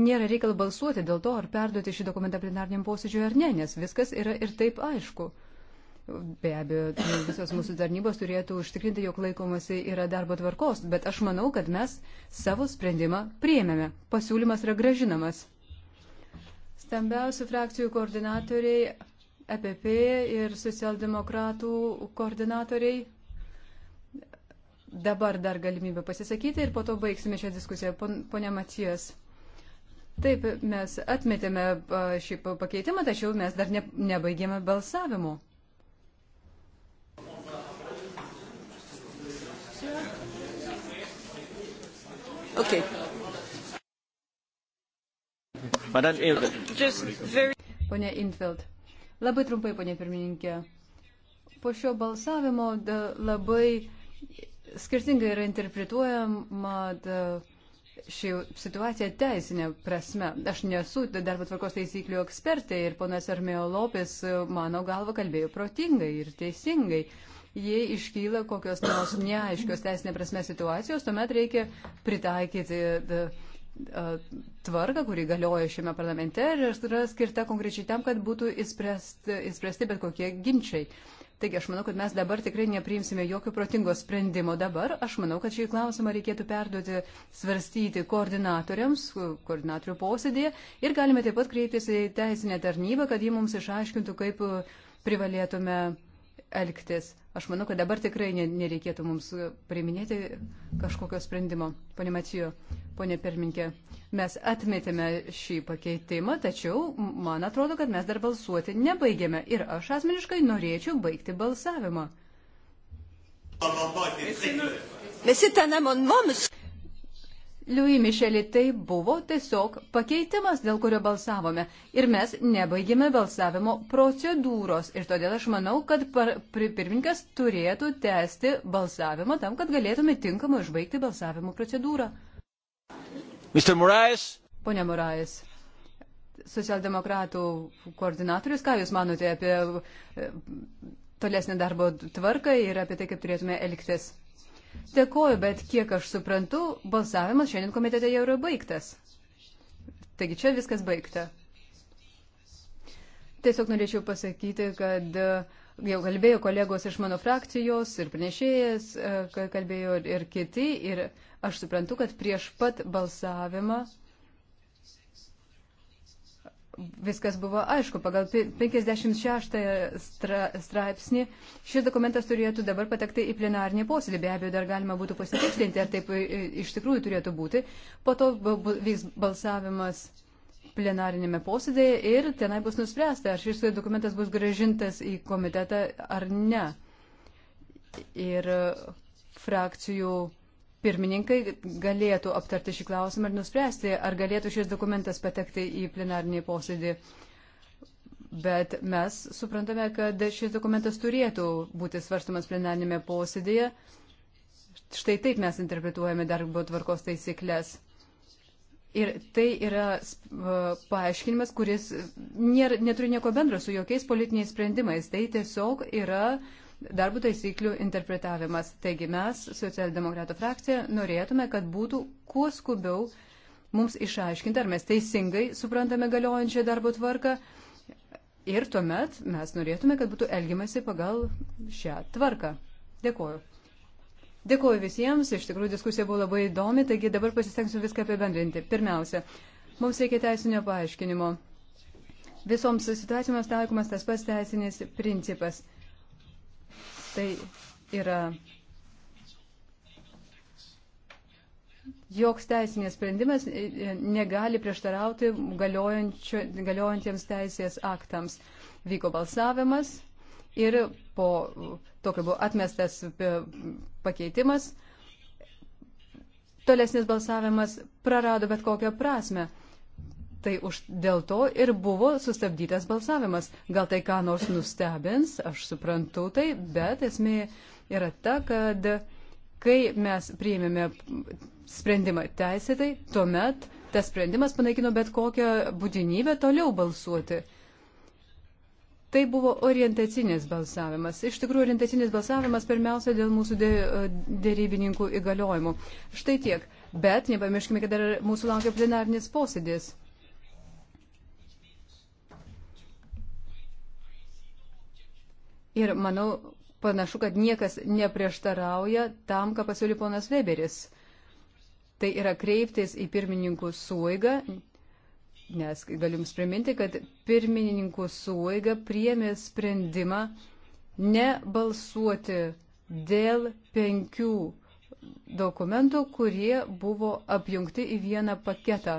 Nėra reikalo balsuoti dėl to, ar perduoti šį dokumentą plenarniam posėdžiui ar ne, nes viskas yra ir taip aišku. Be abejo, nu, visos mūsų tarnybos turėtų užtikrinti, jog laikomasi yra darbo tvarkos, bet aš manau, kad mes savo sprendimą priėmėme. Pasiūlymas yra gražinamas. Stambiausių frakcijų koordinatoriai, EPP ir socialdemokratų koordinatoriai. Dabar dar galimybę pasisakyti ir po to baigsime šią diskusiją. Pone Matijas. Taip, mes atmetėme šį pakeitimą, tačiau mes dar ne, nebaigėme balsavimo. Okay. Madame Infeld. Pone Infeld, labai trumpai, ponė pirmininkė. Po šio balsavimo da, labai skirtingai yra interpretuojama da, ši situacija teisinė prasme. Aš nesu darbo tvarkos taisyklių ekspertė ir ponas Armėjo Lopės mano galva kalbėjo protingai ir teisingai. Uh, jei iškyla kokios nors neaiškios teisinė prasme situacijos, tuomet reikia pritaikyti e, e, tvarką, kuri galioja šiame parlamente ir yra skirta konkrečiai tam, kad būtų įspręsti, įspręsti bet kokie ginčiai. Taigi aš manau, kad mes dabar tikrai nepriimsime jokio protingo sprendimo. Dabar aš manau, kad šį klausimą reikėtų perduoti svarstyti koordinatoriams, koordinatorių posėdėje ir galime taip pat kreiptis į teisinę tarnybą, kad ji mums išaiškintų, kaip privalėtume elgtis. Aš manau, kad dabar tikrai nereikėtų mums priminėti kažkokio sprendimo. Pone Matijo, pone Perminkė, mes atmetėme šį pakeitimą, tačiau man atrodo, kad mes dar balsuoti nebaigėme ir aš asmeniškai norėčiau baigti balsavimą. Mais c'est un amendement, monsieur. Liui Mišelį tai buvo tiesiog pakeitimas, dėl kurio balsavome. Ir mes nebaigėme balsavimo procedūros. Ir todėl aš manau, kad par, pirmininkas turėtų tęsti balsavimą tam, kad galėtume tinkamai užbaigti balsavimo procedūrą. Mr. Morais. Pone Morais socialdemokratų koordinatorius, ką Jūs manote apie e, tolesnį darbo tvarką ir apie tai, kaip turėtume elgtis? Dėkoju, bet kiek aš suprantu, balsavimas šiandien komitete jau yra baigtas. Taigi čia viskas baigta. Tiesiog norėčiau pasakyti, kad e, jau kalbėjo kolegos iš mano frakcijos ir pranešėjas, e, kalbėjo ir kiti. Ir aš suprantu, kad prieš pat balsavimą viskas buvo aišku. Pagal 56 stra, straipsnį šis dokumentas turėtų dabar patekti į plenarinį posėdį. Be abejo, dar galima būtų pasitikslinti, ar taip e, e, iš tikrųjų turėtų būti. Po to vyks balsavimas plenarinėme posėdėje ir tenai bus nuspręsta, ar šis dokumentas bus gražintas į komitetą ar ne. Ir e, frakcijų pirmininkai galėtų aptarti šį klausimą ir nuspręsti, ar galėtų šis dokumentas patekti į plenarnį posėdį. Bet mes suprantame, kad šis dokumentas turėtų būti svarstamas plenarnėme posėdėje. Štai taip mes interpretuojame darbo tvarkos taisyklės. Ir tai yra uh, paaiškinimas, kuris nėra, neturi nieko bendro su jokiais politiniais sprendimais. Tai tiesiog yra uh, darbo taisyklių interpretavimas. Taigi mes, socialdemokratų frakcija, norėtume, kad būtų kuo skubiau mums išaiškinti, ar mes teisingai suprantame galiojančią darbo tvarką. Ir tuomet mes norėtume, kad būtų elgiamasi pagal šią tvarką. Dėkuoju. Dėkuoju visiems, iš tikrųjų diskusija buvo labai įdomi, taigi dabar pasistengsiu viską apibendrinti. Pirmiausia, mums reikia teisinio paaiškinimo. Visoms situacijoms taikomas tas pats teisinis principas tai yra joks teisinės sprendimas e, e, negali prieštarauti galiojantiems teisės aktams. Vyko balsavimas ir po tokio buvo atmestas e, pakeitimas, tolesnis balsavimas prarado bet kokią prasme. Tai už, dėl to ir buvo sustabdytas balsavimas. Gal tai ką nors nustebins, aš suprantu tai, bet esmė yra ta, kad kai mes priėmėme sprendimą teisėtai, tuomet tas sprendimas panaikino bet kokią būtinybę toliau balsuoti. Tai buvo orientacinis balsavimas. Iš tikrųjų, orientacinis balsavimas pirmiausia dėl mūsų dėrybininkų įgaliojimų. Štai tiek. Bet nepamirškime, kad dar mūsų laukia plenarnis posėdis. Ir manau, panašu, kad niekas neprieštarauja tam, ką pasiūlė ponas Weberis. Tai yra kreiptis į pirmininkų suoigą, nes galiu Jums priminti, kad pirmininkų suoiga priemė sprendimą nebalsuoti dėl penkių dokumentų, kurie buvo apjungti į vieną paketą.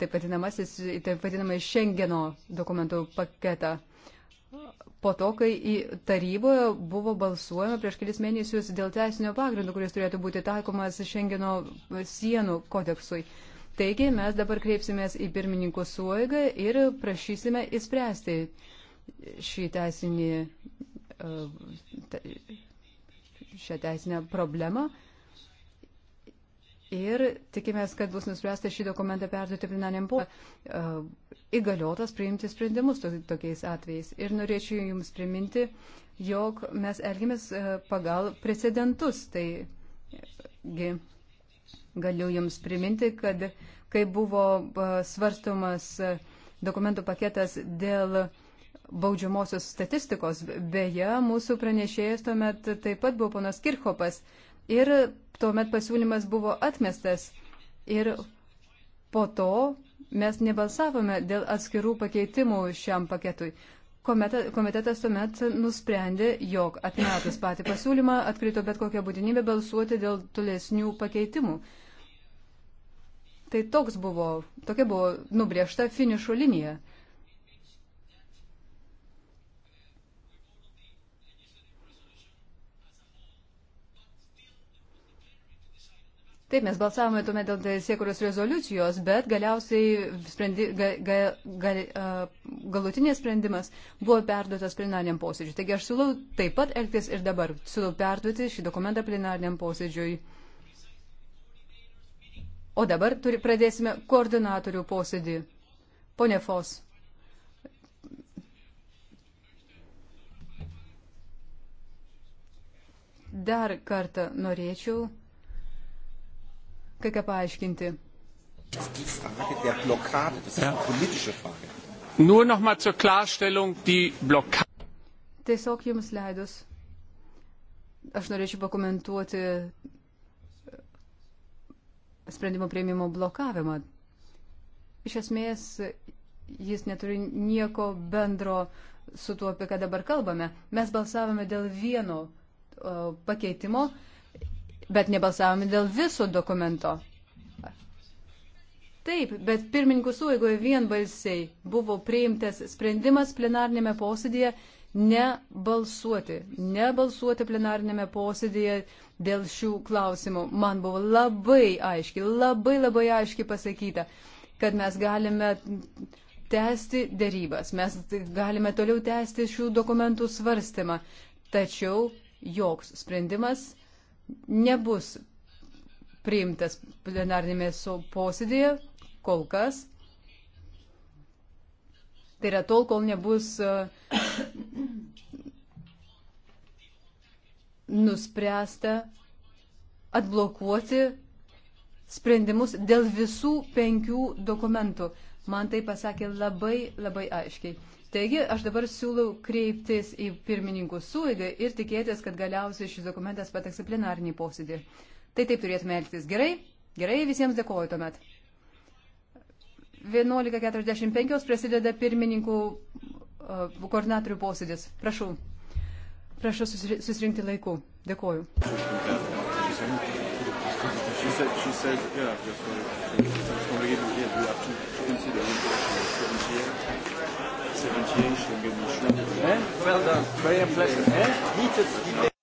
Taip vadinamasis, taip vadinamai Schengeno dokumentų paketą po to, kai į taryboje buvo balsuojama prieš kelis mėnesius dėl teisinio pagrindo, kuris turėtų būti taikomas Šengeno sienų kodeksui. Taigi mes dabar kreipsimės į pirmininkų suoigą ir prašysime įspręsti šį teisinį, e, šią teisinę problemą. Ir tikimės, kad bus nuspręsta šį dokumentą perduoti plenariniam posėdžiui e, įgaliotas priimti sprendimus tokiais atvejais. Ir norėčiau Jums priminti, jog mes elgiamės e, pagal precedentus. Taigi galiu Jums priminti, kad kai buvo e, svarstomas dokumentų paketas dėl baudžiamosios statistikos, beje, mūsų pranešėjas tuomet taip pat buvo ponas Kirchopas. Ir tuomet pasiūlymas buvo atmestas ir po to mes nebalsavome dėl atskirų pakeitimų šiam paketui. Komitetas tuomet nusprendė, jog atmetus patį pasiūlymą atkrito bet kokią būtinybę balsuoti dėl tolesnių pakeitimų. Tai toks buvo, tokia buvo nubriežta finišo linija. Taip, mes balsavome tuomet dėl teisėkuros rezoliucijos, bet galiausiai sprendi, ga, ga, ga, galutinės sprendimas buvo perduotas plenariniam posėdžiui. Taigi aš siūlau taip pat elgtis ir dabar. Siūlau perduoti šį dokumentą plenariniam posėdžiui. O dabar turi, pradėsime koordinatorių posėdį. Pone Fos. Dar kartą norėčiau kai ką paaiškinti. Tiesiog jums leidus, aš norėčiau pakomentuoti e, sprendimo prieimimo blokavimą. Iš esmės, jis neturi nieko bendro su tuo, apie ką dabar kalbame. Mes balsavome dėl vieno o, e, pakeitimo, uh, bet nebalsavome dėl viso dokumento. Taip, bet pirmininkų suėgoje vienbalsiai buvo priimtas sprendimas plenarnėme posėdėje nebalsuoti, nebalsuoti plenarnėme posėdėje dėl šių klausimų. Man buvo labai aiškiai, labai labai aiškiai pasakyta, kad mes galime tęsti dėrybas, mes galime toliau tęsti šių dokumentų svarstymą, tačiau joks sprendimas nebus priimtas plenarnėme posėdėje kol kas. Tai yra tol, kol nebus e, nuspręsta atblokuoti sprendimus dėl visų penkių dokumentų. Man tai pasakė labai, labai aiškiai. Taigi aš dabar siūlau kreiptis į pirmininkų suėgą ir tikėtis, kad galiausiai šis dokumentas pateks į plenarinį posėdį. Tai taip turėtume elgtis. Gerai? Gerai, visiems dėkoju tuomet. 11.45 prasideda pirmininkų uh, koordinatorių posėdis. Prašau. Prašau susirinkti laiku. Dėkoju. She said, she said, yeah, just, uh, just, just, just, just, just, just, just, just, just, pronunciation, give me a shot. Eh? Well done. Very pleasant. Eh? Heated debate.